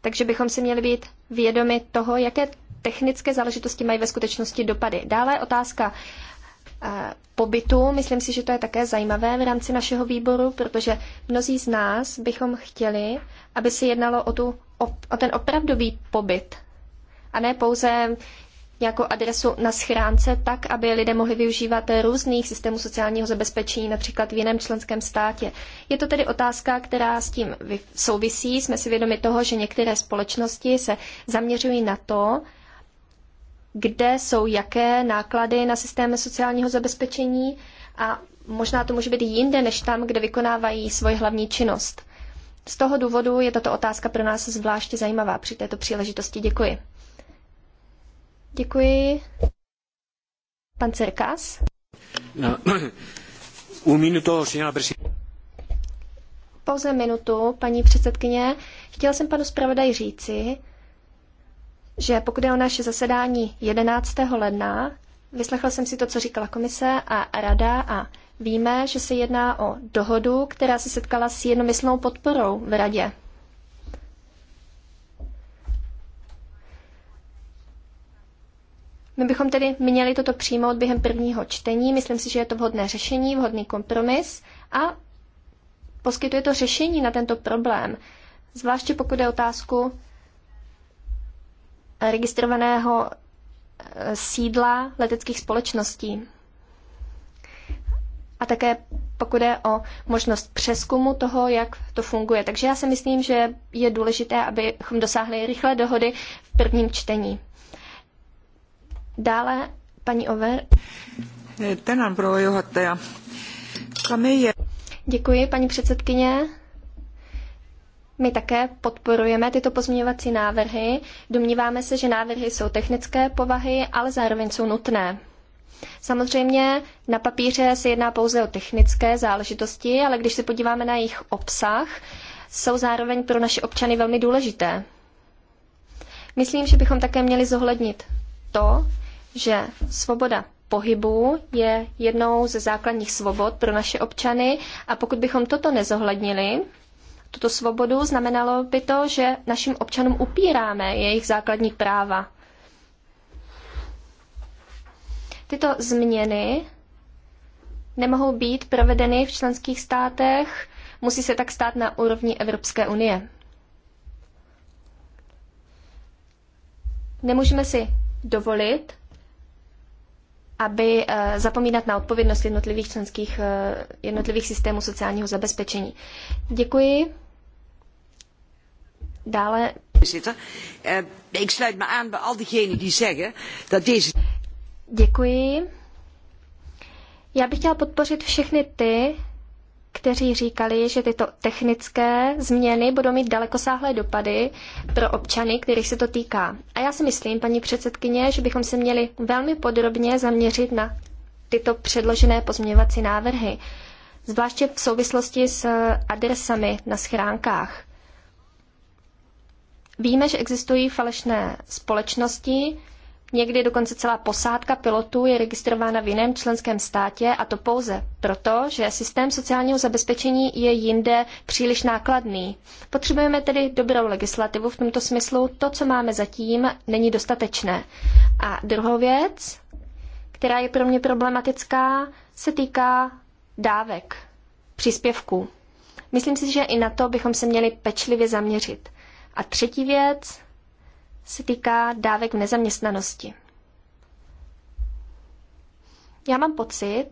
Takže bychom si měli být vědomi toho, jaké technické záležitosti mají ve skutečnosti dopady. Dále otázka pobytu. Myslím si, že to je také zajímavé v rámci našeho výboru, protože mnozí z nás bychom chtěli, aby se jednalo o, tu, o, o ten opravdový pobyt a ne pouze nějakou adresu na schránce, tak, aby lidé mohli využívat různých systémů sociálního zabezpečení, například v jiném členském státě. Je to tedy otázka, která s tím souvisí. Jsme si vědomi toho, že některé společnosti se zaměřují na to, kde jsou jaké náklady na systémy sociálního zabezpečení a možná to může být jinde než tam, kde vykonávají svoji hlavní činnost. Z toho důvodu je tato otázka pro nás zvláště zajímavá při této příležitosti. Děkuji. Děkuji. Pan Cerkas. No, Pouze minutu, paní předsedkyně. Chtěla jsem panu zpravodaj říci, že pokud je o naše zasedání 11. ledna, vyslechl jsem si to, co říkala komise a rada a víme, že se jedná o dohodu, která se setkala s jednomyslnou podporou v radě. My bychom tedy měli toto přijmout během prvního čtení. Myslím si, že je to vhodné řešení, vhodný kompromis a poskytuje to řešení na tento problém. Zvláště pokud je otázku registrovaného eh, sídla leteckých společností. A také pokud je o možnost přeskumu toho, jak to funguje. Takže já si myslím, že je důležité, abychom dosáhli rychlé dohody v prvním čtení. Dále paní Over. Tenan pro Děkuji, paní předsedkyně. My také podporujeme tyto pozměňovací návrhy. Domníváme se, že návrhy jsou technické povahy, ale zároveň jsou nutné. Samozřejmě na papíře se jedná pouze o technické záležitosti, ale když se podíváme na jejich obsah, jsou zároveň pro naše občany velmi důležité. Myslím, že bychom také měli zohlednit to, že svoboda pohybu je jednou ze základních svobod pro naše občany a pokud bychom toto nezohlednili, tuto svobodu, znamenalo by to, že našim občanům upíráme jejich základní práva. Tyto změny nemohou být provedeny v členských státech, musí se tak stát na úrovni Evropské unie. Nemůžeme si dovolit, aby eh, zapomínat na odpovědnost jednotlivých členských, eh, jednotlivých systémů sociálního zabezpečení. Děkuji. Dále... Eh, ik sluit me aan bij al diegenen die zeggen dat deze... Děkuji. Já bych chtěla podpořit všechny ty, kteří říkali, že tyto technické změny budou mít dalekosáhlé dopady pro občany, kterých se to týká. A já si myslím, paní předsedkyně, že bychom se měli velmi podrobně zaměřit na tyto předložené pozměňovací návrhy, zvláště v souvislosti s adresami na schránkách. Víme, že existují falešné společnosti, někdy dokonce celá posádka pilotů je registrována v jiném členském státě a to pouze proto, že systém sociálního zabezpečení je jinde příliš nákladný. Potřebujeme tedy dobrou legislativu v tomto smyslu, to, co máme zatím, není dostatečné. A druhou věc, která je pro mě problematická, se týká dávek, příspěvků. Myslím si, že i na to bychom se měli pečlivě zaměřit. A třetí věc se týká dávek v nezaměstnanosti. Já mám pocit,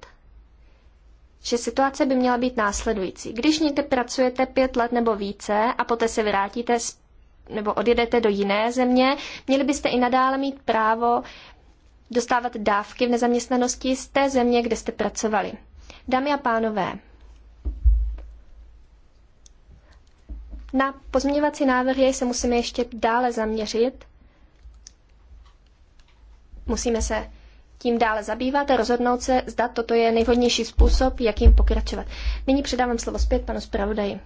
že situace by měla být následující. Když někde pracujete pět let nebo více a poté se vrátíte nebo odjedete do jiné země, měli byste i nadále mít právo dostávat dávky v nezaměstnanosti z té země, kde jste pracovali. Dámy a pánové, Na pozměňovací návrhy se musíme ještě dále zaměřit. Musíme se tím dále zabývat a rozhodnout se, zda toto je nejvhodnější způsob, jakým pokračovat. Nyní předávám slovo zpět panu zpravodaji.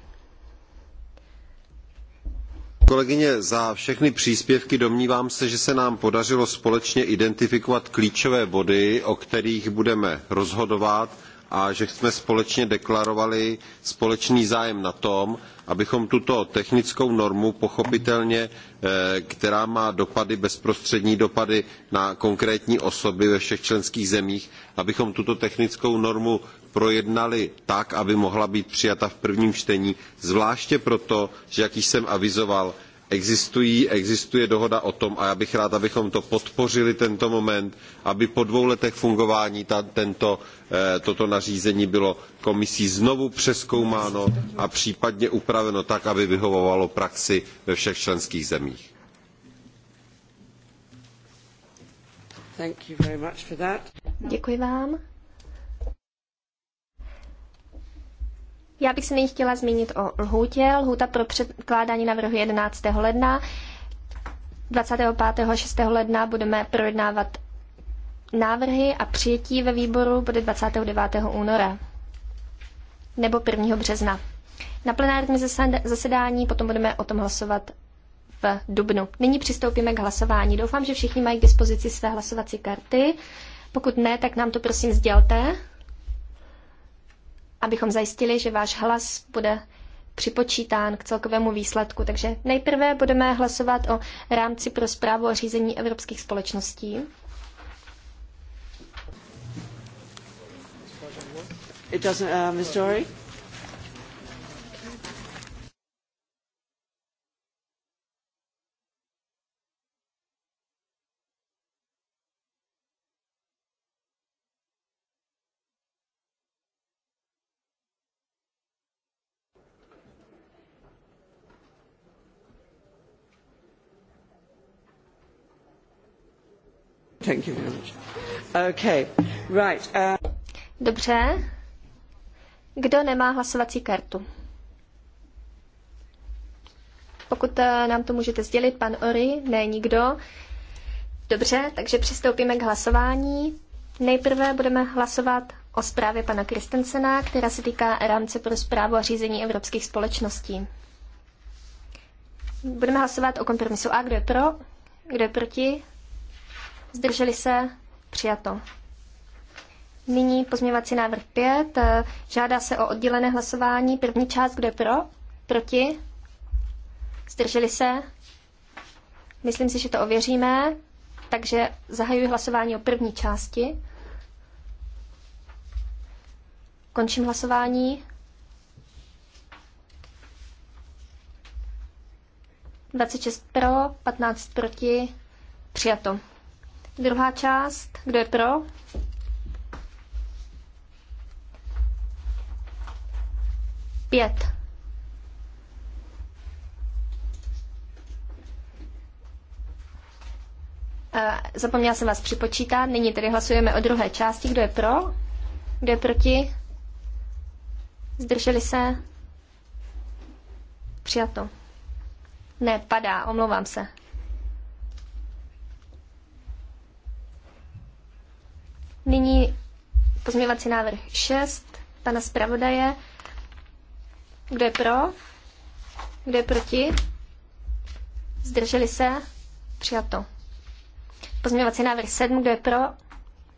Kolegyně, za všechny příspěvky domnívám se, že se nám podařilo společně identifikovat klíčové body, o kterých budeme rozhodovat a že jsme společně deklarovali společný zájem na tom, abychom tuto technickou normu pochopitelně, eh, která má dopady, bezprostřední dopady na konkrétní osoby ve všech členských zemích, abychom tuto technickou normu projednali tak, aby mohla být přijata v prvním čtení, zvláště proto, že, jak již jsem avizoval, Existují, existuje dohoda o tom, a já bych rád, abychom to podpořili tento moment, aby po dvou letech fungování ta, tento, eh, toto nařízení bylo komisí znovu přeskoumáno a případně upraveno tak, aby vyhovovalo praxi ve všech členských zemích. Děkuji vám. Já bych se nyní chtěla zmínit o lhůtě. Lhůta pro předkládání navrhu 11. ledna. 25. a 6. ledna budeme projednávat návrhy a přijetí ve výboru bude 29. února nebo 1. března. Na plenárním zasedání potom budeme o tom hlasovat v dubnu. Nyní přistoupíme k hlasování. Doufám, že všichni mají k dispozici své hlasovací karty. Pokud ne, tak nám to prosím sdělte abychom zajistili, že váš hlas bude připočítán k celkovému výsledku. Takže nejprve budeme hlasovat o rámci pro zprávu o řízení evropských společností. It doesn't, uh, Ms. Dory? Thank you very much. Okay. Right. Uh... Dobře. Kdo nemá hlasovací kartu? Pokud eh, nám to můžete sdělit, pan Ory, ne nikdo. Dobře, takže přistoupíme k hlasování. Nejprve budeme hlasovat o zprávě pana Kristensena, která se týká rámce pro zprávu a řízení evropských společností. Budeme hlasovat o kompromisu A. Kdo je pro? Kdo je proti? zdrželi se, přijato. Nyní pozměvací návrh 5. Žádá se o oddělené hlasování. První část, kdo je pro? Proti? Zdrželi se? Myslím si, že to ověříme. Takže zahajuji hlasování o první části. Končím hlasování. 26 pro, patnáct proti, přijato. Druhá část, kdo je pro? Pět. Eh, zapomněla jsem vás připočítat. Nyní tedy hlasujeme o druhé části. Kdo je pro? Kdo je proti? Zdrželi se? Přijato. Ne, padá, omlouvám se. Nyní pozměvací návrh 6 pana zpravodaje. Kdo je pro? Kdo je proti? Zdrželi se? Přijato. Pozměvací návrh 7, kdo je pro?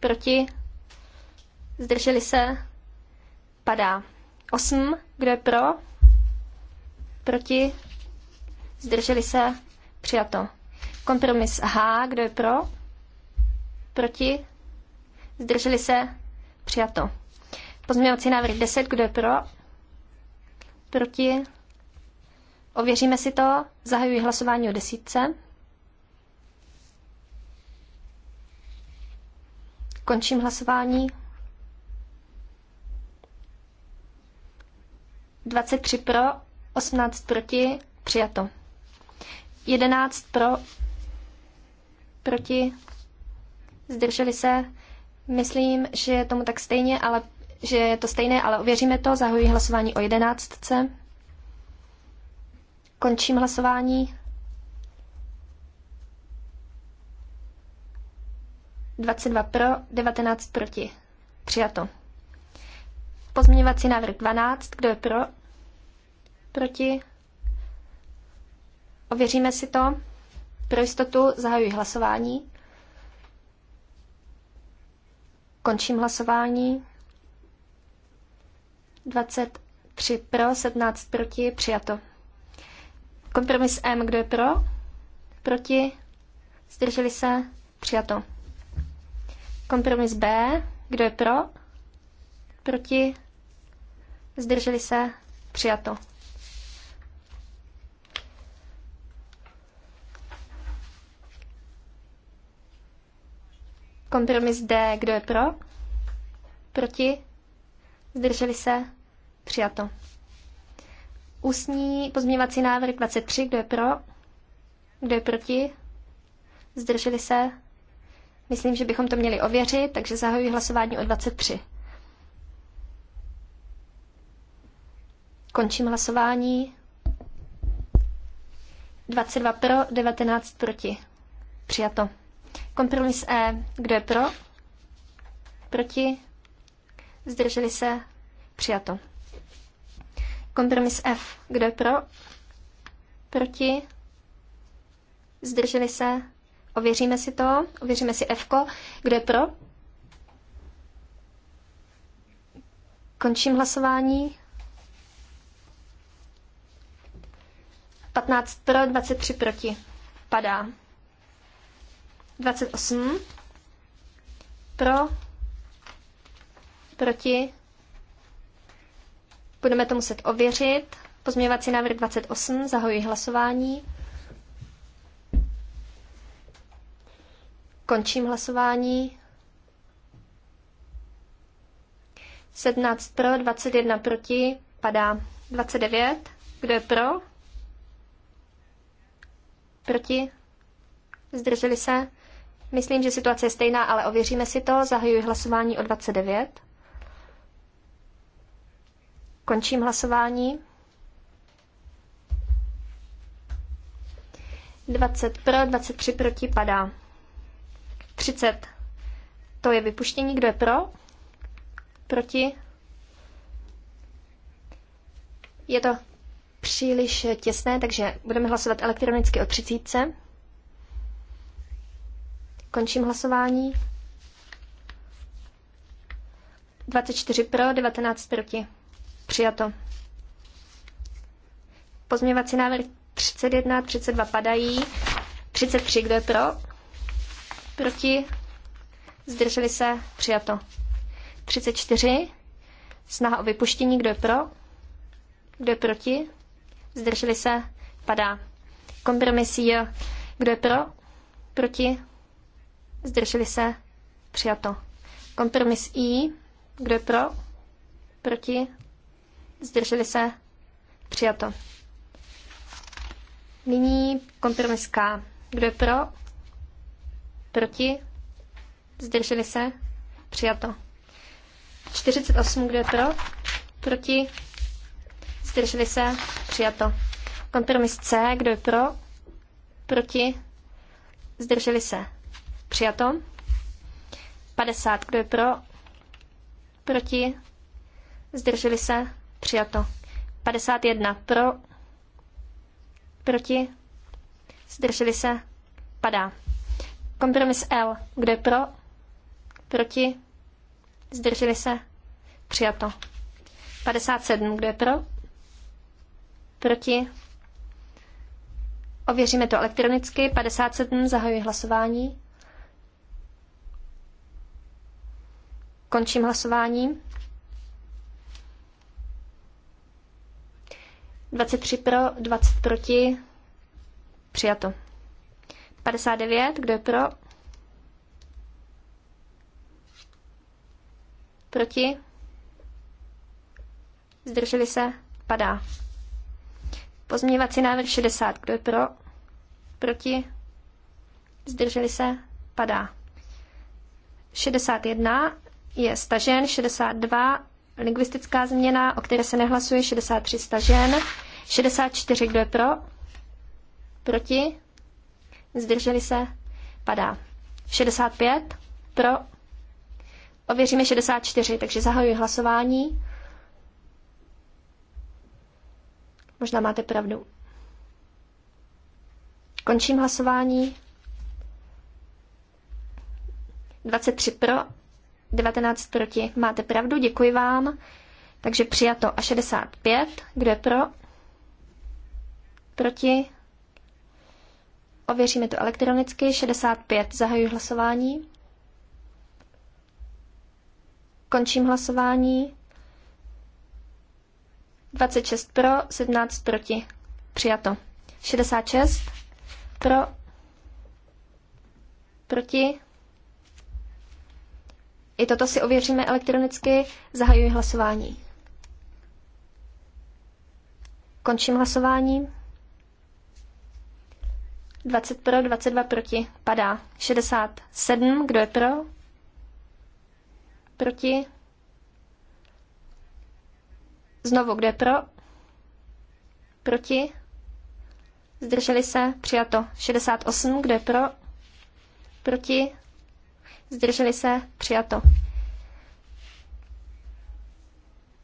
Proti? Zdrželi se? Padá. 8, kdo je pro? Proti? Zdrželi se? Přijato. Kompromis H, kdo je pro? Proti? Zdrželi se? Přijato. Pozměňovací návrh 10, kdo je pro? Proti? Ověříme si to. Zahajuji hlasování o desítce. Končím hlasování. 23 pro, 18 proti, přijato. 11 pro, proti, zdrželi se, Myslím, že je tomu tak stejně, ale že je to stejné, ale ověříme to. Zahajuji hlasování o jedenáctce. Končím hlasování. Dvacet dva pro, devatenáct proti. Přijato. Pozměňovací návrh 12. Kdo je pro? Proti? Ověříme si to. Pro jistotu zahajuji hlasování. Končím hlasování. 23 pro, 17 proti, přijato. Kompromis M, kdo je pro? Proti? Zdrželi se? Přijato. Kompromis B, kdo je pro? Proti? Zdrželi se? Přijato. Kompromis D, kdo je pro? Proti? Zdrželi se? Přijato. Ústní pozměňovací návrh 23, kdo je pro? Kdo je proti? Zdrželi se? Myslím, že bychom to měli ověřit, takže zahajuji hlasování o 23. Končím hlasování. 22 pro, 19 proti. Přijato. Kompromis E. Kdo je pro? Proti? Zdrželi se? Přijato. Kompromis F. Kdo je pro? Proti? Zdrželi se? Ověříme si to. Ověříme si F. -ko. Kdo je pro? Končím hlasování. 15 pro, 23 proti. Padá. 28. Pro, proti, budeme to muset ověřit. Pozměňovací návrh 28, zahojuji hlasování. Končím hlasování. 17 pro, 21 proti, padá 29. Kdo je pro? Proti? Zdrželi se? Myslím, že situace je stejná, ale ověříme si to. Zahajuji hlasování o 29. Končím hlasování. 20 pro, 23 proti padá. 30. To je vypuštění. Kdo je pro? Proti? Je to příliš těsné, takže budeme hlasovat elektronicky o 30. Končím hlasování. 24 pro, 19 proti. Přijato. Pozměvací návrh 31 32 padají. 33, kdo je pro? Proti? Zdrželi se? Přijato. 34. Snaha o vypuštění, kdo je pro? Kdo je proti? Zdrželi se? Padá. Kompromisí. kdo je pro? Proti? Zdrželi se? Přijato. Kompromis I. Kdo je pro? Proti? Zdrželi se? Přijato. Nyní kompromis K. Kdo je pro? Proti? Zdrželi se? Přijato. 48. Kdo je pro? Proti? Zdrželi se? Přijato. Kompromis C. Kdo je pro? Proti? Zdrželi se? Přijato. 50. Kdo je pro? Proti? Zdrželi se? Přijato. 51. Pro? Proti? Zdrželi se? Padá. Kompromis L. Kdo je pro? Proti? Zdrželi se? Přijato. 57. Kdo je pro? Proti? Ověříme to elektronicky. 57. Zahajuji hlasování. Končím hlasování. 23 pro, 20 proti. Přijato. 59, kdo je pro? Proti? Zdrželi se? Padá. Pozměňovací návrh 60, kdo je pro? Proti? Zdrželi se? Padá. 61 je stažen, 62 lingvistická změna, o které se nehlasuje, 63 stažen, 64 kdo je pro, proti, zdrželi se, padá. 65 pro, ověříme 64, takže zahajuji hlasování. Možná máte pravdu. Končím hlasování. 23 pro, 19 proti. Máte pravdu, děkuji vám. Takže přijato a 65. Kdo je pro? Proti? Ověříme to elektronicky. 65. Zahajuji hlasování. Končím hlasování. 26 pro, 17 proti. Přijato. 66 pro, proti, i toto si ověříme elektronicky. Zahajuji hlasování. Končím hlasování. 20 pro, 22 proti. Padá. 67. Kdo je pro? Proti. Znovu, kdo je pro? Proti. Zdrželi se. Přijato. 68. Kdo je pro? Proti zdrželi se, přijato.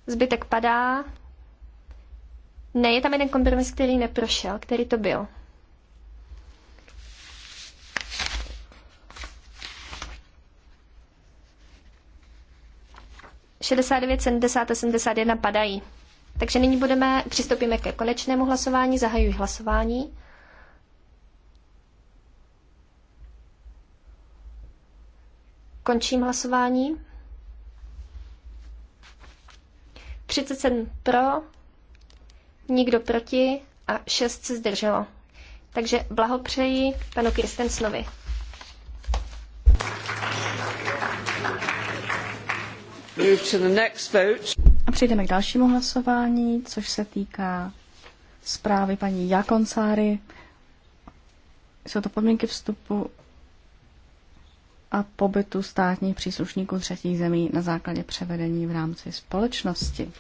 Zbytek padá. Ne, je tam jeden kompromis, který neprošel. Který to byl? Šedesát devět, sedmdesát, osmdesát padají. Takže nyní budeme, přistoupíme ke konečnému hlasování, zahajuji hlasování. Končím hlasování. 37 pro, nikdo proti a 6 se zdrželo. Takže blahopřeji panu Kirstensnovi. A přejdeme k dalšímu hlasování, což se týká zprávy paní Jakoncáry. Jsou to podmínky vstupu a pobytu státních příslušníků třetích zemí na základě převedení v rámci společnosti.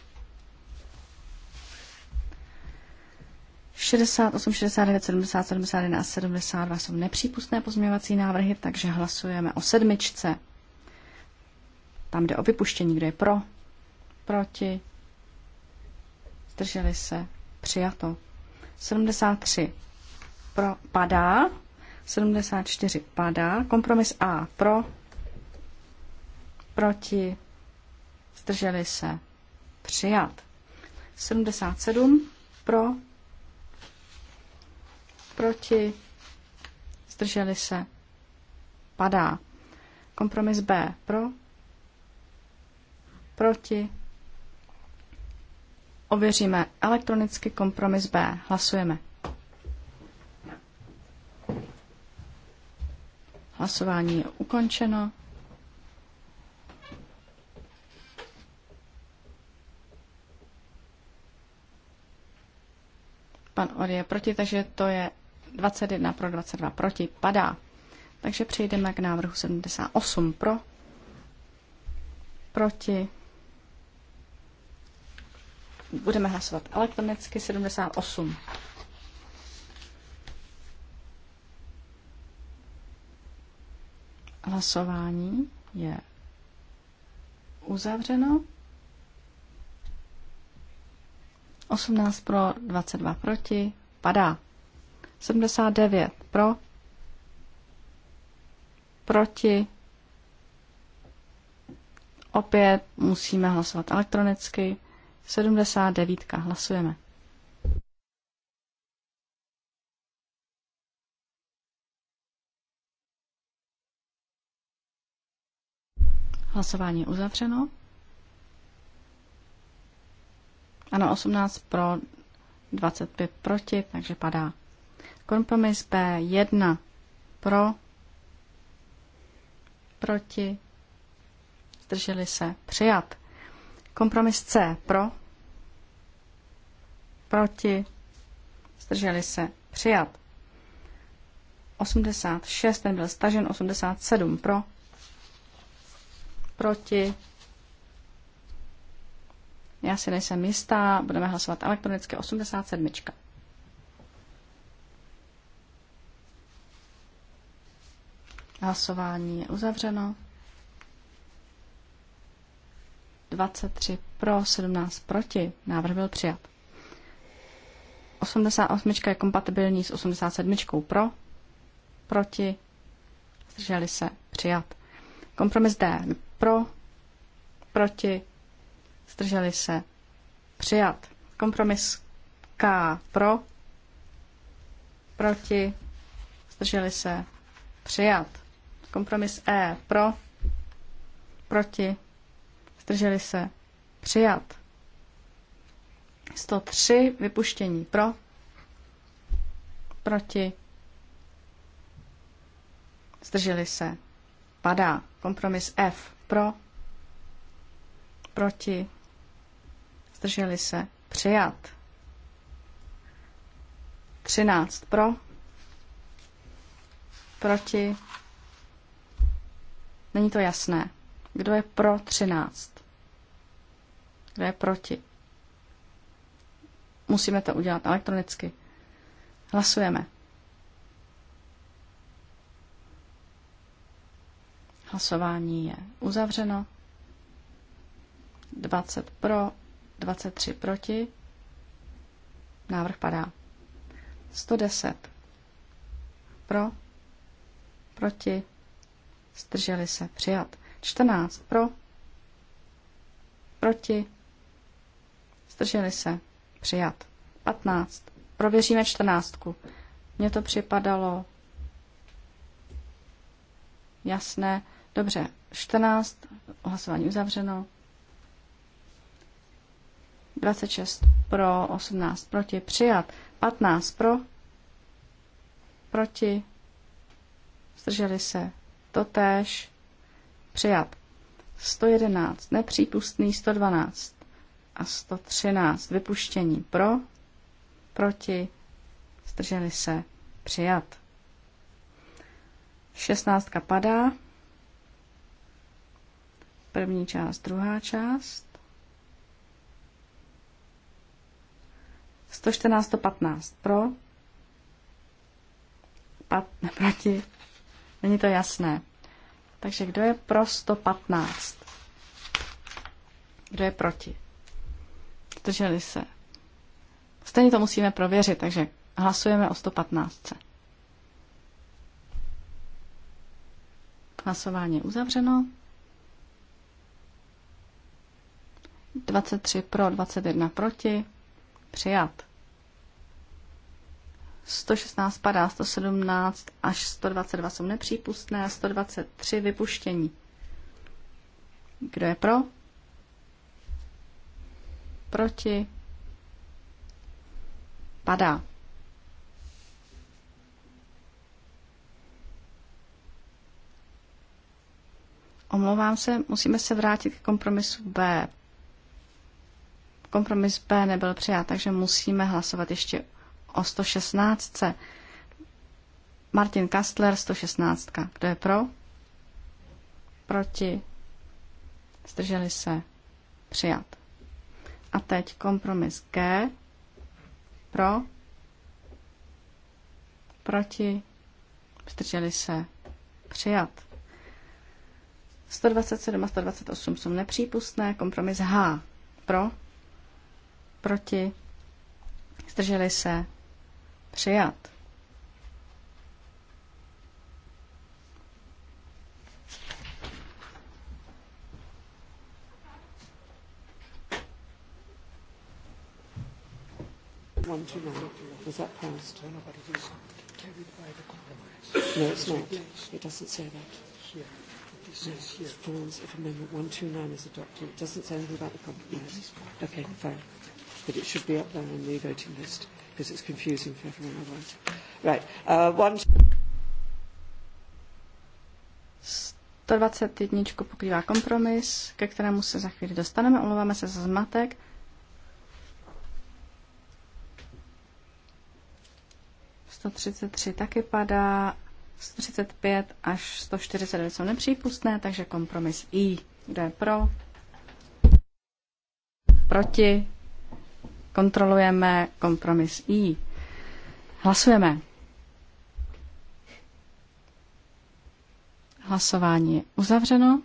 68, 69, 70, 71 a 72 jsou nepřípustné pozměňovací návrhy, takže hlasujeme o sedmičce. Tam jde o vypuštění, kdo je pro, proti, zdrželi se, přijato. 73 pro, padá, 74 padá. Kompromis A pro, proti, zdrželi se, přijat. 77 pro, proti, zdrželi se, padá. Kompromis B pro, proti, ověříme elektronicky kompromis B. Hlasujeme. Hlasování je ukončeno. Pan Ori je proti, takže to je 21 pro 22 proti. Padá. Takže přejdeme k návrhu 78 pro. Proti. Budeme hlasovat elektronicky 78. Hlasování je uzavřeno. 18 pro, 22 proti, padá. 79 pro, proti. Opět musíme hlasovat elektronicky. 79 hlasujeme. Hlasování je uzavřeno. Ano, 18 pro, 25 proti, takže padá. Kompromis B1 pro, proti, zdrželi se, přijat. Kompromis C pro, proti, zdrželi se, přijat. 86, ten byl stažen, 87 pro, proti. Já si nejsem jistá, budeme hlasovat elektronicky 87. Hlasování je uzavřeno. 23 pro, 17 proti. Návrh byl přijat. 88 je kompatibilní s 87 pro, proti, zdrželi se, přijat. Kompromis D pro, proti, zdrželi se, přijat. Kompromis K pro, proti, zdrželi se, přijat. Kompromis E pro, proti, zdrželi se, přijat. 103 vypuštění pro, proti, zdrželi se, padá. Kompromis F pro. Proti. Zdrželi se. Přijat. 13 pro. Proti. Není to jasné. Kdo je pro 13? Kdo je proti? Musíme to udělat elektronicky. Hlasujeme. Hlasování je uzavřeno. 20 pro, 23 proti. Návrh padá. 110 pro, proti, zdrželi se, přijat. 14 pro, proti, zdrželi se, přijat. 15. Prověříme 14. Mně to připadalo jasné, Dobře, 14, hlasování uzavřeno. 26 pro, 18 proti, přijat. 15 pro, proti, zdrželi se, totéž, přijat. 111, nepřípustný 112 a 113, vypuštění pro, proti, zdrželi se, přijat. 16 padá, První část, druhá část. 114, 115 pro, pat, proti, není to jasné. Takže kdo je pro 115? Kdo je proti? Zdrželi se. Stejně to musíme prověřit, takže hlasujeme o 115. Hlasování je uzavřeno. 23 pro, 21 proti. Přijat. 116 padá, 117 až 122 jsou nepřípustné a 123 vypuštění. Kdo je pro? Proti? Padá. Omlouvám se, musíme se vrátit k kompromisu B. Kompromis B nebyl přijat, takže musíme hlasovat ještě o 116. Martin Kastler, 116. Kdo je pro? Proti? Zdrželi se? Přijat. A teď kompromis G. Pro? Proti? Zdrželi se? Přijat. 127 a 128 jsou nepřípustné. Kompromis H. Pro? Proti? Zdrželi se? Přijat. One to nine. Was that passed? No, but it is carried by the compromise. No, it's not. It doesn't say that. Here. It says here. amendment 129 is adopted. It doesn't say anything about the compromise. Okay, fine but it should be up there in the voting list because it's confusing for everyone otherwise. Right. Uh, one... 121 pokrývá kompromis, ke kterému se za chvíli dostaneme. Omlouváme se za zmatek. ...133 taky padá, 135 až 149 jsou nepřípustné, takže kompromis I. Kdo je pro? Proti? Kontrolujeme kompromis I. Hlasujeme. Hlasování je uzavřeno.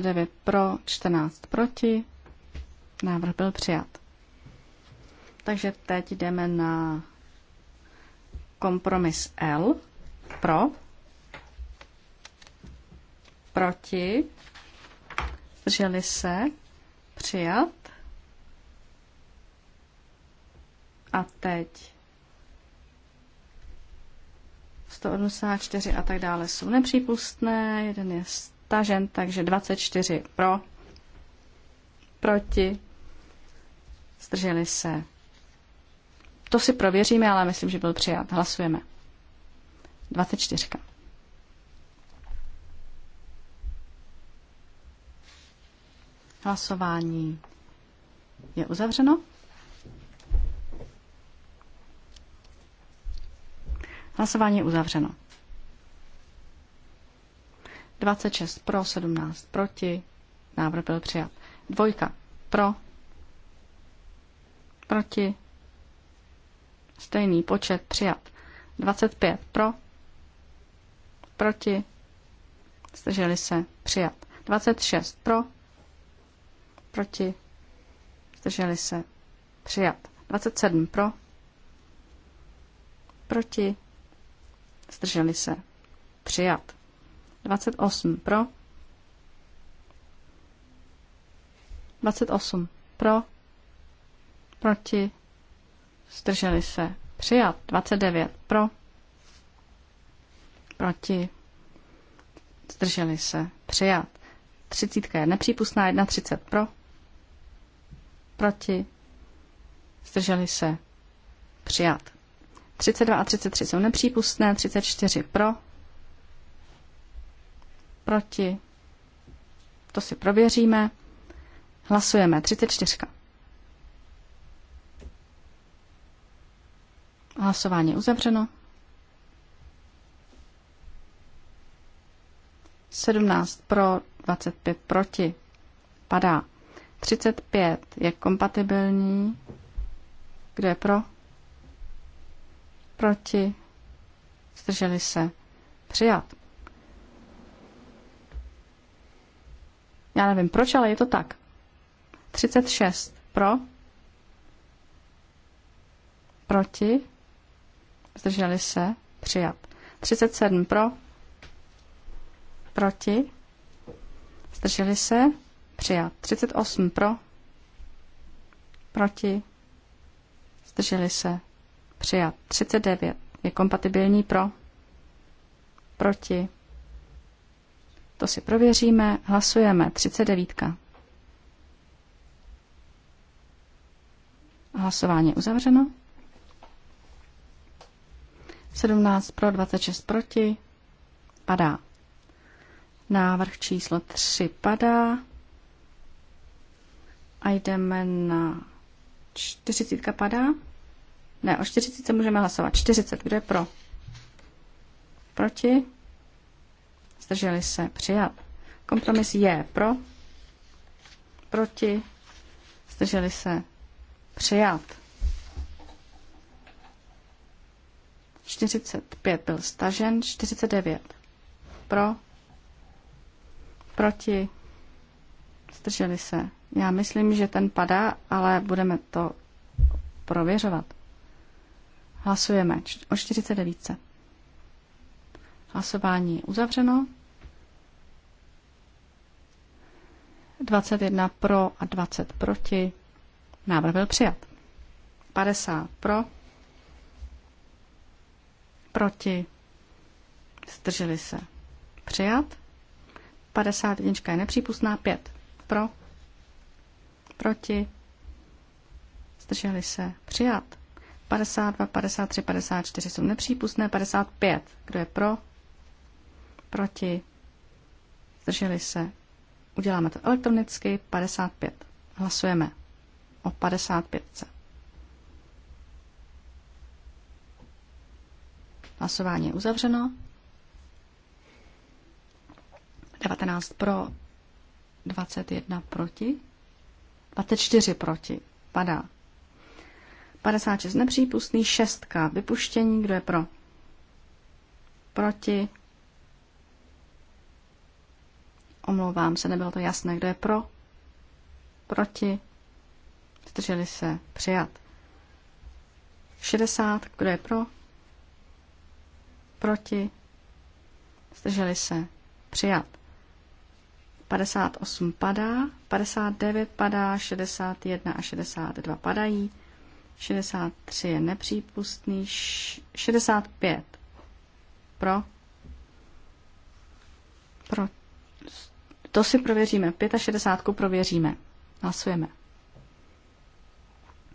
devět pro, 14 proti. Návrh byl přijat. Takže teď jdeme na kompromis L pro, proti, Zdrželi se? Přijat. A teď 184 a tak dále jsou nepřípustné, jeden je stažen, takže 24 pro, proti, zdrželi se. To si prověříme, ale myslím, že byl přijat. Hlasujeme. 24. Hlasování je uzavřeno. Hlasování je uzavřeno. 26 pro, 17 proti. Návrh byl přijat. Dvojka pro, proti. Stejný počet přijat. 25 pro, proti. Zdrželi se přijat. 26 pro, Proti. Zdrželi se. Přijat. 27 pro. Proti. Zdrželi se. Přijat. 28 pro. 28 pro. Proti. Zdrželi se. Přijat. 29 pro. Proti. Zdrželi se. Přijat. 30 je nepřípustná. 31 pro. Proti? Zdrželi se? Přijat. 32 a 33 jsou nepřípustné, 34 pro, proti, to si prověříme. Hlasujeme 34. Hlasování uzavřeno. 17 pro, 25 proti. Padá. 35 je kompatibilní. Kdo je pro? Proti? Zdrželi se? Přijat. Já nevím proč, ale je to tak. 36 pro? Proti? Zdrželi se? Přijat. 37 pro? Proti? Zdrželi se? Přijat. 38 pro. Proti. Zdrželi se. Přijat. 39 je kompatibilní pro. Proti. To si prověříme. Hlasujeme. 39. Hlasování uzavřeno. 17 pro, 26 proti. Padá. Návrh číslo 3 padá. A jdeme na 40 padá. Ne, o 40 můžeme hlasovat. 40, kdo je pro? Proti? Zdrželi se, přijat. Kompromis je pro, proti, zdrželi se, přijat. 45 byl stažen, 49 pro, proti, zdrželi se, já myslím, že ten padá, ale budeme to prověřovat. Hlasujeme o 49. Hlasování je uzavřeno. 21 pro a 20 proti. Návrh byl přijat. 50 pro, proti, zdrželi se. Přijat. 51 je nepřípustná, 5 pro, Proti? Zdrželi se. Přijat. 52, 53, 54 jsou nepřípustné. 55. Kdo je pro? Proti? Zdrželi se. Uděláme to elektronicky. 55. Hlasujeme o 55. Hlasování je uzavřeno. 19 pro, 21 proti. 54 proti. Padá. 56 nepřípustný, 6 vypuštění, kdo je pro? Proti. Omlouvám se, nebylo to jasné, kdo je pro? Proti. Zdrželi se, přijat. 60, kdo je pro? Proti. Zdrželi se, přijat. 58 padá, 59 padá, 61 a 62 padají, 63 je nepřípustný, 65 pro, pro, to si prověříme, 65 prověříme, hlasujeme.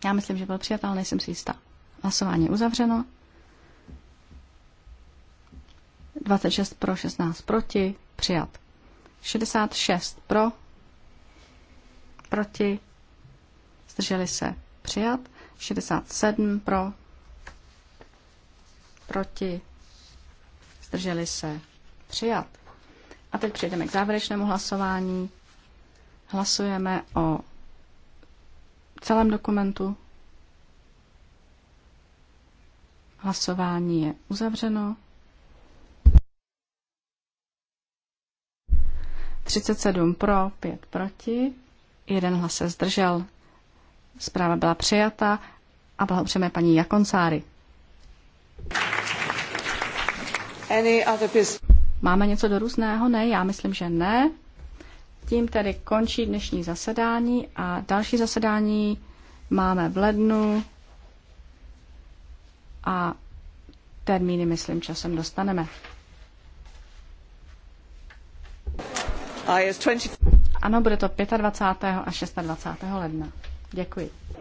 Já myslím, že byl přijat, ale nejsem si jistá. Hlasování je uzavřeno. 26 pro, 16 proti, přijat. 66 pro, proti, zdrželi se přijat, 67 pro, proti, zdrželi se přijat. A teď přejdeme k závěrečnému hlasování. Hlasujeme o celém dokumentu. Hlasování je uzavřeno. 37 pro, 5 proti, jeden hlas se zdržel. Zpráva byla přijata a blahopřejeme paní Jakoncáry. Máme něco do různého? Ne, já myslím, že ne. Tím tedy končí dnešní zasedání a další zasedání máme v lednu a termíny, myslím, časem dostaneme. Ano, bude to 25. a 26. ledna. Děkuji.